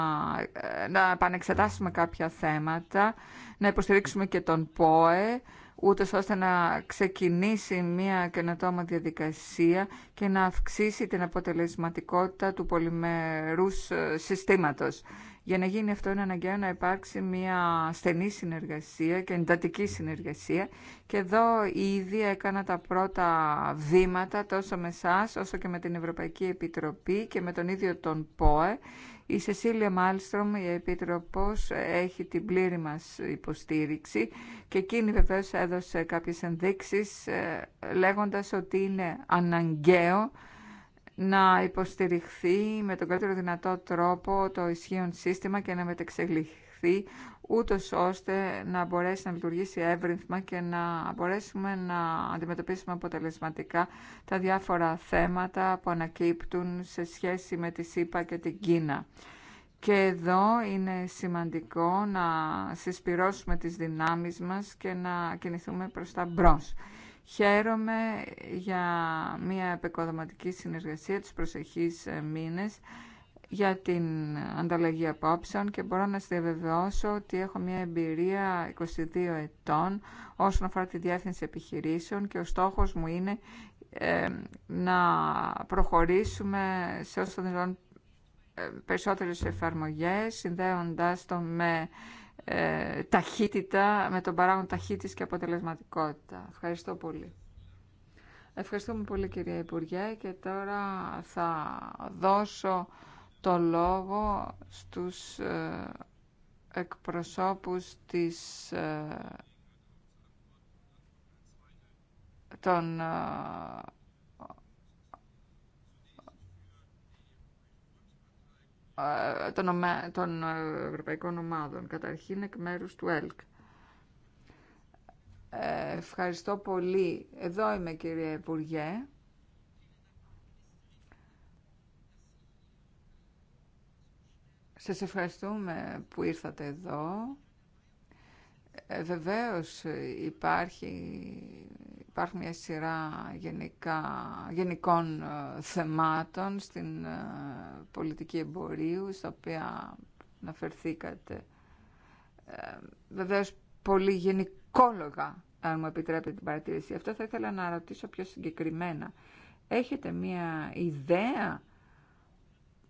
ε, να επανεξετάσουμε κάποια θέματα, να υποστηρίξουμε και τον ΠΟΕ, ούτως ώστε να ξεκινήσει μια καινοτόμα διαδικασία και να αυξήσει την αποτελεσματικότητα του πολυμερούς ε, συστήματος. Για να γίνει αυτό είναι αναγκαίο να υπάρξει μια στενή συνεργασία και εντατική συνεργασία και εδώ ήδη έκανα τα πρώτα βήματα τόσο με εσά όσο και με την Ευρωπαϊκή Επιτροπή και με τον ίδιο τον ΠΟΕ. Η Σεσίλια Μάλστρομ, η Επίτροπος, έχει την πλήρη μας υποστήριξη και εκείνη βεβαίως έδωσε κάποιες ενδείξεις ε, λέγοντας ότι είναι αναγκαίο να υποστηριχθεί με τον καλύτερο δυνατό τρόπο το ισχύον σύστημα και να μετεξελιχθεί ούτως ώστε να μπορέσει να λειτουργήσει εύρυθμα και να μπορέσουμε να αντιμετωπίσουμε αποτελεσματικά τα διάφορα θέματα που ανακύπτουν σε σχέση με τη ΣΥΠΑ και την Κίνα. Και εδώ είναι σημαντικό να συσπυρώσουμε τις δυνάμεις μας και να κινηθούμε προς τα μπρος. Χαίρομαι για μια επικοδοματική συνεργασία τους προσεχείς ε, μήνες για την ανταλλαγή απόψεων και μπορώ να σας διαβεβαιώσω ότι έχω μια εμπειρία 22 ετών όσον αφορά τη διεύθυνση επιχειρήσεων και ο στόχος μου είναι ε, να προχωρήσουμε σε όσο δυνατόν ε, περισσότερες εφαρμογές συνδέοντας το με ε, ταχύτητα, με τον παράγον ταχύτης και αποτελεσματικότητα. Ευχαριστώ πολύ. Ευχαριστούμε πολύ κυρία Υπουργέ και τώρα θα δώσω το λόγο στους ε, εκπροσώπους της, ε, των ε, Ε, των, ε, ευρωπαϊκών ομάδων, καταρχήν εκ μέρους του ΕΛΚ. Ε, ευχαριστώ πολύ. Εδώ είμαι κύριε Υπουργέ. Σας ευχαριστούμε που ήρθατε εδώ. Ε, βεβαίως υπάρχει Υπάρχει μια σειρά γενικά, γενικών ε, θεμάτων στην ε, πολιτική εμπορίου, στα οποία αναφερθήκατε. Ε, βεβαίως, πολύ γενικόλογα, αν μου επιτρέπετε την παρατήρηση. Αυτό θα ήθελα να ρωτήσω πιο συγκεκριμένα. Έχετε μια ιδέα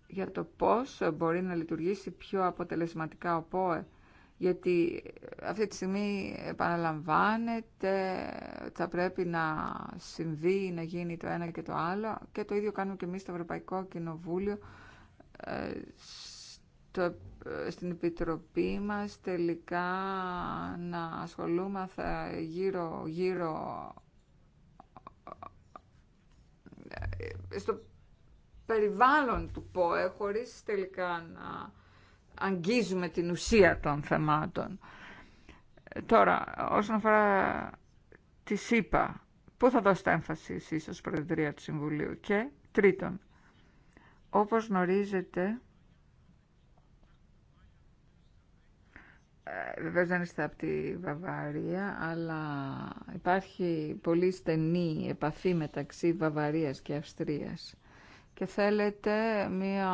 για το πώς μπορεί να λειτουργήσει πιο αποτελεσματικά ο ΠΟΕ γιατί ε, αυτή τη στιγμή επαναλαμβάνεται θα πρέπει να συμβεί, να γίνει το ένα και το άλλο και το ίδιο κάνουμε και εμείς στο Ευρωπαϊκό Κοινοβούλιο ε, ε, στην Επιτροπή μας τελικά να ασχολούμαστε γύρω, γύρω στο περιβάλλον του ΠΟΕ χωρίς τελικά να αγγίζουμε την ουσία των θεμάτων. Ε, τώρα, όσον αφορά τη ΣΥΠΑ, πού θα δώσετε έμφαση εσείς ως Προεδρία του Συμβουλίου και τρίτον, όπως γνωρίζετε, ε, Βεβαίω δεν είστε από τη Βαβαρία, αλλά υπάρχει πολύ στενή επαφή μεταξύ Βαβαρίας και Αυστρίας. Και θέλετε μία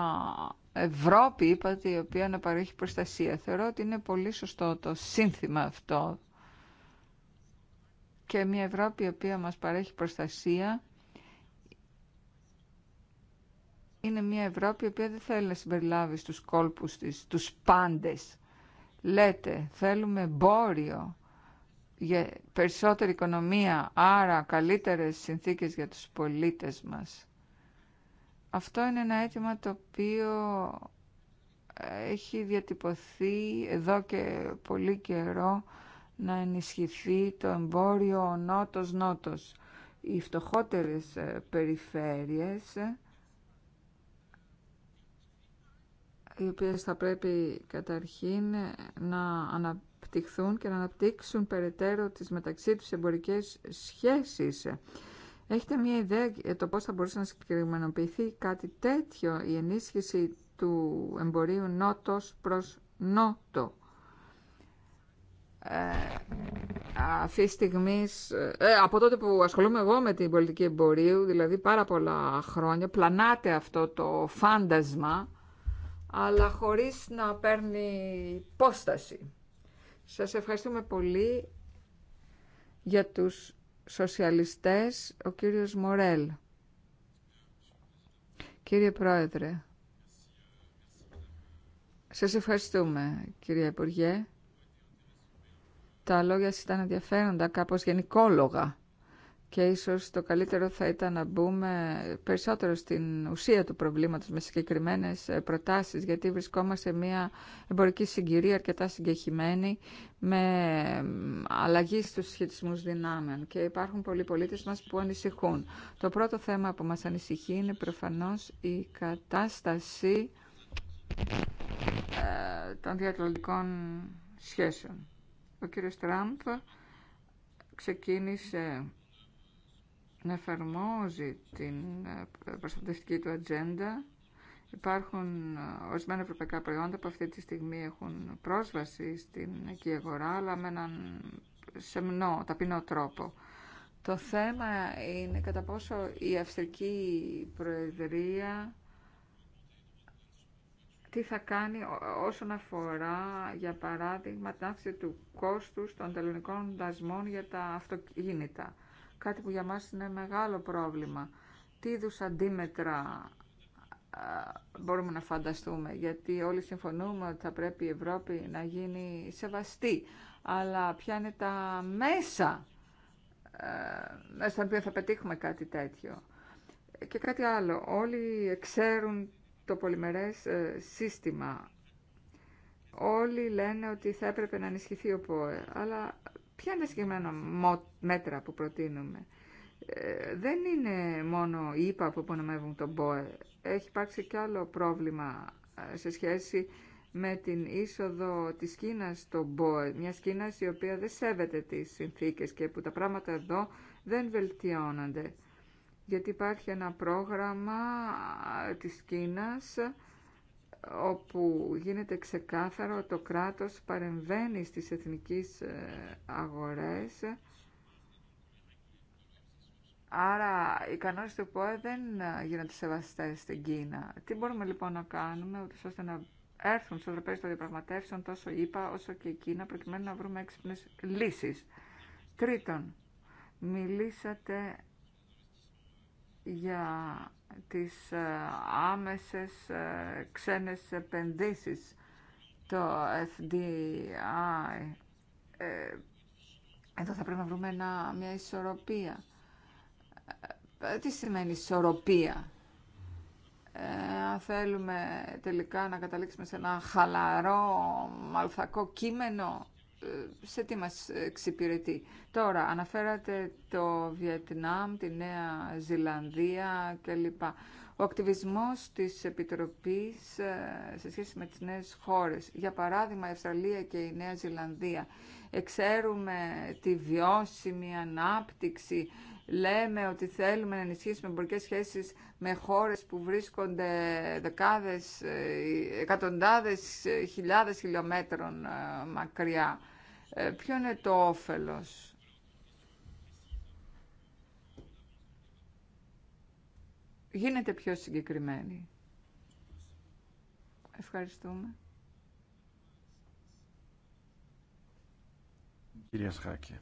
Ευρώπη, είπατε, η οποία να παρέχει προστασία. Θεωρώ ότι είναι πολύ σωστό το σύνθημα αυτό και μια Ευρώπη η οποία μας παρέχει προστασία είναι μια Ευρώπη η οποία δεν θέλει να συμπεριλάβει στους κόλπους της, τους πάντες. Λέτε, θέλουμε εμπόριο, για περισσότερη οικονομία, άρα καλύτερες συνθήκες για τους πολίτες μας. Αυτό είναι ένα αίτημα το οποίο έχει διατυπωθεί εδώ και πολύ καιρό να ενισχυθεί το εμπόριο νότος-νότος. Οι φτωχότερες ε, περιφέρειες, οι οποίες θα πρέπει καταρχήν να αναπτυχθούν και να αναπτύξουν περαιτέρω τις μεταξύ τους εμπορικές σχέσεις Έχετε μια ιδέα για το πώς θα μπορούσε να συγκεκριμενοποιηθεί κάτι τέτοιο, η ενίσχυση του εμπορίου νότος προς νότο. Ε, αυτή στιγμή, ε, από τότε που ασχολούμαι εγώ με την πολιτική εμπορίου, δηλαδή πάρα πολλά χρόνια, πλανάτε αυτό το φάντασμα, αλλά χωρίς να παίρνει πόσταση. Σας ευχαριστούμε πολύ για τους σοσιαλιστές, ο κύριος Μορέλ. Κύριε Πρόεδρε, σας ευχαριστούμε, κύριε Υπουργέ. Τα λόγια σας ήταν ενδιαφέροντα, κάπως γενικόλογα και ίσως το καλύτερο θα ήταν να μπούμε περισσότερο στην ουσία του προβλήματος με συγκεκριμένες ε, προτάσεις γιατί βρισκόμαστε σε μια εμπορική συγκυρία αρκετά συγκεχημένη με αλλαγή στους σχετισμούς δυνάμεων και υπάρχουν πολλοί πολίτες μας που ανησυχούν. Το πρώτο θέμα που μας ανησυχεί είναι προφανώς η κατάσταση ε, των διατολικών σχέσεων. Ο κύριος Τραμπ ξεκίνησε να εφαρμόζει την ε, προστατευτική του ατζέντα. Υπάρχουν ε, ορισμένα ευρωπαϊκά προϊόντα που αυτή τη στιγμή έχουν πρόσβαση στην εκεί αγορά, αλλά με έναν σεμνό, ταπεινό τρόπο. Το θέμα είναι κατά πόσο η Αυστρική Προεδρία τι θα κάνει όσον αφορά, για παράδειγμα, την αύξηση του κόστου των τελωνικών δασμών για τα αυτοκίνητα κάτι που για μας είναι μεγάλο πρόβλημα. Τι είδους αντίμετρα μπορούμε να φανταστούμε, γιατί όλοι συμφωνούμε ότι θα πρέπει η Ευρώπη να γίνει σεβαστή. Αλλά ποια είναι τα μέσα ε, μέσα στα οποία θα πετύχουμε κάτι τέτοιο. Και κάτι άλλο, όλοι ξέρουν το πολυμερές ε, σύστημα. Όλοι λένε ότι θα έπρεπε να ενισχυθεί ο ΠΟΕ, αλλά Ποια είναι τα συγκεκριμένα μέτρα που προτείνουμε. Ε, δεν είναι μόνο η ΕΠΑ που απονομεύουν τον ΠΟΕ. Έχει υπάρξει και άλλο πρόβλημα ε, σε σχέση με την είσοδο της Κίνας στον ΠΟΕ. Μια Κίνα η οποία δεν σέβεται τις συνθήκες και που τα πράγματα εδώ δεν βελτιώνονται. Γιατί υπάρχει ένα πρόγραμμα ε, της Κίνας όπου γίνεται ξεκάθαρο το κράτος παρεμβαίνει στις εθνικές ε, αγορές Άρα οι κανόνες του ΠΟΕ δεν ε, γίνονται σεβαστές στην Κίνα. Τι μπορούμε λοιπόν να κάνουμε ώστε να έρθουν στο τραπέζι των διαπραγματεύσεων τόσο είπα, όσο και η Κίνα προκειμένου να βρούμε έξυπνε λύσεις. Τρίτον, μιλήσατε για τις ε, άμεσες ε, ξένες επενδύσεις, το FDI. Ε, εδώ θα πρέπει να βρούμε μια ισορροπία. Τι σημαίνει ισορροπία. Αν θέλουμε τελικά να καταλήξουμε σε ένα χαλαρό, μαλθακό κείμενο, ε, σε τι μας εξυπηρετεί. Τώρα, αναφέρατε το Βιετνάμ, τη Νέα Ζηλανδία κλπ. Ο ακτιβισμός της Επιτροπής ε, σε σχέση με τις νέες χώρες, για παράδειγμα η Αυστραλία και η Νέα Ζηλανδία, εξέρουμε τη βιώσιμη ανάπτυξη, λέμε ότι θέλουμε να ενισχύσουμε εμπορικέ σχέσεις με χώρες που βρίσκονται δεκάδες, ε, εκατοντάδες χιλιάδες χιλιόμετρων μακριά. Ε, ποιο είναι το όφελος. Γίνεται πιο συγκεκριμένη. Ευχαριστούμε. Κυρία Σχάκη,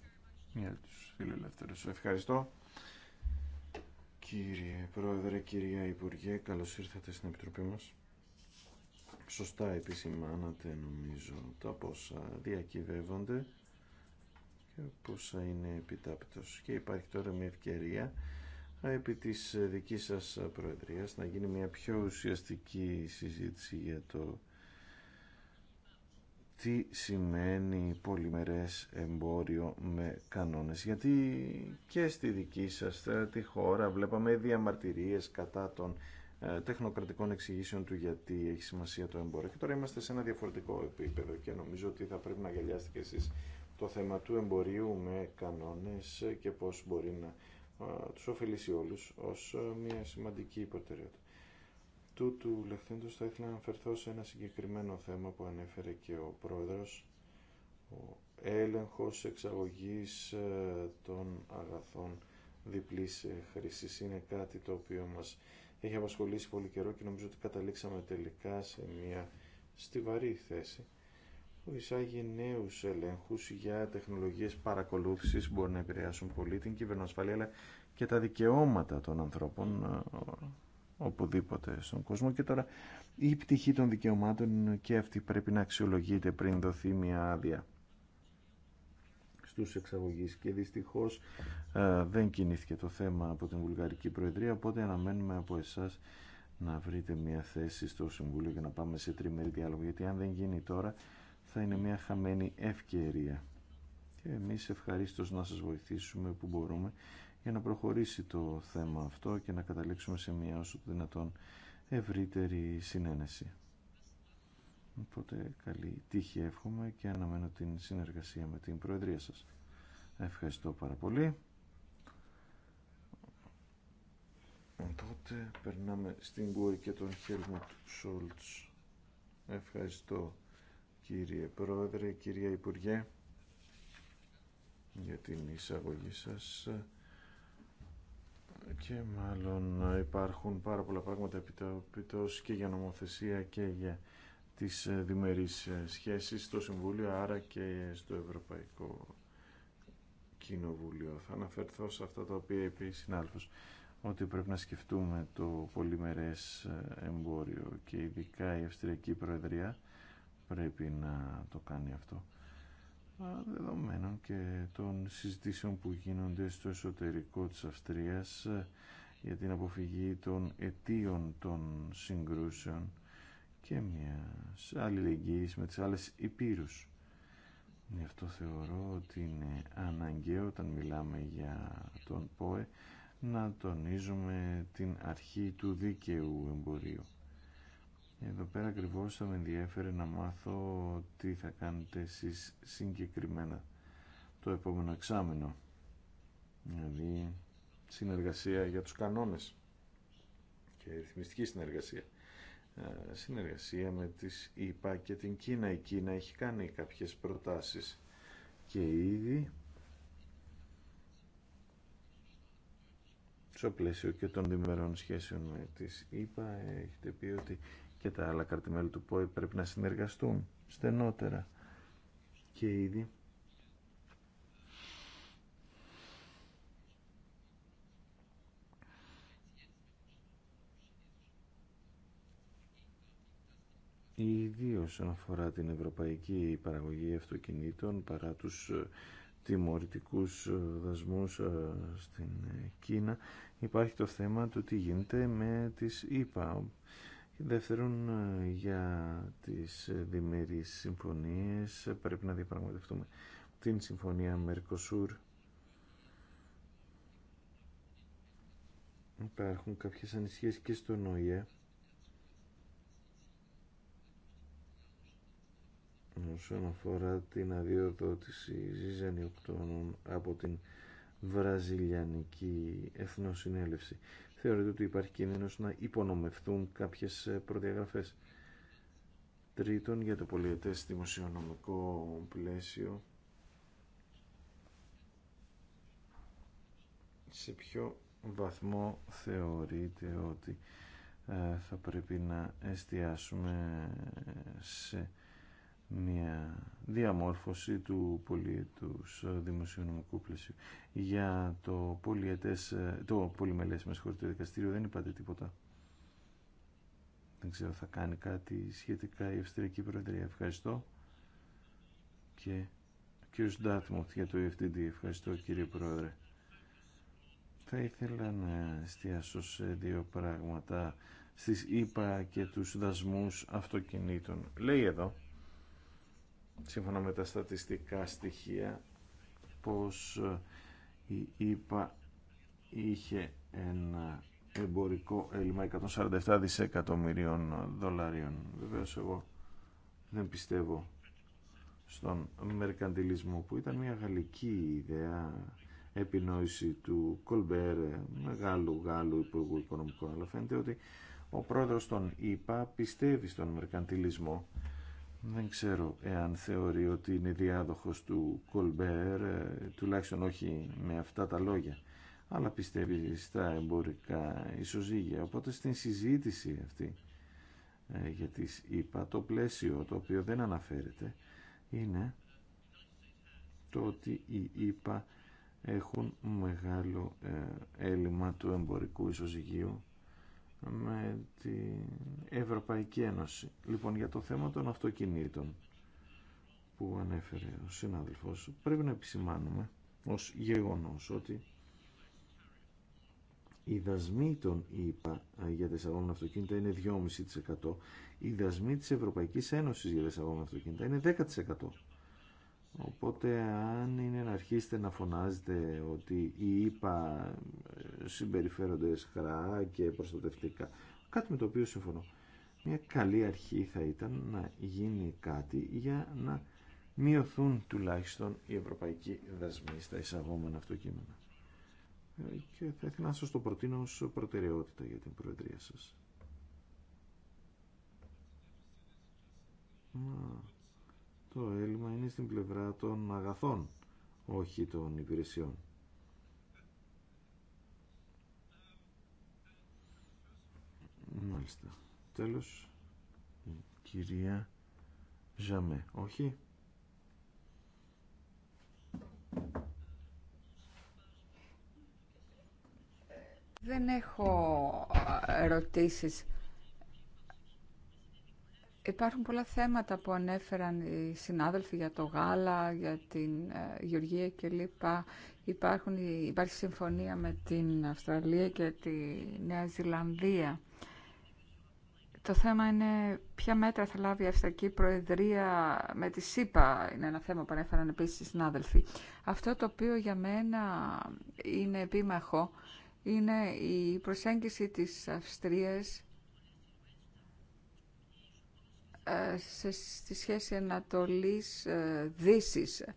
μια από τους φιλελεύθερους. Ευχαριστώ. Κύριε Πρόεδρε, κυρία Υπουργέ, καλώς ήρθατε στην Επιτροπή μας σωστά επισημάνατε νομίζω τα πόσα διακυβεύονται και πόσα είναι επιτάπητος και υπάρχει τώρα μια ευκαιρία επί της δικής σας προεδρίας να γίνει μια πιο ουσιαστική συζήτηση για το τι σημαίνει πολυμερές εμπόριο με κανόνες γιατί και στη δική σας ε, τη χώρα βλέπαμε διαμαρτυρίες κατά των ε, τεχνοκρατικών εξηγήσεων του γιατί έχει σημασία το εμπόριο. Και τώρα είμαστε σε ένα διαφορετικό επίπεδο και νομίζω ότι θα πρέπει να αγκαλιάσετε και εσείς το θέμα του εμπορίου με κανόνες και πώς μπορεί να ε, τους ωφελήσει όλους ως ε, μια σημαντική υποτεραιότητα. Τούτου λεχθέντος θα ήθελα να αναφερθώ σε ένα συγκεκριμένο θέμα που ανέφερε και ο πρόεδρος, ο έλεγχος εξαγωγής των αγαθών διπλής χρήσης. Είναι κάτι το οποίο μας έχει απασχολήσει πολύ καιρό και νομίζω ότι καταλήξαμε τελικά σε μια στιβαρή θέση που εισάγει νέου ελέγχου για τεχνολογίες παρακολούθησης που μπορεί να επηρεάσουν πολύ την κυβερνοασφαλεία αλλά και τα δικαιώματα των ανθρώπων ε, οπουδήποτε στον κόσμο και τώρα η πτυχή των δικαιωμάτων και αυτή πρέπει να αξιολογείται πριν δοθεί μια άδεια τους εξαγωγείς και δυστυχώς ε, δεν κινήθηκε το θέμα από την Βουλγαρική Προεδρία οπότε αναμένουμε από εσάς να βρείτε μια θέση στο Συμβούλιο και να πάμε σε τριμερή διάλογο γιατί αν δεν γίνει τώρα θα είναι μια χαμένη ευκαιρία και εμείς ευχαρίστως να σας βοηθήσουμε που μπορούμε για να προχωρήσει το θέμα αυτό και να καταλήξουμε σε μια όσο δυνατόν ευρύτερη συνένεση. Οπότε καλή τύχη εύχομαι και αναμένω την συνεργασία με την Προεδρία σας. Ευχαριστώ πάρα πολύ. τότε περνάμε στην Γκουέ και τον Χέλμουτ Σόλτς. Ευχαριστώ κύριε Πρόεδρε, κύριε Υπουργέ για την εισαγωγή σας και μάλλον υπάρχουν πάρα πολλά πράγματα επιτόπιτος και για νομοθεσία και για της ε, διμερής ε, σχέσεις στο Συμβούλιο, άρα και στο Ευρωπαϊκό Κοινοβούλιο. Θα αναφερθώ σε αυτά τα οποία είπε η ότι πρέπει να σκεφτούμε το πολυμερές ε, εμπόριο και ειδικά η Αυστριακή Προεδρία πρέπει να το κάνει αυτό δεδομένων και των συζητήσεων που γίνονται στο εσωτερικό της Αυστρίας για την αποφυγή των αιτίων των συγκρούσεων και μια αλληλεγγύη με τις άλλες υπήρους. Γι' αυτό θεωρώ ότι είναι αναγκαίο όταν μιλάμε για τον ΠΟΕ να τονίζουμε την αρχή του δίκαιου εμπορίου. Εδώ πέρα ακριβώ θα με ενδιαφέρε να μάθω τι θα κάνετε εσείς συγκεκριμένα το επόμενο εξάμεινο. Δηλαδή συνεργασία για τους κανόνες και ρυθμιστική συνεργασία. Ε, συνεργασία με τις ΙΠΑ και την Κίνα. Η Κίνα έχει κάνει κάποιες προτάσεις και ήδη στο πλαίσιο και των διμερών σχέσεων με τις ΗΠΑ έχετε πει ότι και τα άλλα καρτιμέλη του ΠΟΕ πρέπει να συνεργαστούν στενότερα και ήδη ιδίω όσον αφορά την ευρωπαϊκή παραγωγή αυτοκινήτων παρά τους ε, τιμωρητικούς ε, δασμούς ε, στην Κίνα υπάρχει το θέμα του τι γίνεται με τις ΙΠΑ δεύτερον για τις διμερείς συμφωνίες πρέπει να διαπραγματευτούμε την συμφωνία Μερκοσούρ υπάρχουν κάποιες ανησυχίες και στον ΟΗΕ όσον αφορά την αδειοδότηση ζυζανιοκτώνων από την Βραζιλιανική Εθνοσυνέλευση. Θεωρείται ότι υπάρχει κίνδυνος να υπονομευτούν κάποιες προδιαγραφές. Τρίτον, για το πολιετές δημοσιονομικό πλαίσιο, σε ποιο βαθμό θεωρείτε ότι ε, θα πρέπει να εστιάσουμε σε μια διαμόρφωση του πολιετούς ε, δημοσιονομικού πλαισίου. Για το, πολιετές, ε, το πολυμελές με το δικαστήριο δεν είπατε τίποτα. Δεν ξέρω, θα κάνει κάτι σχετικά η Αυστριακή Προεδρία. Ευχαριστώ. Και ο κύριος Ντάτμοθ για το EFTD. Ευχαριστώ κύριε Πρόεδρε. Θα ήθελα να εστιάσω σε δύο πράγματα στις ΙΠΑ και τους δασμούς αυτοκινήτων. Λέει εδώ σύμφωνα με τα στατιστικά στοιχεία πως ε, η ΕΠΑ είχε ένα εμπορικό έλλειμμα 147 δισεκατομμυρίων δολαρίων. Βεβαίως εγώ δεν πιστεύω στον μερκαντιλισμό που ήταν μια γαλλική ιδέα επινόηση του Κολμπέρ, μεγάλου Γάλλου Υπουργού Οικονομικών, αλλά φαίνεται ότι ο πρόεδρος των ΙΠΑ πιστεύει στον μερκαντιλισμό δεν ξέρω εάν θεωρεί ότι είναι διάδοχος του Κολμπέρ, ε, τουλάχιστον όχι με αυτά τα λόγια, αλλά πιστεύει στα εμπορικά ισοζύγια. Οπότε στην συζήτηση αυτή ε, για τις ΙΠΑ, το πλαίσιο το οποίο δεν αναφέρεται είναι το ότι οι ΙΠΑ έχουν μεγάλο ε, έλλειμμα του εμπορικού ισοζυγίου με την Ευρωπαϊκή Ένωση. Λοιπόν, για το θέμα των αυτοκινήτων που ανέφερε ο συνάδελφος, πρέπει να επισημάνουμε ως γεγονός ότι οι δασμοί των ΙΠΑ ε, για τα εισαγόμενα αυτοκίνητα είναι 2,5%. Οι δασμοί της Ευρωπαϊκής Ένωσης για τα εισαγόμενα αυτοκίνητα είναι 10%. Οπότε αν είναι να αρχίσετε να φωνάζετε ότι οι ΙΠΑ ε, συμπεριφέρονται σχρά και προστατευτικά, κάτι με το οποίο συμφωνώ, μια καλή αρχή θα ήταν να γίνει κάτι για να μειωθούν τουλάχιστον οι ευρωπαϊκοί δασμοί στα εισαγόμενα αυτοκίνητα. Ε, και θα ήθελα να σας το προτείνω ως προτεραιότητα για την Προεδρία σας το έλλειμμα είναι στην πλευρά των αγαθών, όχι των υπηρεσιών. Μάλιστα. Τέλος, η κυρία Ζαμέ, όχι. Δεν έχω ερωτήσεις Υπάρχουν πολλά θέματα που ανέφεραν οι συνάδελφοι για το γάλα, για την ε, γεωργία κλπ. Υπάρχουν, υπάρχει συμφωνία με την Αυστραλία και τη Νέα Ζηλανδία. Το θέμα είναι ποια μέτρα θα λάβει η Αυστρακή Προεδρία με τη ΣΥΠΑ. Είναι ένα θέμα που ανέφεραν επίσης οι συνάδελφοι. Αυτό το οποίο για μένα είναι επίμαχο είναι η προσέγγιση της Αυστρίας ε, σε, στη σχέση Ανατολής-Δύσης. Ε,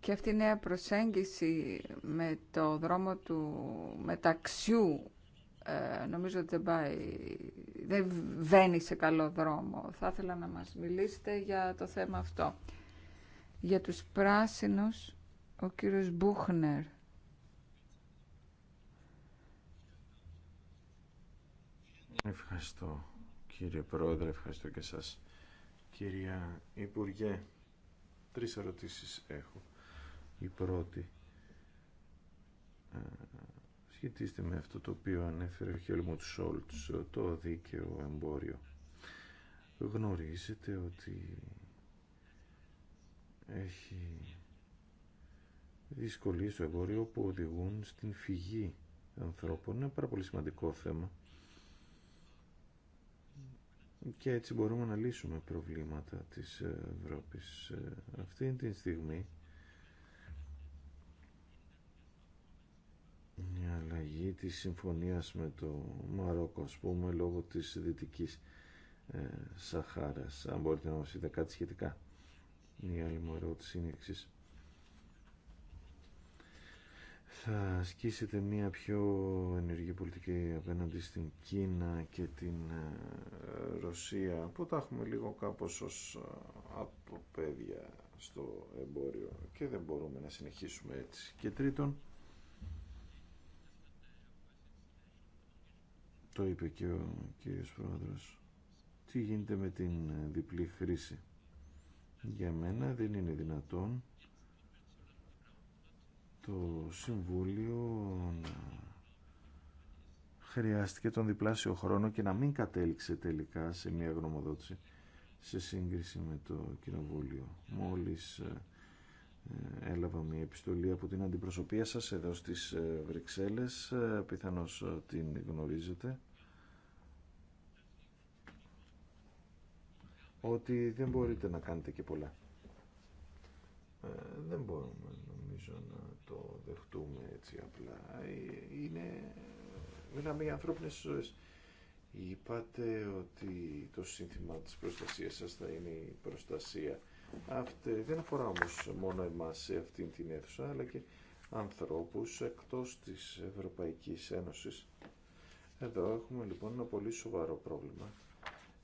και αυτή η νέα προσέγγιση με το δρόμο του μεταξιού ε, νομίζω ότι δεν πάει, δεν βαίνει σε καλό δρόμο. Θα ήθελα να μας μιλήσετε για το θέμα αυτό. Για τους πράσινους, ο κύριος Μπούχνερ. Ευχαριστώ κύριε Πρόεδρε, ευχαριστώ και σας κυρία Υπουργέ. Τρεις ερωτήσεις έχω. Η πρώτη σχετίζεται με αυτό το οποίο ανέφερε ο Χέλμουτ Σόλτς, το δίκαιο εμπόριο. Γνωρίζετε ότι έχει δυσκολίες στο εμπόριο που οδηγούν στην φυγή ανθρώπων. Είναι ένα πάρα πολύ σημαντικό θέμα και έτσι μπορούμε να λύσουμε προβλήματα της Ευρώπης. Ε, Αυτή τη στιγμή η αλλαγή της συμφωνίας με το Μαρόκο, ας πούμε, λόγω της Δυτικής ε, Σαχάρας. Αν μπορείτε να μας κάτι σχετικά. Η άλλη μου ερώτηση είναι εξής θα ασκήσετε μια πιο ενεργή πολιτική απέναντι στην Κίνα και την ε, Ρωσία που τα έχουμε λίγο κάπως ως ε, αποπέδια στο εμπόριο και δεν μπορούμε να συνεχίσουμε έτσι. Και τρίτον, το είπε και ο κύριος Πρόεδρος, τι γίνεται με την ε, διπλή χρήση. Για μένα δεν είναι δυνατόν το Συμβούλιο να χρειάστηκε τον διπλάσιο χρόνο και να μην κατέληξε τελικά σε μια γνωμοδότηση σε σύγκριση με το Κοινοβούλιο. Μόλις ε, ε, έλαβα μια επιστολή από την αντιπροσωπεία σας εδώ στις ε, Βρυξέλλες, πιθανώς την γνωρίζετε, ότι δεν μπορείτε να κάνετε και πολλά. δεν μπορούμε νομίζω να το δεχτούμε έτσι απλά. Ε, είναι, μιλάμε για ανθρώπινες ζωές. Είπατε ότι το σύνθημα της προστασίας σας θα είναι η προστασία. Αυτή, δεν αφορά όμως μόνο εμάς σε αυτήν την αίθουσα, αλλά και ανθρώπους εκτός της Ευρωπαϊκής Ένωσης. Εδώ έχουμε λοιπόν ένα πολύ σοβαρό πρόβλημα,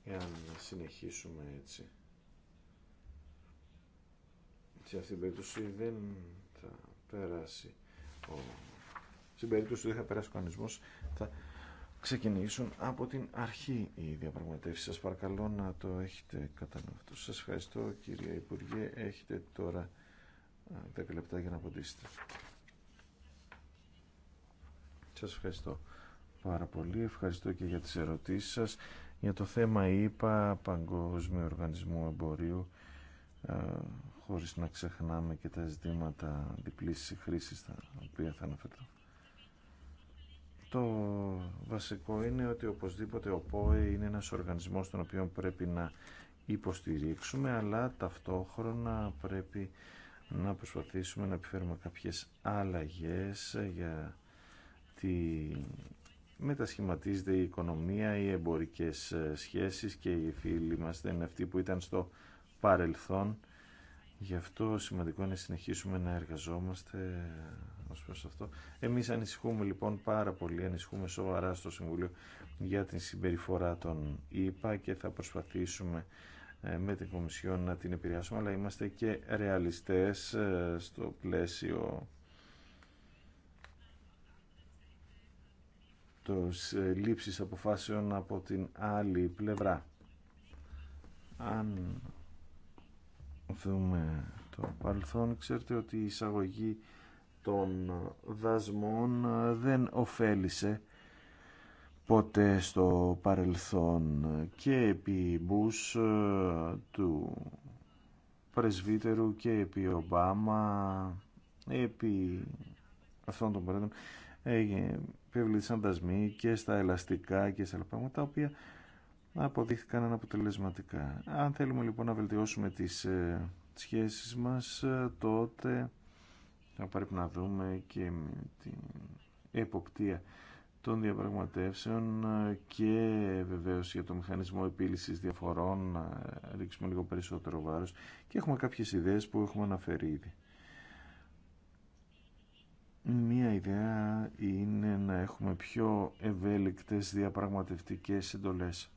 εάν συνεχίσουμε έτσι. Σε αυτήν την περίπτωση δεν περάσει. Ο... Στην περίπτωση του δεν θα περάσει ο θα ξεκινήσουν από την αρχή οι διαπραγματεύσεις. Σας παρακαλώ να το έχετε κατά αυτό. Σας ευχαριστώ κύριε Υπουργέ. Έχετε τώρα 10 λεπτά για να απαντήσετε. Σας ευχαριστώ πάρα πολύ. Ευχαριστώ και για τις ερωτήσεις σας. Για το θέμα είπα Παγκόσμιο Οργανισμό Εμπορίου χωρίς να ξεχνάμε και τα ζητήματα διπλής χρήσης τα οποία θα αναφερθώ. Το βασικό είναι ότι οπωσδήποτε ο ΠΟΕ είναι ένας οργανισμός τον οποίο πρέπει να υποστηρίξουμε αλλά ταυτόχρονα πρέπει να προσπαθήσουμε να επιφέρουμε κάποιες αλλαγές για τη μετασχηματίζεται η οικονομία, οι εμπορικές σχέσεις και οι φίλοι μας δεν είναι αυτοί που ήταν στο παρελθόν Γι' αυτό σημαντικό είναι να συνεχίσουμε να εργαζόμαστε ως προς αυτό. Εμείς ανησυχούμε λοιπόν πάρα πολύ, ανησυχούμε σοβαρά στο Συμβουλίο για την συμπεριφορά των ΙΠΑ και θα προσπαθήσουμε ε, με την Κομισιόν να την επηρεάσουμε, αλλά είμαστε και ρεαλιστές ε, στο πλαίσιο της ε, λήψης αποφάσεων από την άλλη πλευρά. Αν δούμε το παρελθόν, ξέρετε ότι η εισαγωγή των δασμών ε, δεν ωφέλησε ποτέ στο παρελθόν και επί Μπούς ε, του πρεσβύτερου και επί Ομπάμα επί αυτών των παρέντων ε, επιβλήθησαν δασμοί και στα ελαστικά και σε άλλα πράγματα τα οποία αποδείχθηκαν αναποτελεσματικά. Αν θέλουμε λοιπόν να βελτιώσουμε τις ε, σχέσεις μας, ε, τότε θα πρέπει να δούμε και την εποπτεία των διαπραγματεύσεων ε, και βεβαίως για το μηχανισμό επίλυσης διαφορών να ρίξουμε λίγο περισσότερο βάρος και έχουμε κάποιες ιδέες που έχουμε αναφέρει ήδη. Μία ιδέα είναι να έχουμε πιο ευέλικτες διαπραγματευτικές εντολές.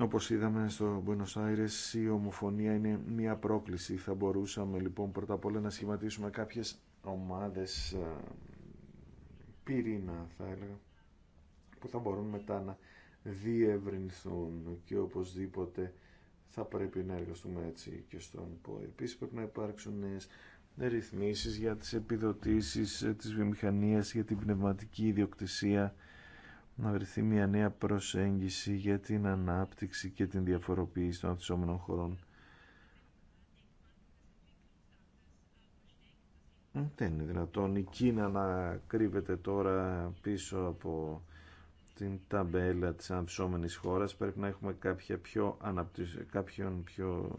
Όπως είδαμε στο Buenos Aires η ομοφωνία είναι μια πρόκληση. Θα μπορούσαμε λοιπόν πρώτα απ' όλα να σχηματίσουμε κάποιες ομάδες ε, πυρήνα θα έλεγα που θα μπορούν μετά να διευρυνθούν και οπωσδήποτε θα πρέπει να εργαστούμε έτσι και στον ΠΟΕ. Επίσης πρέπει να υπάρξουν νέες ρυθμίσεις για τις επιδοτήσεις ε, της βιομηχανίας, για την πνευματική ιδιοκτησία να βρεθεί μια νέα προσέγγιση για την ανάπτυξη και την διαφοροποίηση των αυξομενών χωρών. Δεν είναι δυνατόν η Κίνα να κρύβεται τώρα πίσω από την ταμπέλα της αναπτυσσόμενης χώρας. Πρέπει να έχουμε κάποια πιο αναπτυσ... κάποιον πιο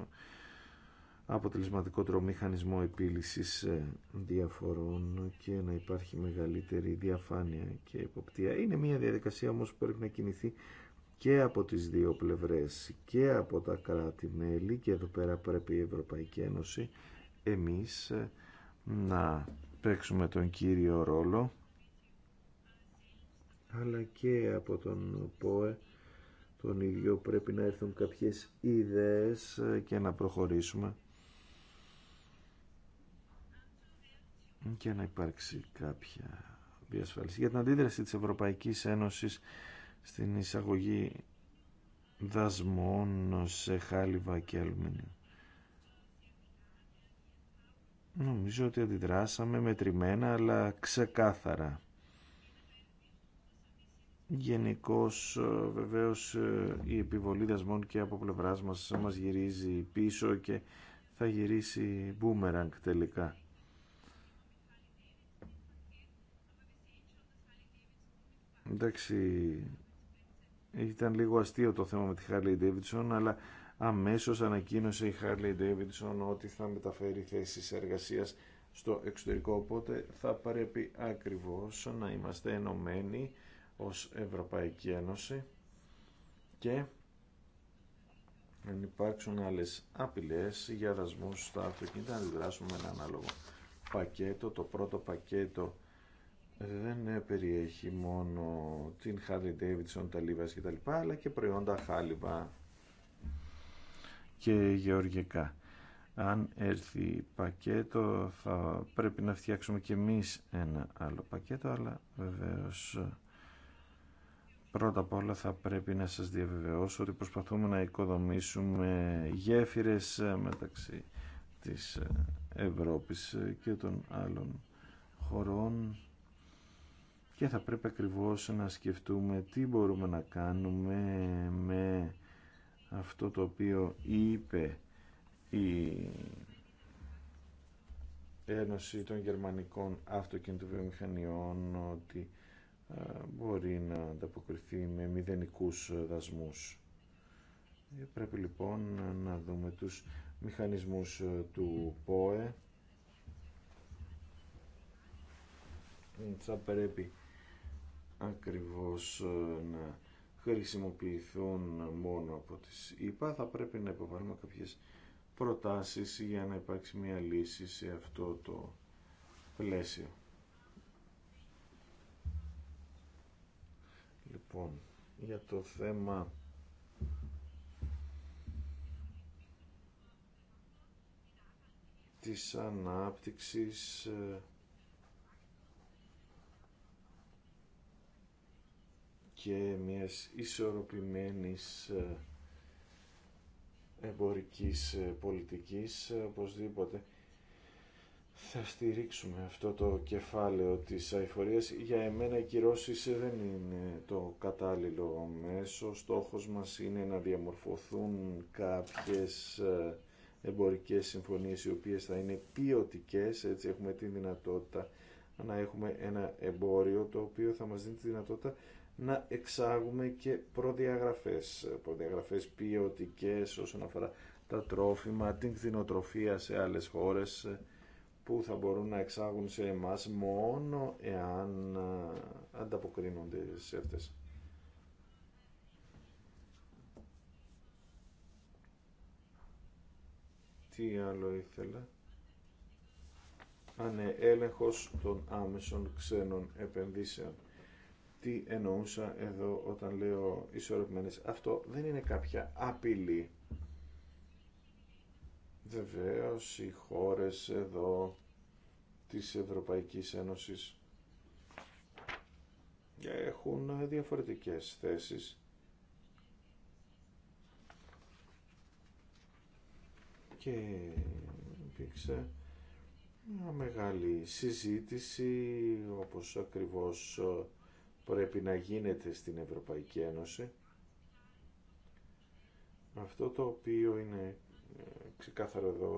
αποτελεσματικότερο μηχανισμό επίλυσης ε, διαφορών και να υπάρχει μεγαλύτερη διαφάνεια και υποπτία. Είναι μια διαδικασία όμως που πρέπει να κινηθεί και από τις δύο πλευρές και από τα κράτη-μέλη και εδώ πέρα πρέπει η Ευρωπαϊκή Ένωση εμείς ε, να παίξουμε τον κύριο ρόλο αλλά και από τον ΠΟΕ τον ίδιο πρέπει να έρθουν κάποιες ιδέες ε, και να προχωρήσουμε και να υπάρξει κάποια διασφάλιση. Για την αντίδραση της Ευρωπαϊκής Ένωσης στην εισαγωγή δασμών σε χάλιβα και αλουμίνιο. Νομίζω ότι αντιδράσαμε μετρημένα αλλά ξεκάθαρα. Γενικώ βεβαίως η επιβολή δασμών και από πλευράς μας μας γυρίζει πίσω και θα γυρίσει μπούμεραγκ τελικά. Εντάξει, ήταν λίγο αστείο το θέμα με τη Harley Davidson, αλλά αμέσως ανακοίνωσε η Harley Davidson ότι θα μεταφέρει θέσεις εργασίας στο εξωτερικό, οπότε θα πρέπει ακριβώς να είμαστε ενωμένοι ως Ευρωπαϊκή Ένωση και αν υπάρξουν άλλες απειλές για δασμούς στα αυτοκίνητα να αντιδράσουμε ένα ανάλογο πακέτο. Το πρώτο πακέτο δεν περιέχει μόνο την Harley Davidson, τα Levi's κτλ. αλλά και προϊόντα χάλιβα και γεωργικά. Αν έρθει πακέτο θα πρέπει να φτιάξουμε και εμείς ένα άλλο πακέτο αλλά βεβαίως πρώτα απ' όλα θα πρέπει να σας διαβεβαιώσω ότι προσπαθούμε να οικοδομήσουμε γέφυρες μεταξύ της Ευρώπης και των άλλων χωρών και θα πρέπει ακριβώς να σκεφτούμε τι μπορούμε να κάνουμε με αυτό το οποίο είπε η Ένωση των Γερμανικών Αυτοκινητοβιομηχανιών ότι ε, μπορεί να ανταποκριθεί με μηδενικούς δασμούς. Ε, πρέπει λοιπόν να δούμε τους μηχανισμούς ε, του ΠΟΕ. Θα πρέπει ακριβώς ε, να χρησιμοποιηθούν μόνο από τις Ίπα, Θα πρέπει να υποβάλουμε κάποιες προτάσεις για να υπάρξει μια λύση σε αυτό το πλαίσιο. Λοιπόν, για το θέμα της ανάπτυξης ε, και μιας ισορροπημένης ε, εμπορικής ε, πολιτικής οπωσδήποτε θα στηρίξουμε αυτό το κεφάλαιο της αηφορίας. Για εμένα οι κυρώσεις δεν είναι το κατάλληλο μέσο. Ο στόχος μας είναι να διαμορφωθούν κάποιες ε, εμπορικές συμφωνίες οι οποίες θα είναι ποιοτικέ, έτσι έχουμε τη δυνατότητα να έχουμε ένα εμπόριο το οποίο θα μας δίνει τη δυνατότητα να εξάγουμε και προδιαγραφές, προδιαγραφές ποιοτικέ όσον αφορά τα τρόφιμα, την κτηνοτροφία σε άλλες χώρες που θα μπορούν να εξάγουν σε εμάς μόνο εάν ανταποκρίνονται σε αυτές. Τι άλλο ήθελα. Αν ναι, έλεγχος των άμεσων ξένων επενδύσεων τι εννοούσα εδώ όταν λέω ισορροπημένες. Αυτό δεν είναι κάποια απειλή. Βεβαίω οι χώρες εδώ της Ευρωπαϊκής Ένωσης έχουν διαφορετικές θέσεις και υπήρξε μια μεγάλη συζήτηση όπως ακριβώς πρέπει να γίνεται στην Ευρωπαϊκή Ένωση. Αυτό το οποίο είναι ε, ξεκάθαρο εδώ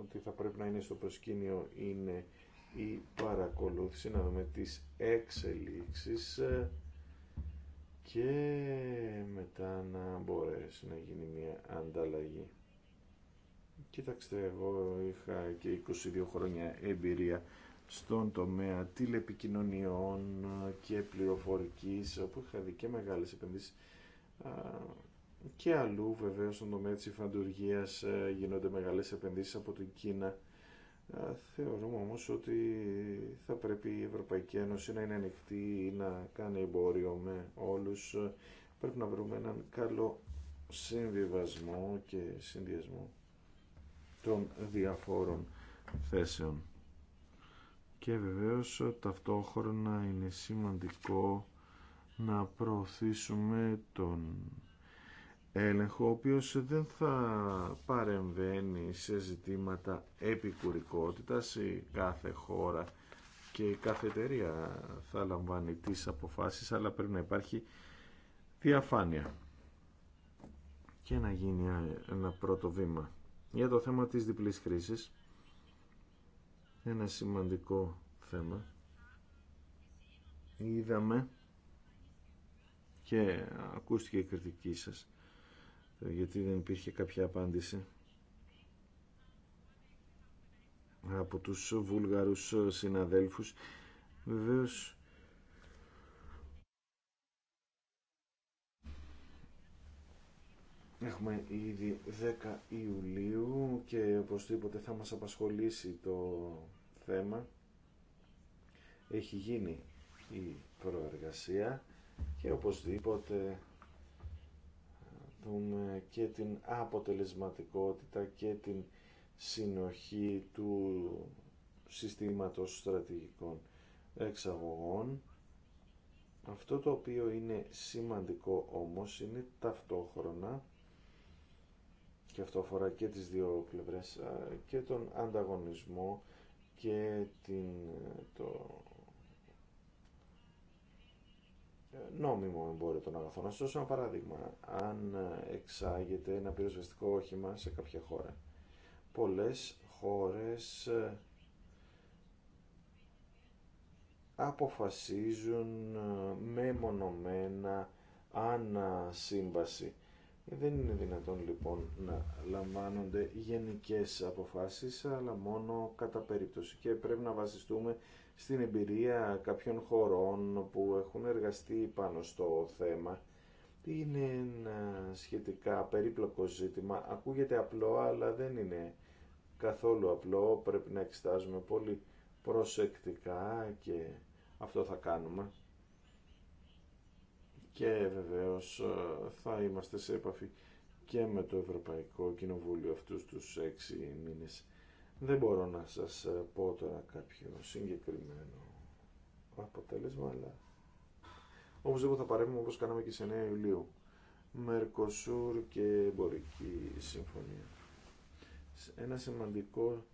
ότι θα πρέπει να είναι στο προσκήνιο είναι η παρακολούθηση, να δούμε τις εξελίξεις ε, και μετά να μπορέσει να γίνει μια ανταλλαγή. Κοίταξτε, εγώ είχα και 22 χρόνια εμπειρία στον τομέα τηλεπικοινωνιών και πληροφορικής, όπου είχα δει και μεγάλες επενδύσεις και αλλού βεβαίως στον τομέα της υφαντουργίας ε, γίνονται μεγάλες επενδύσεις από την Κίνα. Θεωρούμε όμως ότι θα πρέπει η Ευρωπαϊκή Ένωση να είναι ανοιχτή ή να κάνει εμπόριο με όλους. Πρέπει να βρούμε έναν καλό συμβιβασμό και συνδυασμό των διαφόρων θέσεων και βεβαίως ταυτόχρονα είναι σημαντικό να προωθήσουμε τον έλεγχο ο οποίος δεν θα παρεμβαίνει σε ζητήματα επικουρικότητας η κάθε χώρα και η κάθε εταιρεία θα λαμβάνει τις αποφάσεις αλλά πρέπει να υπάρχει διαφάνεια και να γίνει ένα πρώτο βήμα για το θέμα της διπλής κρίσης ένα σημαντικό θέμα. Είδαμε και ακούστηκε η κριτική σας ε, γιατί δεν υπήρχε κάποια απάντηση από τους βουλγαρούς συναδέλφους. Βεβαίως Έχουμε ήδη 10 Ιουλίου και οπωσδήποτε θα μας απασχολήσει το θέμα. Έχει γίνει η προεργασία και οπωσδήποτε δούμε και την αποτελεσματικότητα και την συνοχή του συστήματος στρατηγικών εξαγωγών. Αυτό το οποίο είναι σημαντικό όμως είναι ταυτόχρονα και αυτό αφορά και τις δύο πλευρές και τον ανταγωνισμό και την, το ε, νόμιμο εμπόριο των αγαθών. Να σας δώσω ένα παράδειγμα. Αν ε, εξάγεται ένα πυροσβεστικό όχημα σε κάποια χώρα, πολλές χώρες ε, αποφασίζουν μεμονωμένα ανασύμβαση ε, δεν είναι δυνατόν λοιπόν να λαμβάνονται γενικές αποφάσεις αλλά μόνο κατά περίπτωση και πρέπει να βασιστούμε στην εμπειρία κάποιων χωρών που έχουν εργαστεί πάνω στο θέμα. Είναι ένα σχετικά περίπλοκο ζήτημα. Ακούγεται απλό αλλά δεν είναι καθόλου απλό. Πρέπει να εξετάζουμε πολύ προσεκτικά και αυτό θα κάνουμε και βεβαίως ε, θα είμαστε σε επαφή και με το Ευρωπαϊκό Κοινοβούλιο αυτούς τους έξι μήνες. Δεν μπορώ να σας ε, πω τώρα κάποιο συγκεκριμένο αποτέλεσμα, αλλά οπωσδήποτε θα παρέμβουμε όπως κάναμε και σε 9 Ιουλίου. Μερκοσούρ και εμπορική συμφωνία. Ένα σημαντικό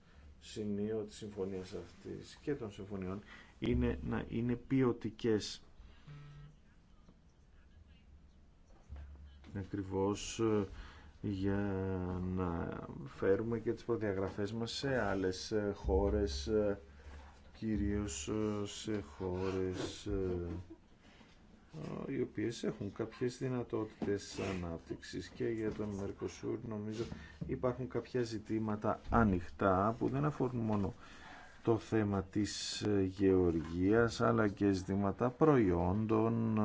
σημείο της συμφωνίας αυτής και των συμφωνιών είναι να είναι ποιοτικές ακριβώς ε, για να φέρουμε και τις προδιαγραφές μας σε άλλες ε, χώρες, ε, κυρίως σε χώρες οι οποίες έχουν κάποιες δυνατότητες ανάπτυξης και για τον Μερκοσούρ νομίζω υπάρχουν κάποια ζητήματα ανοιχτά που δεν αφορούν μόνο το θέμα της γεωργίας αλλά και ζητήματα προϊόντων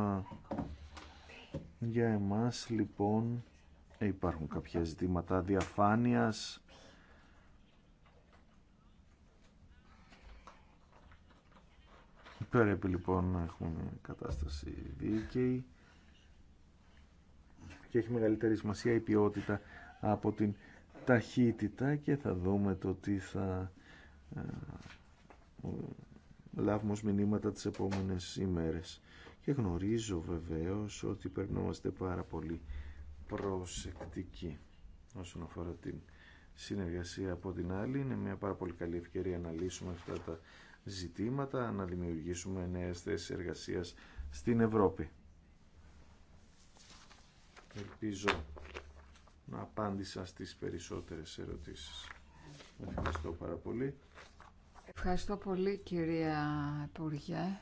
για εμάς λοιπόν υπάρχουν κάποια ζητήματα διαφάνειας Πρέπει λοιπόν να έχουμε κατάσταση δίκαιη και έχει μεγαλύτερη σημασία η ποιότητα από την ταχύτητα και θα δούμε το τι θα ε, λάβουμε ως μηνύματα τις επόμενες ημέρες και γνωρίζω βεβαίως ότι πρέπει πάρα πολύ προσεκτικοί όσον αφορά την συνεργασία από την άλλη. Είναι μια πάρα πολύ καλή ευκαιρία να λύσουμε αυτά τα ζητήματα, να δημιουργήσουμε νέες θέσεις εργασίας στην Ευρώπη. Ελπίζω να απάντησα στις περισσότερες ερωτήσεις. Ευχαριστώ πάρα πολύ. Ευχαριστώ πολύ κυρία Υπουργέ.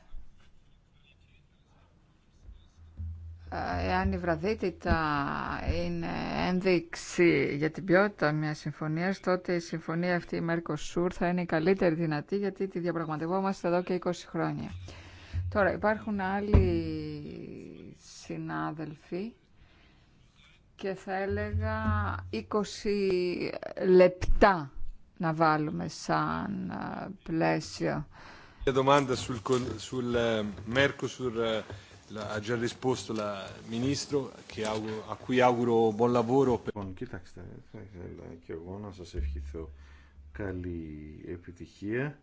εάν η βραδύτητα είναι ένδειξη για την ποιότητα μιας συμφωνίας, τότε η συμφωνία αυτή η Μέρκοσούρ θα είναι η καλύτερη δυνατή γιατί τη διαπραγματευόμαστε εδώ και 20 χρόνια. Τώρα υπάρχουν άλλοι συνάδελφοι και θα έλεγα 20 λεπτά να βάλουμε σαν ε, πλαίσιο ha già risposto la Ministro, che auguro, a cui auguro buon lavoro. Λοιπόν, κοίταξτε, θα ήθελα και εγώ να σας ευχηθώ καλή επιτυχία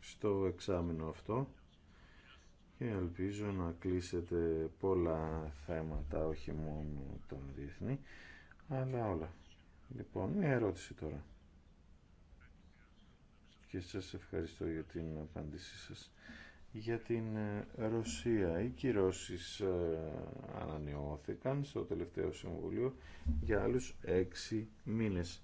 στο εξάμεινο αυτό και ελπίζω να κλείσετε πολλά θέματα, όχι μόνο τον διεθνή, αλλά όλα. Λοιπόν, μια ερώτηση τώρα. Και σας ευχαριστώ για την απάντησή σας για την ε, Ρωσία. Οι κυρώσεις ε, ανανεώθηκαν στο τελευταίο συμβουλίο για άλλους έξι μήνες.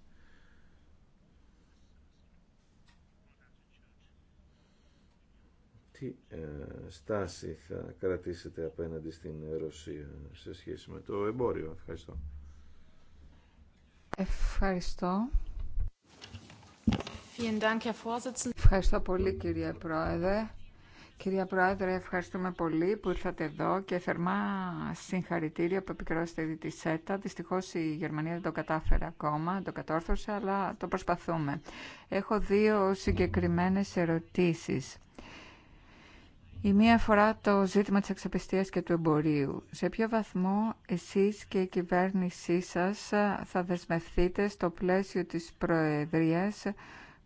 Τι ε, στάση θα κρατήσετε απέναντι στην Ρωσία σε σχέση με το εμπόριο. Ευχαριστώ. Ευχαριστώ. Ευχαριστώ πολύ κύριε Πρόεδρε. Κυρία Πρόεδρε, ευχαριστούμε πολύ που ήρθατε εδώ και θερμά συγχαρητήρια που επικρόσετε τη ΣΕΤΑ. Δυστυχώ η Γερμανία δεν το κατάφερε ακόμα, το κατόρθωσε, αλλά το προσπαθούμε. Έχω δύο συγκεκριμένες ερωτήσεις. Η μία αφορά το ζήτημα της εξαπιστίας και του εμπορίου. Σε ποιο βαθμό εσείς και η κυβέρνησή σας θα δεσμευθείτε στο πλαίσιο της Προεδρίας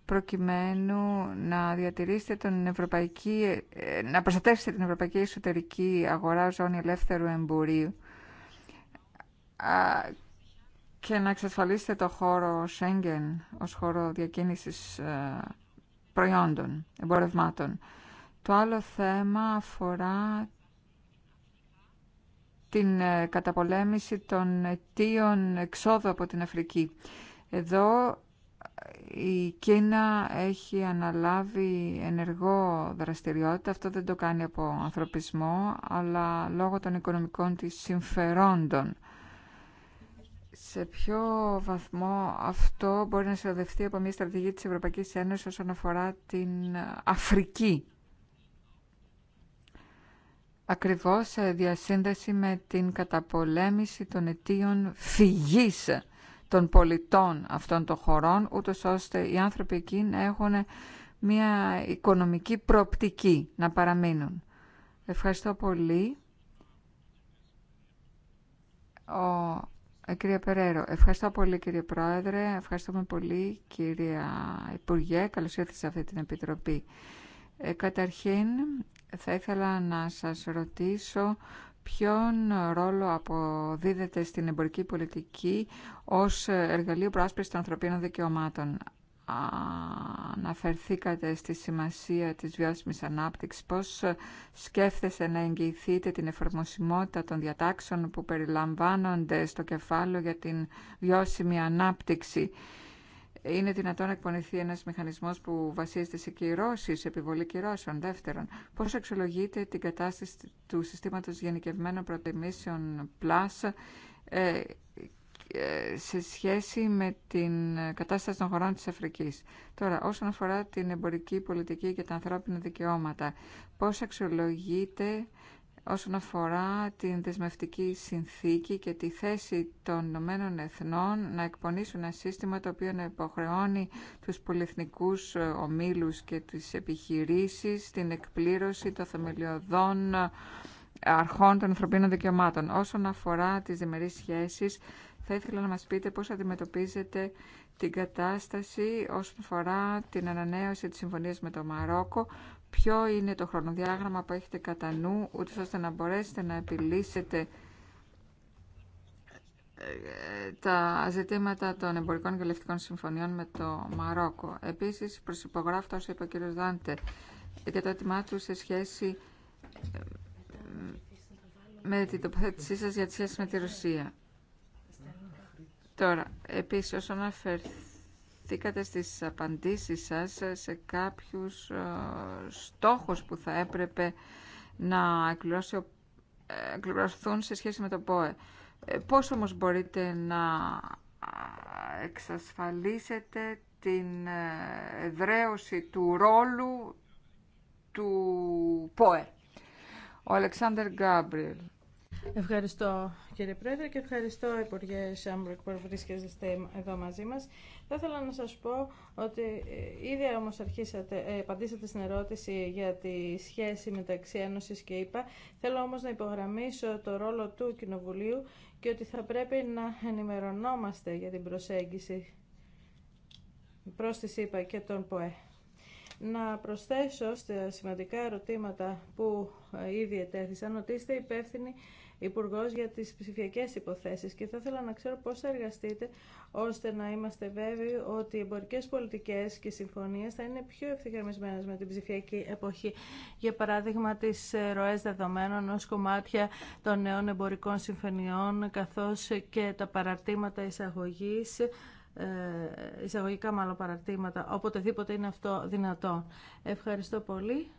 προκειμένου να διατηρήσετε τον ευρωπαϊκή, ε, να προστατεύσετε την ευρωπαϊκή εσωτερική αγορά ζώνη ελεύθερου εμπορίου και να εξασφαλίσετε το χώρο Schengen ως χώρο διακίνησης ε, προϊόντων, εμπορευμάτων. Το άλλο θέμα αφορά την ε, καταπολέμηση των αιτίων εξόδου από την Αφρική. Εδώ η Κίνα έχει αναλάβει ενεργό δραστηριότητα. Αυτό δεν το κάνει από ανθρωπισμό, αλλά λόγω των οικονομικών της συμφερόντων. Σε ποιο βαθμό αυτό μπορεί να συνοδευτεί από μια στρατηγική της Ευρωπαϊκής Ένωσης όσον αφορά την Αφρική. Ακριβώς σε διασύνδεση με την καταπολέμηση των αιτίων φυγής των πολιτών αυτών των χωρών, ούτω ώστε οι άνθρωποι εκεί να έχουν μια οικονομική προοπτική να παραμείνουν. Ευχαριστώ πολύ. Ο... Κύριε Περέρο, ευχαριστώ πολύ κύριε Πρόεδρε, ευχαριστούμε πολύ κυρία Υπουργέ, καλώς ήρθατε σε αυτή την Επιτροπή. Ε, καταρχήν, θα ήθελα να σας ρωτήσω ποιον ρόλο αποδίδεται στην εμπορική πολιτική ως εργαλείο πρόσπισης των ανθρωπίνων δικαιωμάτων. Αναφερθήκατε στη σημασία της βιώσιμης ανάπτυξης. Πώς σκέφτεσαι να εγγυηθείτε την εφαρμοσιμότητα των διατάξεων που περιλαμβάνονται στο κεφάλαιο για την βιώσιμη ανάπτυξη είναι δυνατόν να εκπονηθεί ένας μηχανισμός που βασίζεται σε κυρώσεις, επιβολή κυρώσεων. Δεύτερον, πώς αξιολογείται την κατάσταση του συστήματος γενικευμένων προτιμήσεων Plus ε, ε, σε σχέση με την κατάσταση των χωρών της Αφρικής. Τώρα, όσον αφορά την εμπορική πολιτική και τα ανθρώπινα δικαιώματα, πώς αξιολογείται όσον αφορά την δεσμευτική συνθήκη και τη θέση των Ηνωμένων Εθνών να εκπονήσουν ένα σύστημα το οποίο να υποχρεώνει τους πολυεθνικούς ε, ομίλους και τις επιχειρήσεις στην εκπλήρωση των θεμελιωδών ε, αρχών των ανθρωπίνων δικαιωμάτων. Όσον αφορά τις διμερείς σχέσεις, θα ήθελα να μας πείτε πώς αντιμετωπίζετε την κατάσταση όσον αφορά την ανανέωση της συμφωνίας με το Μαρόκο, ποιο είναι το χρονοδιάγραμμα που έχετε κατά νου, ούτως ώστε να μπορέσετε να επιλύσετε ε, τα ζητήματα των εμπορικών και λευτικών συμφωνιών με το Μαρόκο. Επίσης, προσυπογράφω όσο είπε ο κ. Δάντε, για το του σε σχέση ε, με την τοποθέτησή σας για τη σχέση με τη Ρωσία. Τώρα, επίσης, όσον αφαιρθεί αναφερθήκατε στις απαντήσεις σας σε κάποιους ε, στόχους που θα έπρεπε να ε, εκπληρωθούν σε σχέση με το ΠΟΕ. Ε, πώς όμως μπορείτε να εξασφαλίσετε την εδραίωση του ρόλου του ΠΟΕ. Ο Αλεξάνδρ Γκάμπριελ. Ευχαριστώ κύριε Πρόεδρε και ευχαριστώ Υπουργέ Σάμπρουκ που βρίσκεστε εδώ μαζί μας. Θα ήθελα να σας πω ότι ε, ήδη όμως αρχίσατε, ε, απαντήσατε στην ερώτηση για τη σχέση μεταξύ Ένωσης και ΕΠΑ. ΕΕ. Θέλω όμως να υπογραμμίσω το ρόλο του Κοινοβουλίου και ότι θα πρέπει να ενημερωνόμαστε για την προσέγγιση προς τη ΣΥΠΑ και τον ΠΟΕ. Να προσθέσω στα σημαντικά ερωτήματα που ε, ήδη ετέθησαν ότι είστε υπεύθυνοι Υπουργό για τι ψηφιακέ υποθέσει και θα ήθελα να ξέρω πώ θα εργαστείτε ώστε να είμαστε βέβαιοι ότι οι εμπορικέ πολιτικέ και συμφωνίε θα είναι πιο ευθυγραμμισμένε με την ψηφιακή εποχή. Για παράδειγμα, τι ε, ροέ δεδομένων ω κομμάτια των νέων εμπορικών συμφωνιών, καθώ και τα παραρτήματα εισαγωγή ε, εισαγωγικά μάλλον παραρτήματα, οποτεδήποτε είναι αυτό δυνατό. Ευχαριστώ πολύ.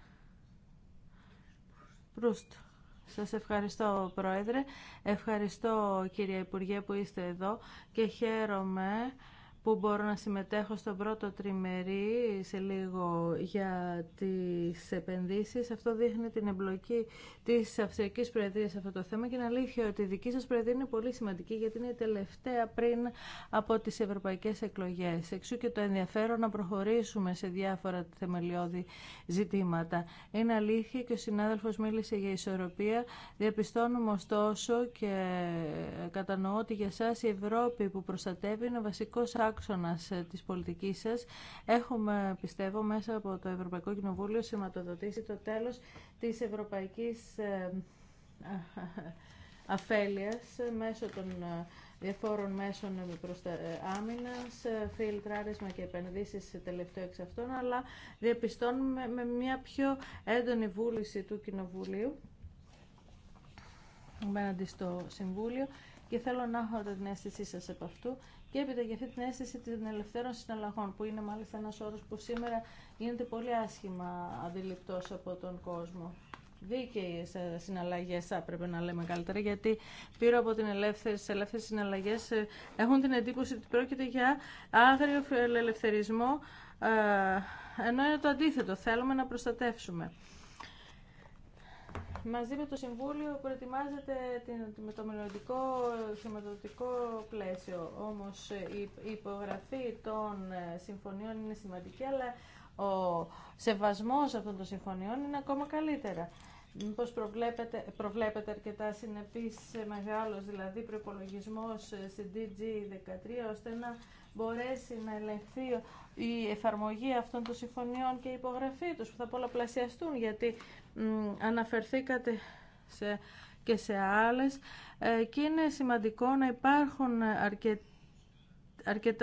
Προύστο. Σας ευχαριστώ Πρόεδρε, ευχαριστώ κυρία Υπουργέ που είστε εδώ και χαίρομαι που μπορώ να συμμετέχω στον πρώτο τριμερή σε λίγο για τις επενδύσεις. Αυτό δείχνει την εμπλοκή της Αυστριακής Προεδρίας σε αυτό το θέμα και είναι αλήθεια ότι η δική σας Προεδρία είναι πολύ σημαντική γιατί είναι η τελευταία πριν από τις ευρωπαϊκές εκλογές. Εξού και το ενδιαφέρον να προχωρήσουμε σε διάφορα θεμελιώδη ζητήματα. Είναι αλήθεια και ο συνάδελφος μίλησε για ισορροπία. Διαπιστώνουμε ωστόσο και κατανοώ ότι για σας η Ευρώπη που προστατεύει είναι βασικό βασικός άξονας ε, της πολιτικής σας. Έχουμε, πιστεύω, μέσα από το Ευρωπαϊκό Κοινοβούλιο σηματοδοτήσει το τέλος της ευρωπαϊκής ε, Αφέλεια μέσω των ε, διαφόρων μέσων άμυνα, φιλτράρισμα και επενδύσεις σε τελευταίο εξ αυτών, αλλά διαπιστώνουμε με μια πιο έντονη βούληση του Κοινοβουλίου απέναντι στο Συμβούλιο και θέλω να έχω την αίσθησή σας από αυτού και έπειτα για αυτή την αίσθηση των ελευθέρων συναλλαγών, που είναι μάλιστα ένα όρο που σήμερα γίνεται πολύ άσχημα αντιληπτό από τον κόσμο. Δίκαιε συναλλαγέ, θα έπρεπε να λέμε καλύτερα, γιατί πήρα από τι ελεύθερε συναλλαγέ ε, έχουν την εντύπωση ότι πρόκειται για άγριο ελευθερισμό, ε, ενώ είναι το αντίθετο. Θέλουμε να προστατεύσουμε. Μαζί με το Συμβούλιο προετοιμάζεται με το μελλοντικό χρηματοδοτικό πλαίσιο. Όμως ε, η υπογραφή των ε, συμφωνιών είναι σημαντική, αλλά ο σεβασμός αυτών των συμφωνιών είναι ακόμα καλύτερα. Μήπω προβλέπετε, προβλέπετε αρκετά συνεπής ε, μεγάλος, δηλαδή προπολογισμό στην DG13, ώστε να μπορέσει να ελεγχθεί η εφαρμογή αυτών των συμφωνιών και η υπογραφή τους, που θα πολλαπλασιαστούν, γιατί αναφερθήκατε σε, και σε άλλες ε, και είναι σημαντικό να υπάρχουν αρκετοί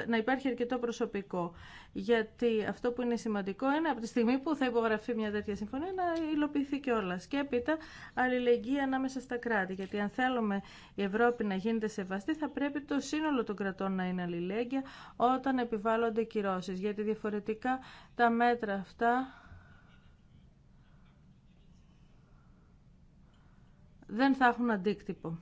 να υπάρχει αρκετό προσωπικό. Γιατί αυτό που είναι σημαντικό είναι από τη στιγμή που θα υπογραφεί μια τέτοια συμφωνία να υλοποιηθεί κιόλα. Και έπειτα αλληλεγγύη ανάμεσα στα κράτη. Γιατί αν θέλουμε η Ευρώπη να γίνεται σεβαστή, θα πρέπει το σύνολο των κρατών να είναι αλληλέγγυα όταν επιβάλλονται κυρώσει. Γιατί διαφορετικά τα μέτρα αυτά δεν θα έχουν αντίκτυπο.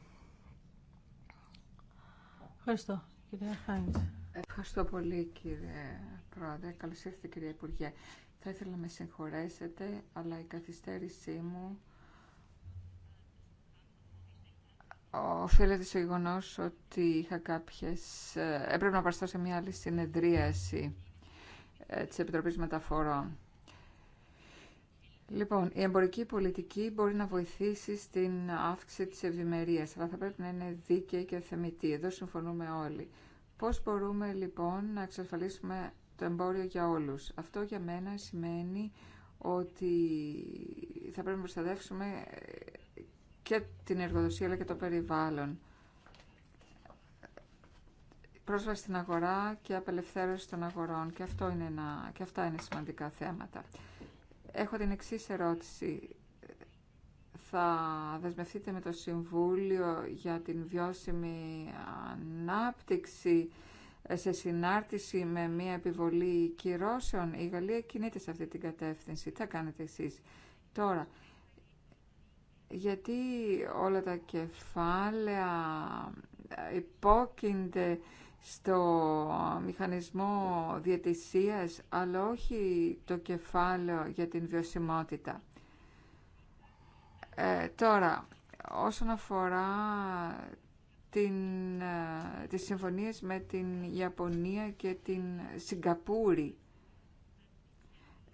Ευχαριστώ, κυρία Χάιντς. Ευχαριστώ πολύ, κύριε Πρόεδρε. Καλώς ήρθατε, κύριε Υπουργέ. Θα ήθελα να με συγχωρέσετε, αλλά η καθυστέρησή μου οφείλεται στο γεγονό ότι είχα κάποιες... Ε, έπρεπε να παραστώ σε μια άλλη συνεδρίαση ε, της Επιτροπής Μεταφορών. Λοιπόν, η εμπορική πολιτική μπορεί να βοηθήσει στην αύξηση της ευημερίας, αλλά θα πρέπει να είναι δίκαιη και θεμητή. Εδώ συμφωνούμε όλοι. Πώς μπορούμε λοιπόν να εξασφαλίσουμε το εμπόριο για όλους. Αυτό για μένα σημαίνει ότι θα πρέπει να προστατεύσουμε ε, και την εργοδοσία αλλά και το περιβάλλον. Πρόσβαση στην αγορά και απελευθέρωση των αγορών και, αυτό είναι και αυτά είναι σημαντικά θέματα έχω την εξή ερώτηση. Θα δεσμευτείτε με το Συμβούλιο για την βιώσιμη ανάπτυξη σε συνάρτηση με μια επιβολή κυρώσεων. Η Γαλλία κινείται σε αυτή την κατεύθυνση. Τι θα κάνετε εσείς τώρα. Γιατί όλα τα κεφάλαια υπόκεινται στο μηχανισμό διαιτησίας, αλλά όχι το κεφάλαιο για την βιωσιμότητα. Ε, τώρα, όσον αφορά την, ε, τις συμφωνίες με την Ιαπωνία και την Σιγκαπούρη,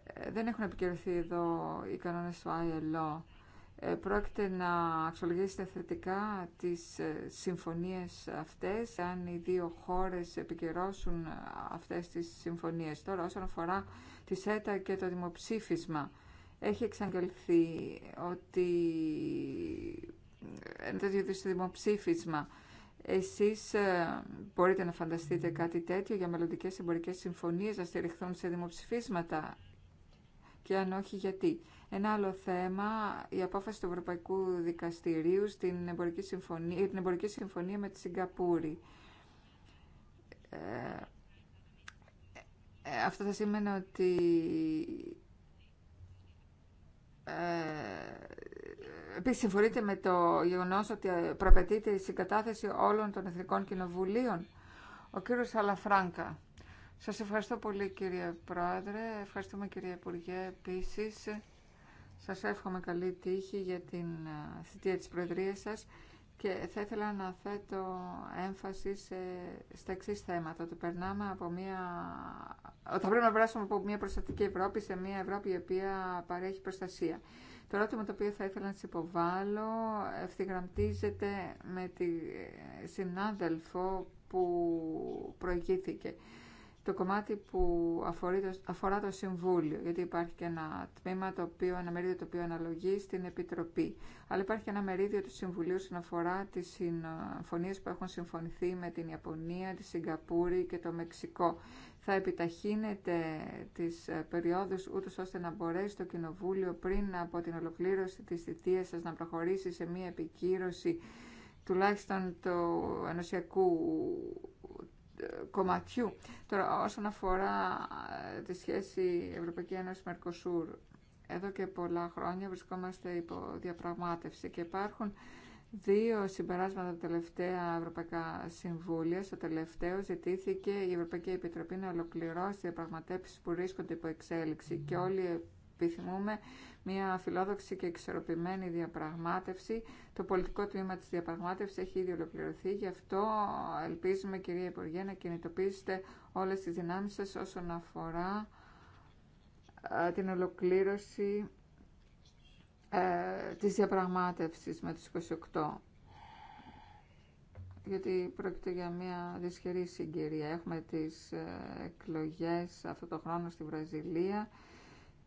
ε, δεν έχουν επικαιρωθεί εδώ οι κανόνες του ILO ε, πρόκειται να αξιολογήσετε θετικά τις ε, συμφωνίες αυτές, αν οι δύο χώρες επικυρώσουν αυτές τις συμφωνίες. Τώρα, όσον αφορά τη ΣΕΤΑ και το δημοψήφισμα, έχει εξαγγελθεί ότι ε, ένα τέτοιο δημοψήφισμα εσείς μπορείτε να φανταστείτε κάτι τέτοιο για μελλοντικές εμπορικές συμφωνίες να στηριχθούν σε δημοψηφίσματα και αν όχι γιατί. Ένα άλλο θέμα, η απόφαση του Ευρωπαϊκού Δικαστηρίου στην εμπορική συμφωνία, ε, την εμπορική συμφωνία με τη Σιγκαπούρη. Ε, ε αυτό θα σημαίνει ότι ε, Επίση, συμφωνείτε με το γεγονό ότι προπαιτείται η συγκατάθεση όλων των Εθνικών Κοινοβουλίων. Ο κύριο Αλαφράγκα. Σα ευχαριστώ πολύ, κύριε Πρόεδρε. Ευχαριστούμε, κύριε Υπουργέ, επίση. Σας εύχομαι καλή τύχη για την ε, θητεία της Προεδρίας σας και θα ήθελα να θέτω έμφαση σε, στα εξή θέματα. Ότι περνάμε από μια... θα πρέπει να περάσουμε από μια προστατική Ευρώπη σε μια Ευρώπη η οποία παρέχει προστασία. Το ερώτημα το οποίο θα ήθελα να σα υποβάλω ευθυγραμμίζεται με τη ε, συνάδελφο που προηγήθηκε το κομμάτι που αφορά το Συμβούλιο, γιατί υπάρχει και ένα τμήμα, το οποίο, ένα μερίδιο το οποίο αναλογεί στην Επιτροπή. Αλλά υπάρχει και ένα μερίδιο του Συμβουλίου σχετικά αφορά τις συμφωνίες που έχουν συμφωνηθεί με την Ιαπωνία, τη Σιγκαπούρη και το Μεξικό. Θα επιταχύνετε τις ε, περιόδους ούτως ώστε να μπορέσει το Κοινοβούλιο πριν από την ολοκλήρωση της θητείας σας να προχωρήσει σε μία επικύρωση τουλάχιστον του ενωσιακού κομματιού. Τώρα, όσον αφορά ε, τη σχέση Ευρωπαϊκή Ένωση-Μερκοσούρ, εδώ και πολλά χρόνια βρισκόμαστε υπό διαπραγμάτευση και υπάρχουν δύο συμπεράσματα τα τελευταία Ευρωπαϊκά Συμβούλια. Στο τελευταίο ζητήθηκε η Ευρωπαϊκή Επιτροπή να ολοκληρώσει διαπραγματεύσει που βρίσκονται υπό εξέλιξη και όλοι επιθυμούμε μια φιλόδοξη και εξορροπημένη διαπραγμάτευση. Το πολιτικό τμήμα της διαπραγμάτευσης έχει ήδη ολοκληρωθεί. Γι' αυτό ελπίζουμε, κυρία Υπουργέ, να κινητοποιήσετε όλες τις δυνάμεις σας όσον αφορά ε, την ολοκλήρωση ε, της διαπραγμάτευσης με τους 28 γιατί πρόκειται για μια δυσχερή συγκυρία. Έχουμε τις ε, εκλογές αυτό το χρόνο στη Βραζιλία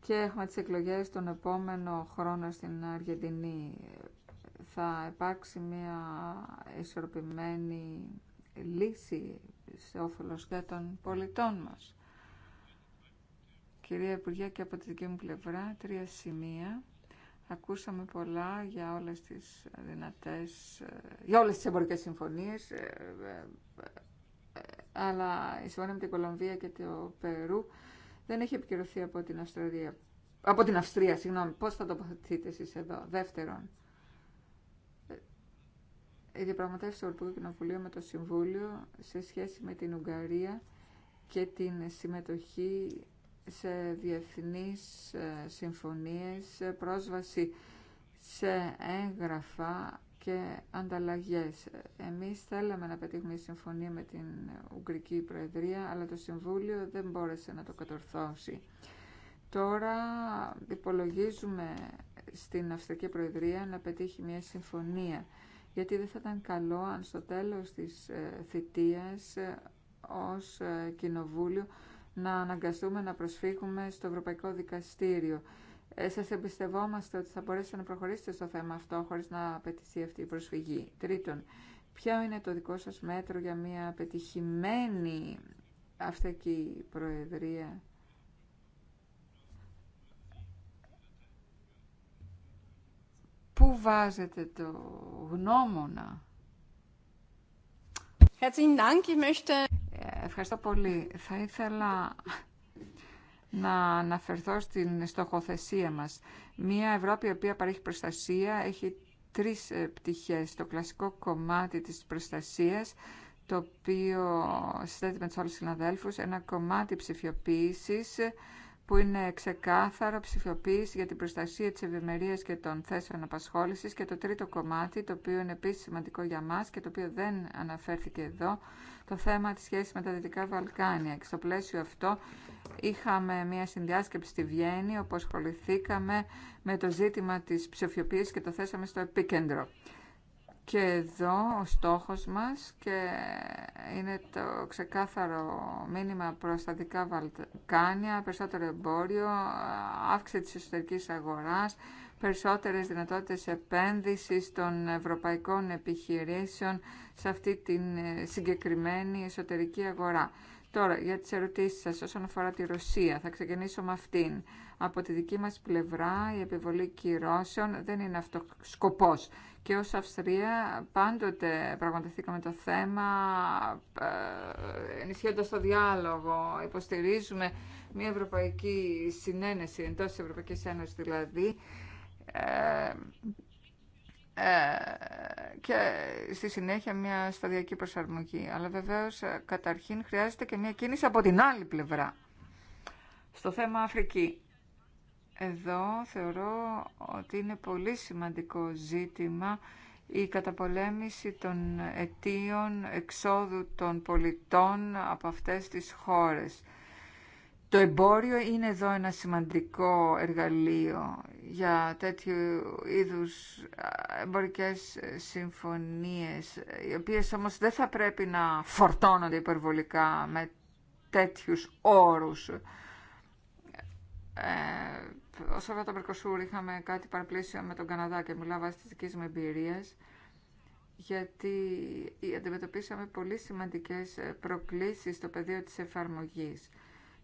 και έχουμε τις εκλογές τον επόμενο χρόνο στην Αργεντινή. Θα υπάρξει μια ισορροπημένη λύση σε όφελος για των πολιτών μας. Κυρία Υπουργέ, και από τη δική μου πλευρά, τρία σημεία. Ακούσαμε πολλά για όλες τις δυνατές, για όλες τις εμπορικές συμφωνίες, αλλά η συμφωνία με την Κολομβία και το Περού δεν έχει επικυρωθεί από την Αυστραλία. Από την Αυστρία, συγγνώμη. Πώς θα τοποθετηθείτε εσείς εδώ. Δεύτερον, ε, οι διαπραγματεύση του Ευρωπαϊκού Κοινοβουλίου με το Συμβούλιο σε σχέση με την Ουγγαρία και την συμμετοχή σε διεθνείς ε, συμφωνίες, πρόσβαση σε έγγραφα και ανταλλαγέ. Εμείς θέλαμε να πετύχουμε συμφωνία με την Ουγγρική Προεδρία, αλλά το Συμβούλιο δεν μπόρεσε να το κατορθώσει. Τώρα υπολογίζουμε στην Αυστρική Προεδρία να πετύχει μια συμφωνία, γιατί δεν θα ήταν καλό αν στο τέλος της ε, θητείας ε, ως ε, Κοινοβούλιο να αναγκαστούμε να προσφύγουμε στο Ευρωπαϊκό Δικαστήριο ε, σας εμπιστευόμαστε ότι θα μπορέσετε να προχωρήσετε στο θέμα αυτό χωρίς να απαιτηθεί αυτή η προσφυγή. Τρίτον, ποιο είναι το δικό σας μέτρο για μια πετυχημένη αυτική προεδρία Πού βάζετε το γνώμονα. Ε, ευχαριστώ πολύ. Θα ήθελα να αναφερθώ στην στοχοθεσία μας. Μία Ευρώπη η οποία παρέχει προστασία έχει τρεις ε, πτυχές. Το κλασικό κομμάτι της προστασίας, το οποίο συνθέτει με τους άλλους συναδέλφους, ένα κομμάτι ψηφιοποίησης, που είναι ξεκάθαρο ψηφιοποίηση για την προστασία της ευημερία και των θέσεων απασχόλησης και το τρίτο κομμάτι, το οποίο είναι επίσης σημαντικό για μας και το οποίο δεν αναφέρθηκε εδώ, το θέμα της σχέσης με τα Δυτικά Βαλκάνια. Και στο πλαίσιο αυτό είχαμε μια συνδιάσκεψη στη Βιέννη όπου ασχοληθήκαμε με το ζήτημα της ψηφιοποίησης και το θέσαμε στο επίκεντρο. Και εδώ ο στόχος μας και είναι το ξεκάθαρο μήνυμα προς τα Δυτικά Βαλκάνια, περισσότερο εμπόριο, αύξηση της εσωτερικής αγοράς, περισσότερες δυνατότητες επένδυσης των ευρωπαϊκών επιχειρήσεων σε αυτή την ε, συγκεκριμένη εσωτερική αγορά. Τώρα, για τις ερωτήσεις σας όσον αφορά τη Ρωσία, θα ξεκινήσω με αυτήν. Από τη δική μας πλευρά, η επιβολή κυρώσεων δεν είναι αυτό σκοπός. Και ως Αυστρία πάντοτε πραγματευθήκαμε το θέμα, ε, ενισχύοντας το διάλογο, υποστηρίζουμε μια ευρωπαϊκή συνένεση, εντός της Ευρωπαϊκής Ένωσης δηλαδή, ε, ε, και στη συνέχεια μια σταδιακή προσαρμογή. Αλλά βεβαίως ε, καταρχήν χρειάζεται και μια κίνηση από την άλλη πλευρά. Στο θέμα Αφρική. Εδώ θεωρώ ότι είναι πολύ σημαντικό ζήτημα η καταπολέμηση των αιτίων εξόδου των πολιτών από αυτές τις χώρες. Το εμπόριο είναι εδώ ένα σημαντικό εργαλείο για τέτοιου είδους εμπορικές συμφωνίες, οι οποίες όμως δεν θα πρέπει να φορτώνονται υπερβολικά με τέτοιους όρους. Ε, όσο αφορά το Μερκοσούρ είχαμε κάτι παραπλήσιο με τον Καναδά και μιλάω βάσει της μου εμπειρίας, γιατί αντιμετωπίσαμε πολύ σημαντικές προκλήσεις στο πεδίο της εφαρμογής.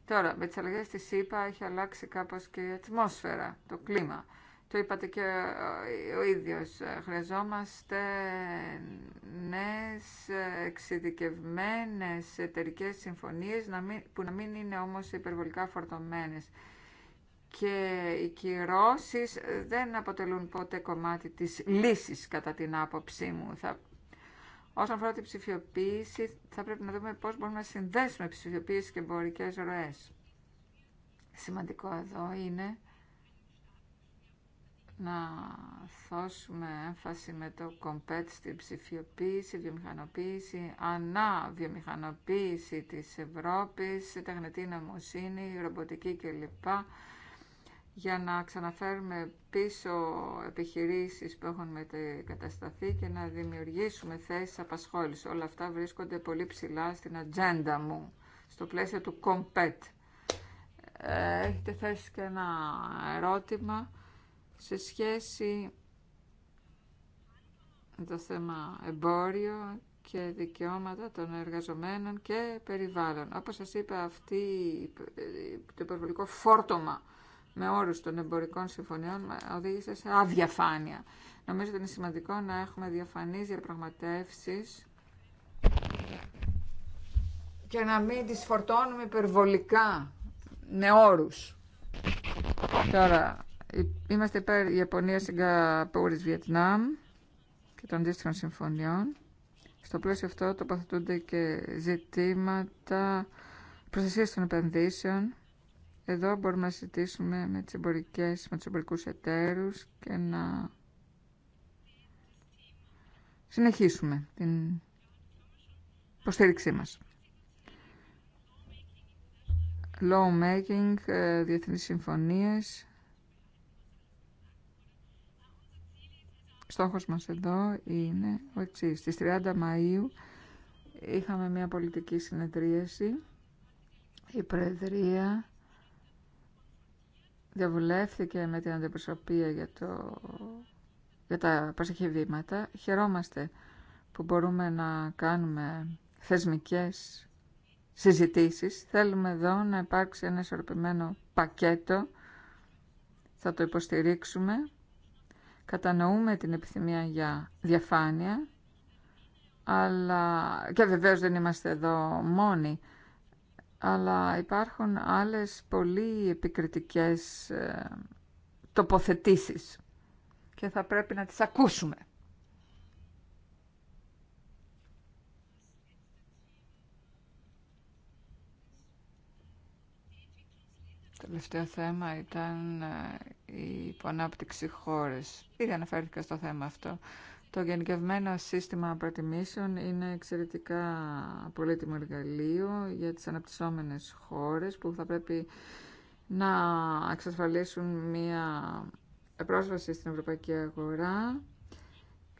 Τώρα, με τι αλλαγέ τη ΣΥΠΑ έχει αλλάξει κάπως και η ατμόσφαιρα, το κλίμα. Το είπατε και ε, ο ίδιος. Ε, χρειαζόμαστε νέες ε, εξειδικευμένες εταιρικέ συμφωνίες που να μην είναι όμως υπερβολικά φορτωμένες. Και οι κυρώσει δεν αποτελούν ποτέ κομμάτι της λύσης κατά την άποψή μου. Θα Όσον αφορά την ψηφιοποίηση, θα πρέπει να δούμε πώς μπορούμε να συνδέσουμε ψηφιοποίηση και εμπορικέ ροές. Σημαντικό εδώ είναι να δώσουμε έμφαση με το κομπέτ στην ψηφιοποίηση, βιομηχανοποίηση, ανά βιομηχανοποίηση της Ευρώπης, τεχνητή νομοσύνη, ρομποτική κλπ για να ξαναφέρουμε πίσω επιχειρήσεις που έχουν μετεκατασταθεί και να δημιουργήσουμε θέσεις απασχόληση. Όλα αυτά βρίσκονται πολύ ψηλά στην ατζέντα μου, στο πλαίσιο του ΚΟΜΠΕΤ. Έχετε θέσει και ένα ερώτημα σε σχέση με το θέμα εμπόριο και δικαιώματα των εργαζομένων και περιβάλλον. Όπως σας είπα, αυτή, το υπερβολικό φόρτωμα με όρου των εμπορικών συμφωνιών οδήγησε σε αδιαφάνεια. Νομίζω ότι είναι σημαντικό να έχουμε διαφανεί διαπραγματεύσει. και να μην τις φορτώνουμε υπερβολικά με όρου. Τώρα, είμαστε υπέρ Ιαπωνία, Σιγκαπούρη, Βιετνάμ και των αντίστοιχων συμφωνιών. Στο πλαίσιο αυτό τοποθετούνται και ζητήματα προστασία των επενδύσεων εδώ μπορούμε να συζητήσουμε με, τις εμπορικές, με τους εμπορικούς εταίρους και να συνεχίσουμε την υποστήριξή μας. Law making, ε, διεθνείς συμφωνίες. Στόχος μας εδώ είναι ο στι Στις 30 Μαΐου είχαμε μια πολιτική συνεδρίαση. Η Προεδρία διαβουλεύθηκε με την αντιπροσωπεία για, τα προσεχή βήματα. Χαιρόμαστε που μπορούμε να κάνουμε θεσμικές συζητήσεις. Θέλουμε εδώ να υπάρξει ένα ισορροπημένο πακέτο. Θα το υποστηρίξουμε. Κατανοούμε την επιθυμία για διαφάνεια. Αλλά και βεβαίως δεν είμαστε εδώ μόνοι αλλά υπάρχουν άλλες πολύ επικριτικές ε, τοποθετήσεις και θα πρέπει να τις ακούσουμε. Το τελευταίο θέμα ήταν ε, η υποανάπτυξη χώρες. Ήδη αναφέρθηκα στο θέμα αυτό. Το γενικευμένο σύστημα προτιμήσεων είναι εξαιρετικά πολύτιμο εργαλείο για τις αναπτυσσόμενες χώρες που θα πρέπει να εξασφαλίσουν μία πρόσβαση στην ευρωπαϊκή αγορά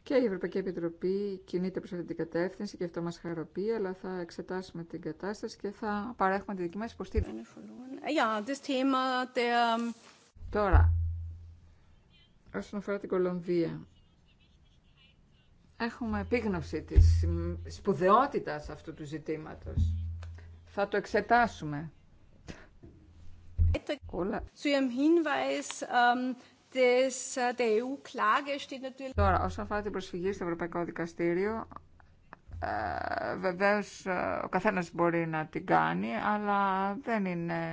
και η Ευρωπαϊκή Επιτροπή κινείται προς αυτή την κατεύθυνση και αυτό μας χαροποιεί, αλλά θα εξετάσουμε την κατάσταση και θα παρέχουμε τη δική μας υποστήριξη. Uh, um, Τώρα, όσον αφορά την Κολομβία, έχουμε επίγνωση της σπουδαιότητας αυτού του ζητήματος. Θα το εξετάσουμε. Τώρα, όσον αφορά την προσφυγή στο Ευρωπαϊκό Δικαστήριο, ε, βεβαίως ε, ο καθένας μπορεί να την κάνει, αλλά δεν είναι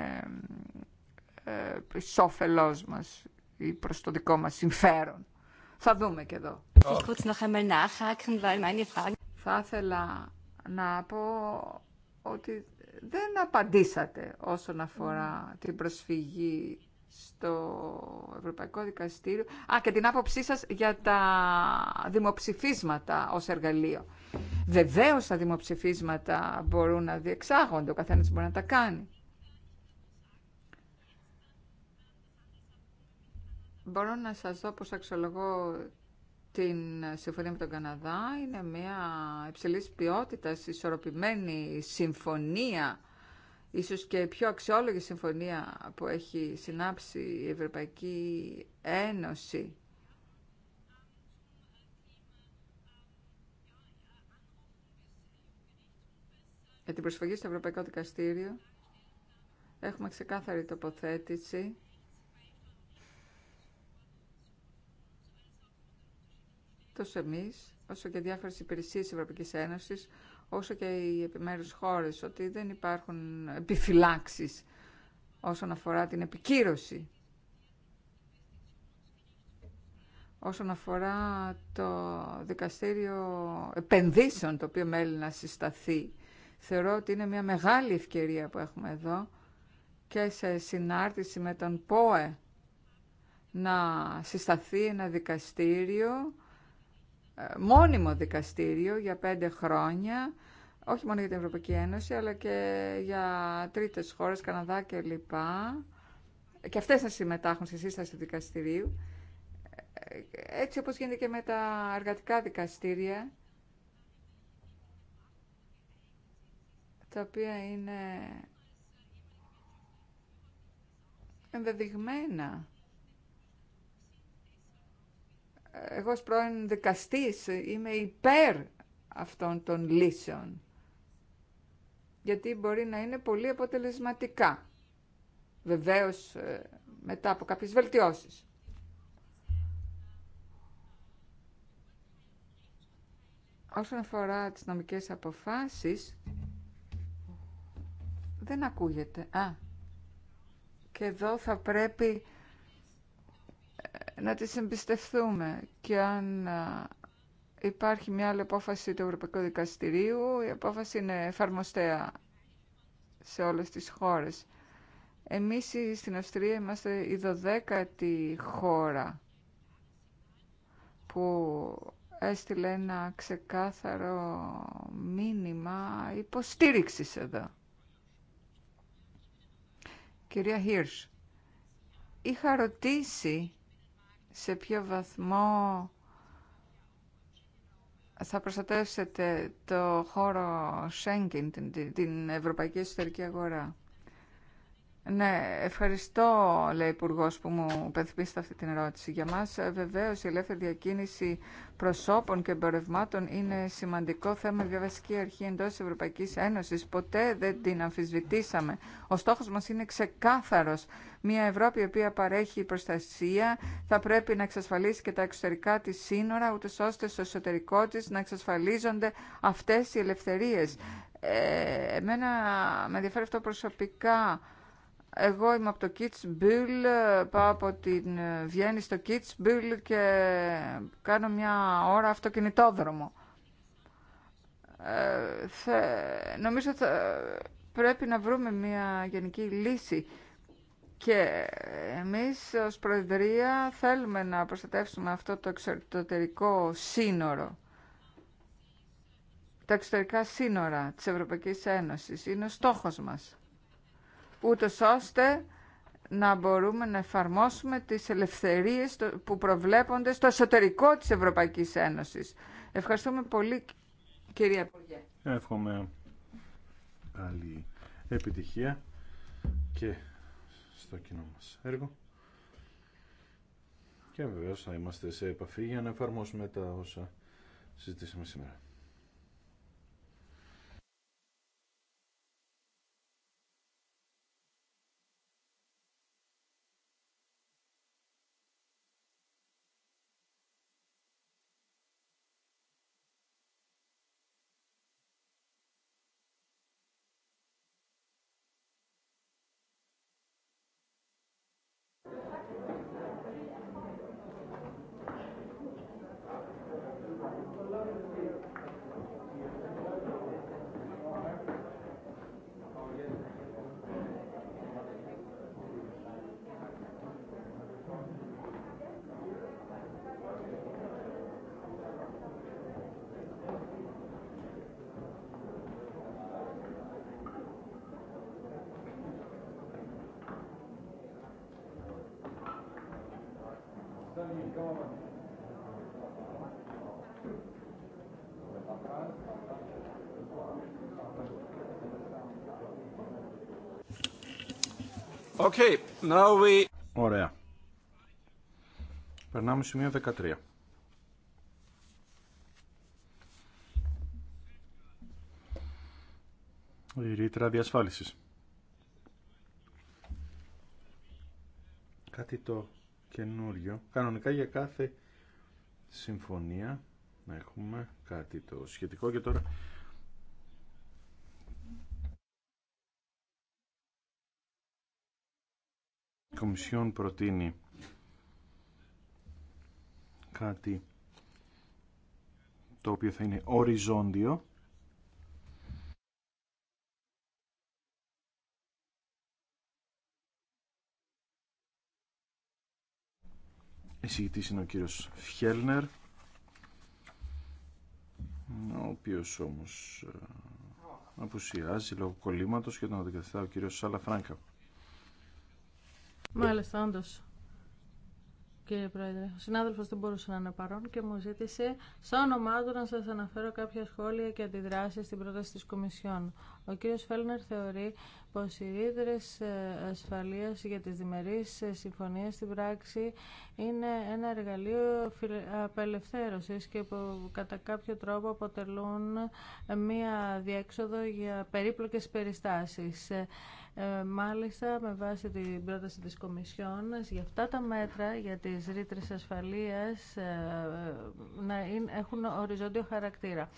ε, σόφελός ε, μας ή προς το δικό μας συμφέρον. Θα δούμε και εδώ. Θα ήθελα να πω ότι δεν απαντήσατε όσον αφορά την προσφυγή στο Ευρωπαϊκό Δικαστήριο. Α, και την άποψή σας για τα δημοψηφίσματα ως εργαλείο. Βεβαίως τα δημοψηφίσματα μπορούν να διεξάγονται, ο καθένας μπορεί να τα κάνει. Μπορώ να σας δω πως αξιολογώ στην συμφωνία με τον Καναδά. Είναι μια υψηλής ποιότητας, ισορροπημένη συμφωνία, ίσως και πιο αξιόλογη συμφωνία που έχει συνάψει η Ευρωπαϊκή Ένωση. Για την προσφυγή στο Ευρωπαϊκό Δικαστήριο έχουμε ξεκάθαρη τοποθέτηση τόσο εμείς, όσο και διάφορες υπηρεσίες της Ευρωπαϊκής Ένωσης, όσο και οι επιμέρους χώρες, ότι δεν υπάρχουν επιφυλάξεις όσον αφορά την επικύρωση, όσον αφορά το δικαστήριο επενδύσεων το οποίο μέλει να συσταθεί. Θεωρώ ότι είναι μια μεγάλη ευκαιρία που έχουμε εδώ και σε συνάρτηση με τον ΠΟΕ να συσταθεί ένα δικαστήριο μόνιμο δικαστήριο για πέντε χρόνια, όχι μόνο για την Ευρωπαϊκή Ένωση, αλλά και για τρίτες χώρες, Καναδά και λοιπά. Και αυτές θα συμμετάχουν σε σύσταση του δικαστηρίου. Έτσι όπως γίνεται και με τα εργατικά δικαστήρια, τα οποία είναι ενδεδειγμένα εγώ ως πρώην δικαστής είμαι υπέρ αυτών των λύσεων γιατί μπορεί να είναι πολύ αποτελεσματικά βεβαίως ε, μετά από κάποιες βελτιώσεις. Όσον αφορά τις νομικές αποφάσεις, δεν ακούγεται. Α, και εδώ θα πρέπει να τις εμπιστευτούμε και αν υπάρχει μια άλλη απόφαση του Ευρωπαϊκού Δικαστηρίου, η απόφαση είναι εφαρμοστέα σε όλες τις χώρες. Εμείς στην Αυστρία είμαστε η 12η χώρα που έστειλε ένα ξεκάθαρο μήνυμα υποστήριξης εδώ. Κυρία Χίρς, είχα ρωτήσει σε ποιο βαθμό θα προστατεύσετε το χώρο Schengen, την ευρωπαϊκή εσωτερική αγορά. Ναι, ευχαριστώ, λέει Υπουργό, που μου υπενθυμίσετε αυτή την ερώτηση. Για μα, ε, βεβαίω, η ελεύθερη διακίνηση προσώπων και εμπορευμάτων είναι σημαντικό θέμα. για βασική αρχή εντό Ευρωπαϊκή Ένωση ποτέ δεν την αμφισβητήσαμε. Ο στόχο μα είναι ξεκάθαρο. Μια Ευρώπη η οποία παρέχει προστασία θα πρέπει να εξασφαλίσει και τα εξωτερικά τη σύνορα, ούτε ώστε στο εσωτερικό τη να εξασφαλίζονται αυτέ οι ελευθερίε. Ε, εμένα με ενδιαφέρει αυτό προσωπικά. Εγώ είμαι από το Kitzbühel, πάω από την ε, Βιέννη στο Kitzbühel και κάνω μια ώρα αυτοκινητόδρομο. Ε, θε, νομίζω πρέπει να βρούμε μια γενική λύση και εμείς ως Προεδρία θέλουμε να προστατεύσουμε αυτό το εξωτερικό σύνορο. Τα εξωτερικά σύνορα της Ευρωπαϊκής Ένωσης είναι ο στόχος μας ούτως ώστε να μπορούμε να εφαρμόσουμε τις ελευθερίες που προβλέπονται στο εσωτερικό της Ευρωπαϊκής Ένωσης. Ευχαριστούμε πολύ, κυρία Υπουργέ. Εύχομαι καλή επιτυχία και στο κοινό μας έργο. Και βεβαίως θα είμαστε σε επαφή για να εφαρμόσουμε τα όσα συζητήσαμε σήμερα. Okay, now we... Ωραία. Περνάμε σημείο 13. Η ρήτρα διασφάλισης. Κάτι το καινούριο. Κανονικά για κάθε συμφωνία να έχουμε κάτι το σχετικό και τώρα Κομισιόν προτείνει κάτι το οποίο θα είναι οριζόντιο Εισηγητής είναι ο κύριος Φιέλνερ ο οποίος όμως ε, απουσιάζει λόγω κολλήματος και τον αντικαθιστά ο κύριος Σαλαφράνκα. Μάλιστα, όντω. Κύριε Πρόεδρε, ο συνάδελφο δεν μπορούσε να είναι παρόν και μου ζήτησε, σαν όνομά του, να σα αναφέρω κάποια σχόλια και αντιδράσει στην πρόταση τη Κομισιόν. Ο κύριο Φέλνερ θεωρεί πω οι ρήτρε ασφαλεία για τι διμερείς ε, συμφωνίε στην πράξη είναι ένα εργαλείο απελευθέρωση και που κατά κάποιο τρόπο αποτελούν ε, μία διέξοδο για περίπλοκε περιστάσει. Ε, ε, μάλιστα με βάση την πρόταση της Κομισιόν για αυτά τα μέτρα για τις ρήτρες ασφαλείας ε, ε, να έχουν οριζόντιο χαρακτήρα.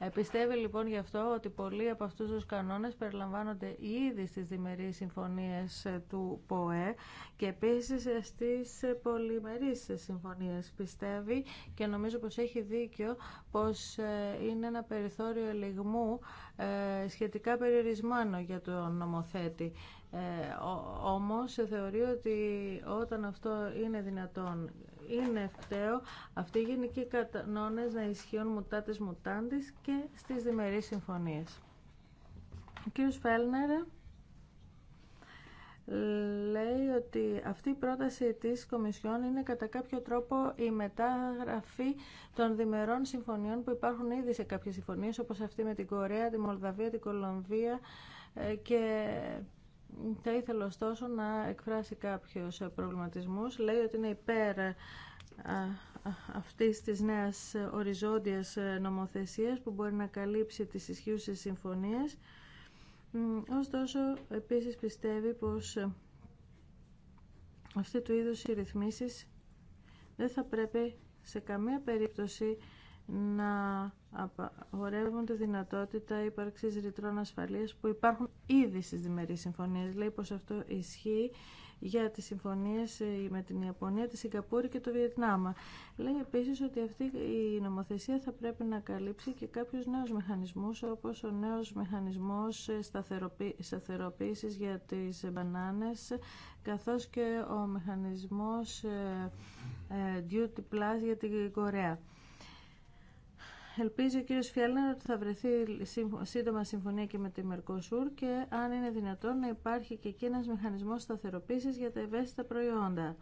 Επιστεύει λοιπόν γι' αυτό ότι πολλοί από αυτούς τους κανόνες περιλαμβάνονται ήδη στις διμερείς συμφωνίες του ΠΟΕ και επίσης στις πολυμερείς συμφωνίες. Πιστεύει και νομίζω πως έχει δίκιο πως ε, είναι ένα περιθώριο ελιγμού ε, σχετικά περιορισμένο για τον νομοθέτη. Ε, ο όμως θεωρεί ότι όταν αυτό είναι δυνατόν είναι φταίο αυτοί οι γενικοί κανόνες να ισχύουν μουτάτες μουτάντης και στις διμερείς συμφωνίες. Ο κύριος Φέλνερ λέει ότι αυτή η πρόταση της Κομισιόν είναι κατά κάποιο τρόπο η μετάγραφη των διμερών συμφωνιών που υπάρχουν ήδη σε κάποιες συμφωνίες όπως αυτή με την Κορέα, τη Μολδαβία, την Κολομβία ε, και θα ήθελα ωστόσο να εκφράσει κάποιους προβληματισμούς. Λέει ότι είναι υπέρ αυτής της νέας οριζόντιας νομοθεσίας που μπορεί να καλύψει τις ισχύουσες συμφωνίες. Ωστόσο, επίσης πιστεύει πως αυτή του είδους οι ρυθμίσεις δεν θα πρέπει σε καμία περίπτωση να απαγορεύουν τη δυνατότητα ύπαρξης ρητρών ασφαλείας που υπάρχουν ήδη στις διμερείς συμφωνίες. Λέει πως αυτό ισχύει για τις συμφωνίες ε, με την Ιαπωνία, τη Σιγκαπούρη και το Βιετνάμ. Λέει επίσης ότι αυτή η νομοθεσία θα πρέπει να καλύψει και κάποιους νέους μηχανισμούς, όπως ο νέος μηχανισμός ε, σταθεροποίησης για τις μπανάνες, καθώς και ο μηχανισμός ε, duty plus για την Κορέα. Ελπίζει ο κύριος Φιέλνερ ότι θα βρεθεί σύντομα συμφωνία και με τη Μερκοσούρ και αν είναι δυνατόν να υπάρχει και εκεί ένα μηχανισμό σταθεροποίηση για τα ευαίσθητα προϊόντα.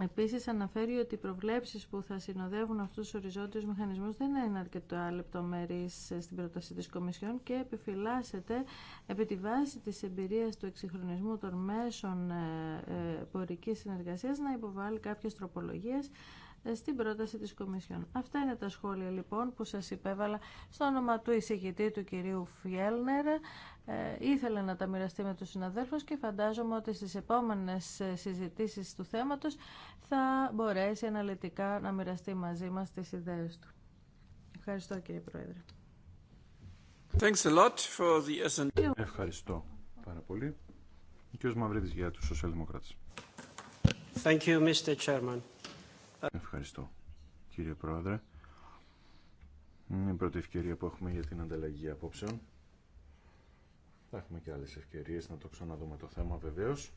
Επίση αναφέρει ότι οι προβλέψει που θα συνοδεύουν αυτού του οριζόντιου μηχανισμούς δεν είναι αρκετά λεπτομερεί στην πρόταση τη Κομισιόν και επιφυλάσσεται επί τη βάση τη εμπειρία του εξυγχρονισμού των μέσων ε, ε, πορική συνεργασία, να υποβάλει κάποιε τροπολογίε στην πρόταση της Κομισιόν. Αυτά είναι τα σχόλια λοιπόν που σας υπέβαλα στο όνομα του εισηγητή του κυρίου Φιέλνερ. Ε, ήθελα να τα μοιραστεί με τους συναδέλφους και φαντάζομαι ότι στις επόμενες ε, συζητήσεις του θέματος θα μπορέσει αναλυτικά να μοιραστεί μαζί μας τις ιδέες του. Ευχαριστώ κύριε Πρόεδρε. Thanks a lot for the Ευχαριστώ πάρα πολύ. Ο κ. Μαυρίδης για τους Σοσιαλδημοκράτες. Thank you, Mr. Chairman. Ευχαριστώ κύριε Πρόεδρε. Είναι η πρώτη ευκαιρία που έχουμε για την ανταλλαγή απόψεων. Θα έχουμε και άλλες ευκαιρίες να το ξαναδούμε το θέμα βεβαίως.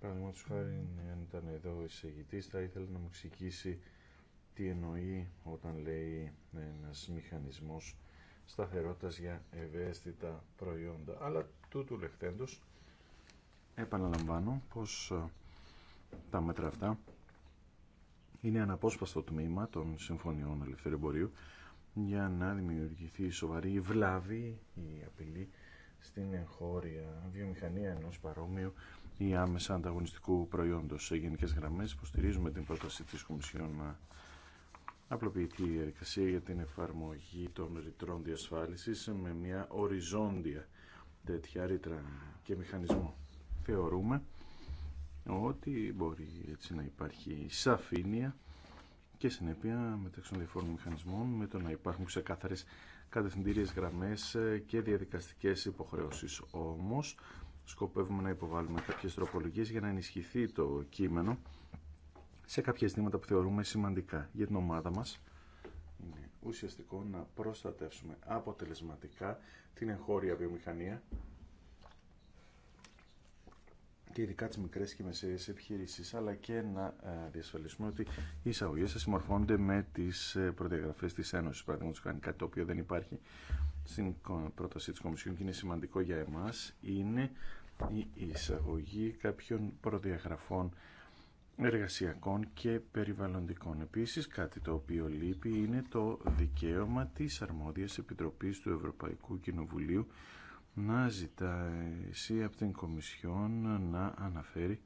Παραδείγματος χάρη, αν ήταν εδώ ο εισηγητής, θα ήθελε να μου εξηγήσει τι εννοεί όταν λέει ένας μηχανισμός σταθερότητας για ευαίσθητα προϊόντα. Αλλά τούτου λεχθέντος επαναλαμβάνω πως τα μέτρα αυτά είναι αναπόσπαστο τμήμα των συμφωνιών ελευθερίου για να δημιουργηθεί σοβαρή βλάβη ή απειλή στην εγχώρια βιομηχανία ενός παρόμοιου ή άμεσα ανταγωνιστικού προϊόντος. Σε γενικές γραμμές υποστηρίζουμε την πρόταση της Κομισιόν να απλοποιηθεί η διαδικασία για την εφαρμογή των ρητρών διασφάλισης με μια οριζόντια τέτοια ρήτρα και μηχανισμό. Θεωρούμε ότι μπορεί έτσι να υπάρχει σαφήνεια και συνέπεια μεταξύ των διαφόρων μηχανισμών με το να υπάρχουν ξεκάθαρες κατευθυντήριες γραμμές και διαδικαστικές υποχρεώσεις. Όμως σκοπεύουμε να υποβάλουμε κάποιες τροπολογίες για να ενισχυθεί το κείμενο σε κάποια ζητήματα που θεωρούμε σημαντικά για την ομάδα μας. Είναι ουσιαστικό να προστατεύσουμε αποτελεσματικά την εγχώρια βιομηχανία και ειδικά τι μικρέ και μεσαίε επιχείρησει, αλλά και να ε, διασφαλίσουμε ότι οι εισαγωγέ θα συμμορφώνονται με τι ε, προδιαγραφές τη Ένωση, Παραδείγματο κάνει κάτι το οποίο δεν υπάρχει στην πρόταση τη Κομισιόν και είναι σημαντικό για εμά. είναι η εισαγωγή κάποιων προδιαγραφών εργασιακών και περιβαλλοντικών. Επίσης, κάτι το οποίο λείπει είναι το δικαίωμα της αρμόδιας επιτροπής του Ευρωπαϊκού Κοινοβουλίου να ζητάει από την Κομισιόν να αναφέρει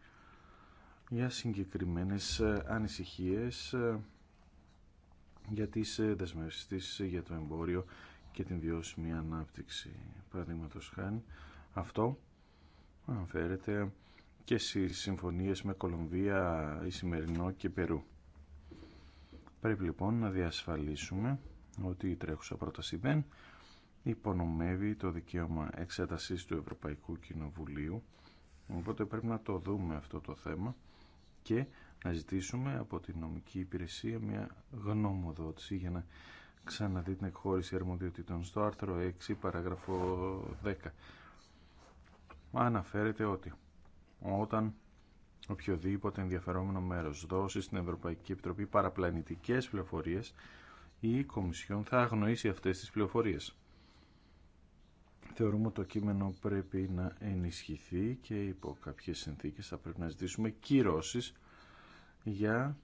για συγκεκριμένες ανησυχίες για τις δεσμεύσεις για το εμπόριο και την βιώσιμη ανάπτυξη. Παραδείγματο χάνει αυτό αναφέρεται και στις συμφωνίες με Κολομβία, Ισημερινό και Περού. Πρέπει λοιπόν να διασφαλίσουμε ότι η τρέχουσα πρόταση δεν υπονομεύει το δικαίωμα εξέτασής του Ευρωπαϊκού Κοινοβουλίου οπότε πρέπει να το δούμε αυτό το θέμα και να ζητήσουμε από την νομική υπηρεσία μια γνώμοδότηση για να ξαναδεί την εκχώρηση αρμοδιοτήτων στο άρθρο 6 παράγραφο 10 αναφέρεται ότι όταν οποιοδήποτε ενδιαφερόμενο μέρος δώσει στην Ευρωπαϊκή Επιτροπή παραπλανητικές πληροφορίες η Κομισιόν θα αγνοήσει αυτές τις πληροφορίες θεωρούμε το κείμενο πρέπει να ενισχυθεί και υπό κάποιες συνθήκες θα πρέπει να ζητήσουμε κυρώσεις για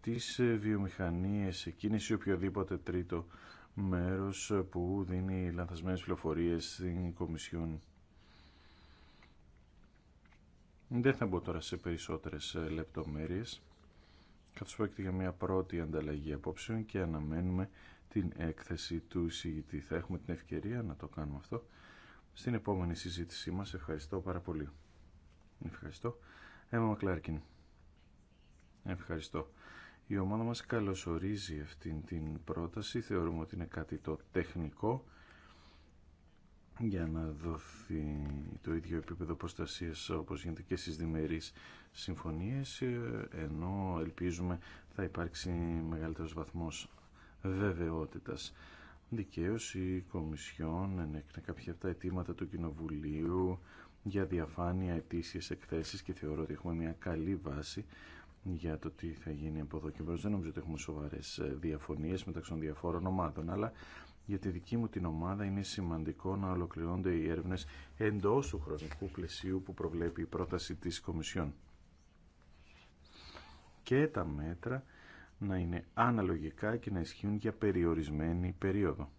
τις ε, βιομηχανίες εκείνης ή οποιοδήποτε τρίτο μέρος που δίνει λανθασμένες πληροφορίες στην Κομισιόν. Δεν θα μπω τώρα σε περισσότερες ε, λεπτομέρειες καθώς πρόκειται για μια πρώτη ανταλλαγή απόψεων και αναμένουμε την έκθεση του εισηγητή. Θα έχουμε την ευκαιρία να το κάνουμε αυτό στην επόμενη συζήτησή μας. Ευχαριστώ πάρα πολύ. Ευχαριστώ. Έμα Μακλάρκιν. Ευχαριστώ. Η ομάδα μας καλωσορίζει αυτή την πρόταση. Θεωρούμε ότι είναι κάτι το τεχνικό για να δοθεί το ίδιο επίπεδο προστασίας όπως γίνεται και στις διμερείς συμφωνίες ε, ενώ ελπίζουμε θα υπάρξει μεγαλύτερος βαθμός βεβαιότητας. δικαίωση κομισιών, Κομισιόν ενέκρινε κάποια από τα αιτήματα του Κοινοβουλίου για διαφάνεια ετήσιες εκθέσεις και θεωρώ ότι έχουμε μια καλή βάση για το τι θα γίνει από εδώ και μπρος. Δεν νομίζω ότι έχουμε σοβαρές ε, διαφωνίες μεταξύ των διαφόρων ομάδων, αλλά για τη δική μου την ομάδα είναι σημαντικό να ολοκληρώνται οι έρευνες εντός του χρονικού πλαισίου που προβλέπει η πρόταση της Κομισιόν και τα μέτρα να είναι αναλογικά και να ισχύουν για περιορισμένη περίοδο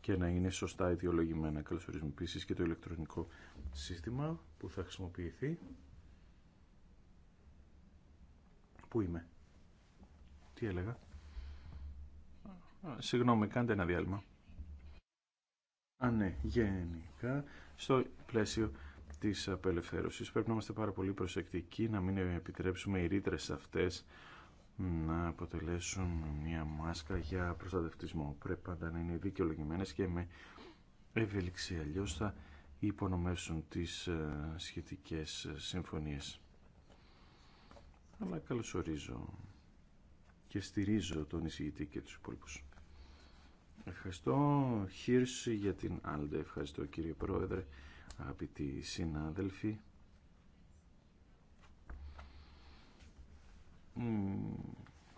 και να είναι σωστά αιτιολογημένα. Καλώς και το ηλεκτρονικό σύστημα που θα χρησιμοποιηθεί. Πού είμαι. Τι έλεγα. Συγγνώμη, κάντε ένα διάλειμμα. Α, ναι, γενικά, στο πλαίσιο της απελευθέρωσης πρέπει να είμαστε πάρα πολύ προσεκτικοί, να μην επιτρέψουμε οι ρήτρε αυτές να αποτελέσουν μια μάσκα για προστατευτισμό. Πρέπει πάντα να είναι δικαιολογημένες και με ευελιξία, αλλιώς θα υπονομεύσουν τις ε, σχετικές ε, συμφωνίες. Αλλά καλωσορίζω και στηρίζω τον εισηγητή και τους υπόλοιπους. Ευχαριστώ Χίρση, για την Άλντε. Ευχαριστώ κύριε Πρόεδρε, αγαπητοί συνάδελφοι.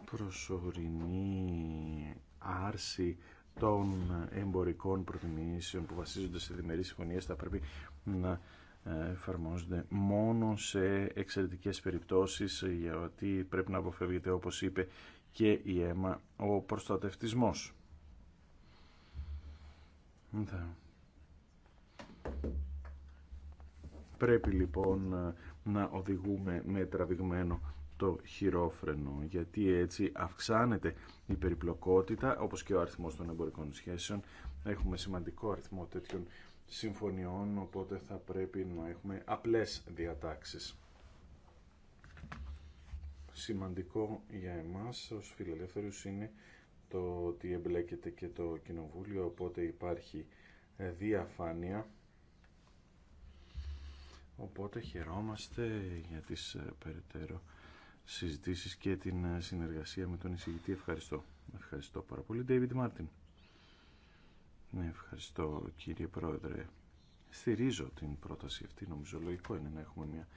Προσωρινή άρση των εμπορικών προτιμήσεων που βασίζονται σε διμερείς συμφωνίες θα πρέπει να ε, εφαρμόζονται μόνο σε εξαιρετικές περιπτώσεις γιατί πρέπει να αποφεύγεται όπως είπε και η αίμα ο προστατευτισμός. Ναι. Πρέπει λοιπόν ε, να οδηγούμε με τραβηγμένο το χειρόφρενο, γιατί έτσι αυξάνεται η περιπλοκότητα, όπως και ο αριθμός των εμπορικών σχέσεων. Έχουμε σημαντικό αριθμό τέτοιων συμφωνιών, οπότε θα πρέπει να έχουμε απλές διατάξεις. Σημαντικό για εμάς ως φιλελεύθερους είναι το ότι εμπλέκεται και το Κοινοβούλιο, οπότε υπάρχει ε, διαφάνεια. Οπότε χαιρόμαστε για τις ε, περαιτέρω συζητήσεις και την ε, συνεργασία με τον εισηγητή. Ευχαριστώ. Ευχαριστώ πάρα πολύ, David Μάρτιν. Ναι, ευχαριστώ, κύριε Πρόεδρε. Στηρίζω την πρόταση αυτή. Νομίζω λογικό είναι να έχουμε μια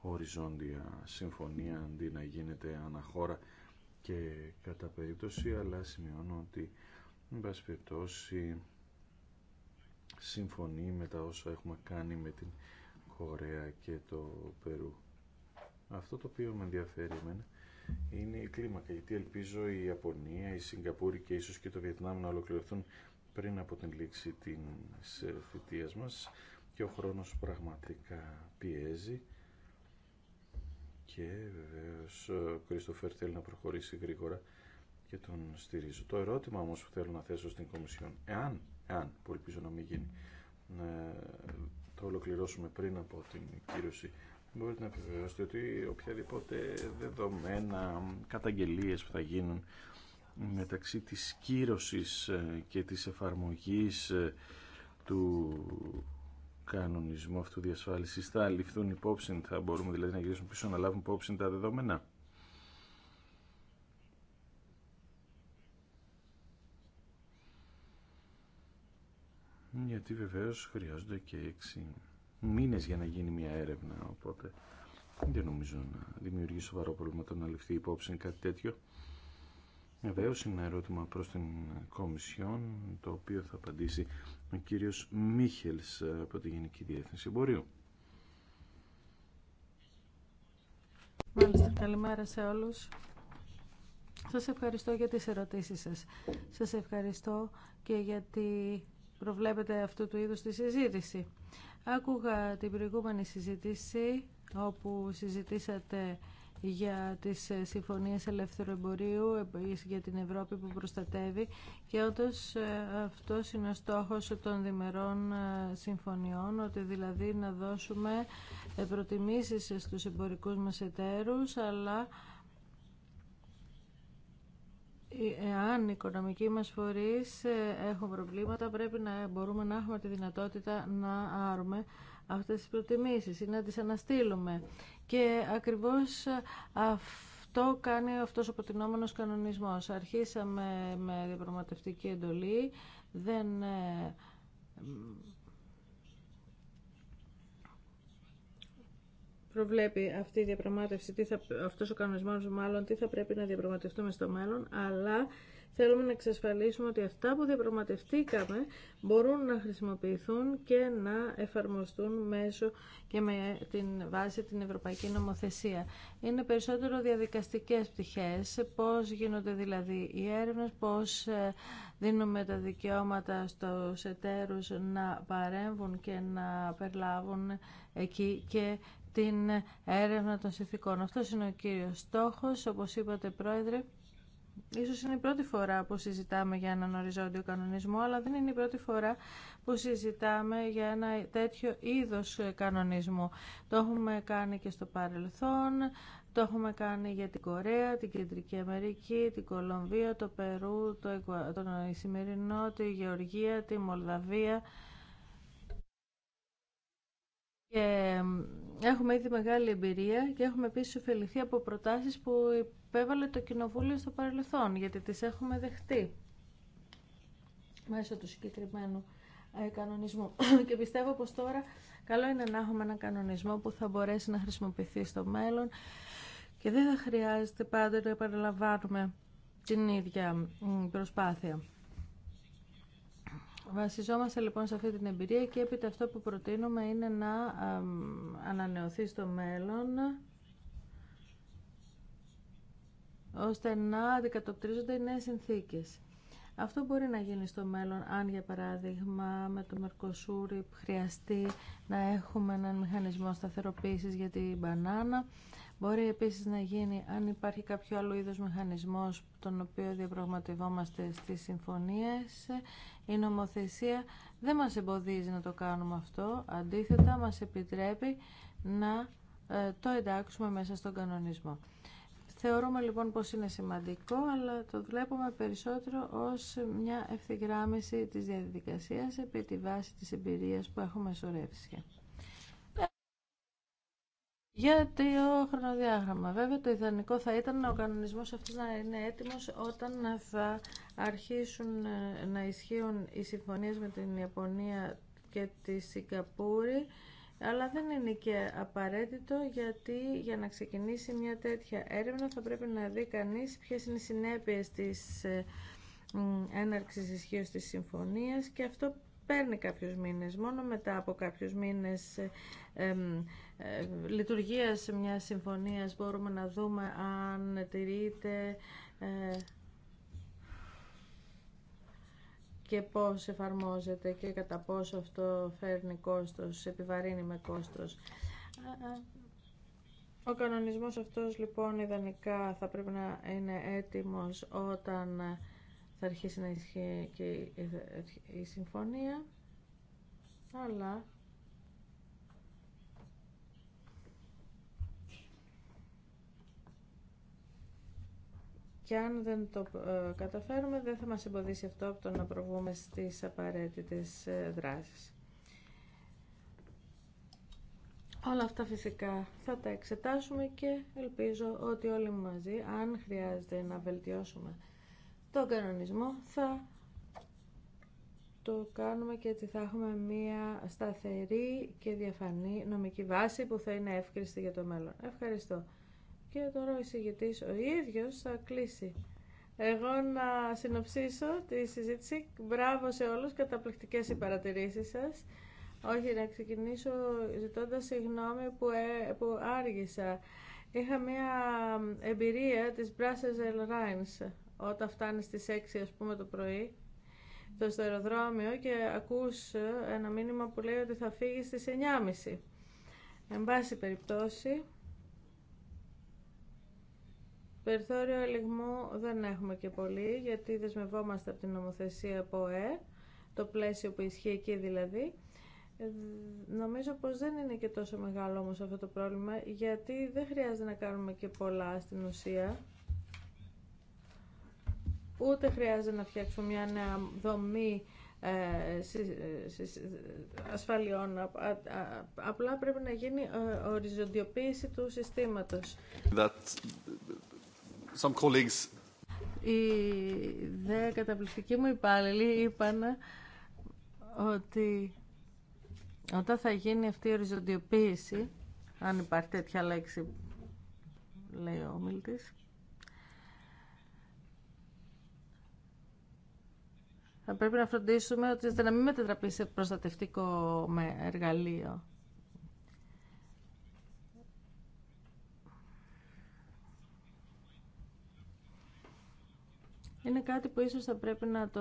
οριζόντια συμφωνία αντί να γίνεται αναχώρα και κατά περίπτωση, αλλά σημειώνω ότι, με πάση συμφωνεί με τα όσα έχουμε κάνει με την Κορέα και το Περού. Αυτό το οποίο με ενδιαφέρει εμένα είναι η κλίμακα, γιατί ελπίζω η Ιαπωνία, η Σιγκαπούρη και ίσως και το Βιετνάμ να ολοκληρωθούν πριν από την λήξη της ε, θητείας μας και ο χρόνος πραγματικά πιέζει και βεβαίω ε, ο Κρίστοφερ θέλει να προχωρήσει γρήγορα και τον στηρίζω. Το ερώτημα όμως που θέλω να θέσω στην Κομισιόν, εάν, εάν που ελπίζω να μην γίνει, να ε, το ολοκληρώσουμε πριν από την κύρωση, μπορείτε να επιβεβαιώσετε ότι οποιαδήποτε δεδομένα, καταγγελίες που θα γίνουν μεταξύ της κύρωσης ε, και της εφαρμογής του κανονισμό αυτού διασφάλισης θα ληφθούν υπόψη, θα μπορούμε δηλαδή να γυρίσουμε πίσω να λάβουν υπόψη τα δεδομένα. Γιατί βεβαίω χρειάζονται και έξι μήνες για να γίνει μια έρευνα, οπότε δεν νομίζω να δημιουργεί σοβαρό πρόβλημα το να ληφθεί υπόψη κάτι τέτοιο. Βεβαίω είναι ένα ερώτημα προς την Κομισιόν, το οποίο θα απαντήσει ο κύριος Μίχελς ε, από τη Γενική Διεύθυνση Εμπορίου. Μάλιστα, καλημέρα σε όλους. Σας ευχαριστώ για τις ερωτήσεις σας. Σας ευχαριστώ και γιατί προβλέπετε αυτού του είδους τη συζήτηση. Άκουγα την προηγούμενη συζήτηση όπου συζητήσατε για τις ε, συμφωνίες ελεύθερου εμπορίου ε, για την Ευρώπη που προστατεύει και όντως ε, αυτό είναι ο στόχος των διμερών συμφωνιών ότι δηλαδή να δώσουμε προτιμήσεις στους εμπορικούς μας εταίρους αλλά εάν οι οικονομικοί μας φορείς έχουν προβλήματα πρέπει να μπορούμε να έχουμε τη δυνατότητα να άρουμε αυτές τις προτιμήσεις ή να τις αναστείλουμε. Και ακριβώς αυτό κάνει αυτός ο προτινόμενος κανονισμός. Αρχίσαμε με διαπραγματευτική εντολή, δεν... Ε, προβλέπει αυτή η διαπραγμάτευση, τι θα, αυτός ο κανονισμός μάλλον, τι θα πρέπει να διαπραγματευτούμε στο μέλλον, αλλά Θέλουμε να εξασφαλίσουμε ότι αυτά που διαπραγματευτήκαμε μπορούν να χρησιμοποιηθούν και να εφαρμοστούν μέσω και με την βάση την Ευρωπαϊκή Νομοθεσία. Είναι περισσότερο διαδικαστικές πτυχές, πώς γίνονται δηλαδή οι έρευνες, πώς ε, δίνουμε τα δικαιώματα στους εταίρους να παρέμβουν και να περλάβουν εκεί και την έρευνα των συνθηκών. Αυτός είναι ο κύριος στόχος, όπως είπατε πρόεδρε. Ίσως είναι η πρώτη φορά που συζητάμε για έναν οριζόντιο κανονισμό, αλλά δεν είναι η πρώτη φορά που συζητάμε για ένα τέτοιο είδος κανονισμού. Το έχουμε κάνει και στο παρελθόν, το έχουμε κάνει για την Κορέα, την Κεντρική Αμερική, την Κολομβία, το Περού, το, το Ισημερινό, τη Γεωργία, τη Μολδαβία. Και έχουμε ήδη μεγάλη εμπειρία και έχουμε επίσης ωφεληθεί από προτάσεις που έβαλε το Κοινοβούλιο στο παρελθόν, γιατί τις έχουμε δεχτεί μέσω του συγκεκριμένου ε, κανονισμού. Και πιστεύω πως τώρα καλό είναι να έχουμε ένα κανονισμό που θα μπορέσει να χρησιμοποιηθεί στο μέλλον και δεν θα χρειάζεται πάντα να επαναλαμβάνουμε την ίδια προσπάθεια. Βασιζόμαστε λοιπόν σε αυτή την εμπειρία και έπειτα αυτό που προτείνουμε είναι να ε, ανανεωθεί στο μέλλον ώστε να αντικατοπτρίζονται οι νέες συνθήκες. Αυτό μπορεί να γίνει στο μέλλον, αν για παράδειγμα με το Μερκοσούρι χρειαστεί να έχουμε έναν μηχανισμό σταθεροποίησης για την μπανάνα. Μπορεί επίσης να γίνει αν υπάρχει κάποιο άλλο είδος μηχανισμός τον οποίο διαπραγματευόμαστε στις συμφωνίες. Η νομοθεσία δεν μας εμποδίζει να το κάνουμε αυτό, αντίθετα μας επιτρέπει να ε, το εντάξουμε μέσα στον κανονισμό. Θεωρούμε λοιπόν πως είναι σημαντικό, αλλά το βλέπουμε περισσότερο ως μια ευθυγράμμιση της διαδικασίας επί τη βάση της εμπειρίας που έχουμε σωρεύσει. Για το χρονοδιάγραμμα. Βέβαια, το ιδανικό θα ήταν ο κανονισμός αυτός να είναι έτοιμος όταν θα αρχίσουν ε, να ισχύουν οι συμφωνίες με την Ιαπωνία και τη Σιγκαπούρη αλλά δεν είναι και απαραίτητο γιατί για να ξεκινήσει μια τέτοια έρευνα θα πρέπει να δει κανείς ποιες είναι οι συνέπειες της ε, έναρξης ισχύω της συμφωνίας και αυτό παίρνει κάποιους μήνες. Μόνο μετά από κάποιους μήνες λειτουργία ε, λειτουργίας μιας συμφωνίας μπορούμε να δούμε αν τηρείται ε, και πώς εφαρμόζεται και κατά πόσο αυτό φέρνει κόστος, επιβαρύνει με κόστος. Ο κανονισμός αυτός λοιπόν ιδανικά θα πρέπει να είναι έτοιμος όταν θα αρχίσει να ισχύει και η συμφωνία, αλλά Και αν δεν το ε, καταφέρουμε, δεν θα μας εμποδίσει αυτό από το να προβούμε στις απαραίτητες ε, δράσεις. Όλα αυτά φυσικά θα τα εξετάσουμε και ελπίζω ότι όλοι μαζί, αν χρειάζεται να βελτιώσουμε τον κανονισμό, θα το κάνουμε και έτσι θα έχουμε μία σταθερή και διαφανή νομική βάση που θα είναι εύκριστη για το μέλλον. Ευχαριστώ. Και τώρα ο εισηγητής ο ίδιος θα κλείσει. Εγώ να συνοψίσω τη συζήτηση. Μπράβο σε όλους, καταπληκτικές οι παρατηρήσεις σας. Όχι, να ξεκινήσω ζητώντας συγγνώμη που, ε, που άργησα. Είχα μια εμπειρία της Brussels Airlines όταν φτάνει στις 6 ας πούμε το πρωί το στο αεροδρόμιο και ακούς ένα μήνυμα που λέει ότι θα φύγει στις 9.30. Εν πάση περιπτώσει, Περιθώριο ελιγμού δεν έχουμε και πολύ, γιατί δεσμευόμαστε από την νομοθεσία ΠΟΕ, το πλαίσιο που ισχύει εκεί δηλαδή. Νομίζω πως δεν είναι και τόσο μεγάλο όμως αυτό το πρόβλημα, γιατί δεν χρειάζεται να κάνουμε και πολλά στην ουσία. Ούτε χρειάζεται να φτιάξουμε μια νέα δομή ε, ε, ασφαλιών. Απλά πρέπει να γίνει ε, οριζοντιοποίηση του συστήματος some colleagues. Οι δε καταπληκτικοί μου υπάλληλοι είπαν ότι όταν θα γίνει αυτή η οριζοντιοποίηση, αν υπάρχει τέτοια λέξη, λέει ο Μίλτης, θα πρέπει να φροντίσουμε ότι να μην μετατραπεί σε προστατευτικό εργαλείο. είναι κάτι που ίσως θα πρέπει να το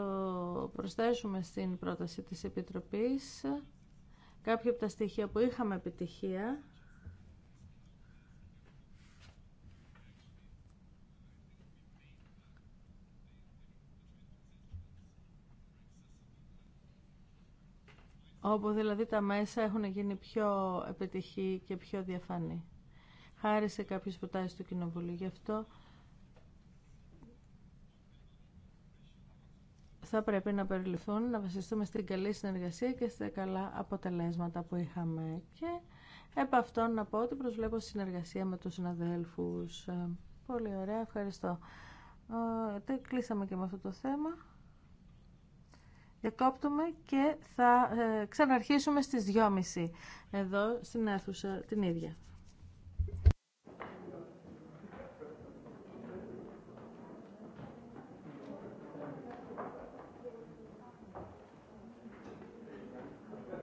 προσθέσουμε στην πρόταση της Επιτροπής. Κάποια από τα στοιχεία που είχαμε επιτυχία. όπου δηλαδή τα μέσα έχουν γίνει πιο επιτυχή και πιο διαφανή. Χάρη σε κάποιες προτάσεις του Κοινοβουλίου. Γι' αυτό θα πρέπει να περιληφθούν, να βασιστούμε στην καλή συνεργασία και στα καλά αποτελέσματα που είχαμε. Και επ' να πω ότι προσβλέπω συνεργασία με τους συναδέλφους. Ε, πολύ ωραία, ευχαριστώ. Ε, κλείσαμε και με αυτό το θέμα. Διακόπτουμε και θα ε, ξαναρχίσουμε στις 2.30 εδώ στην αίθουσα την ίδια.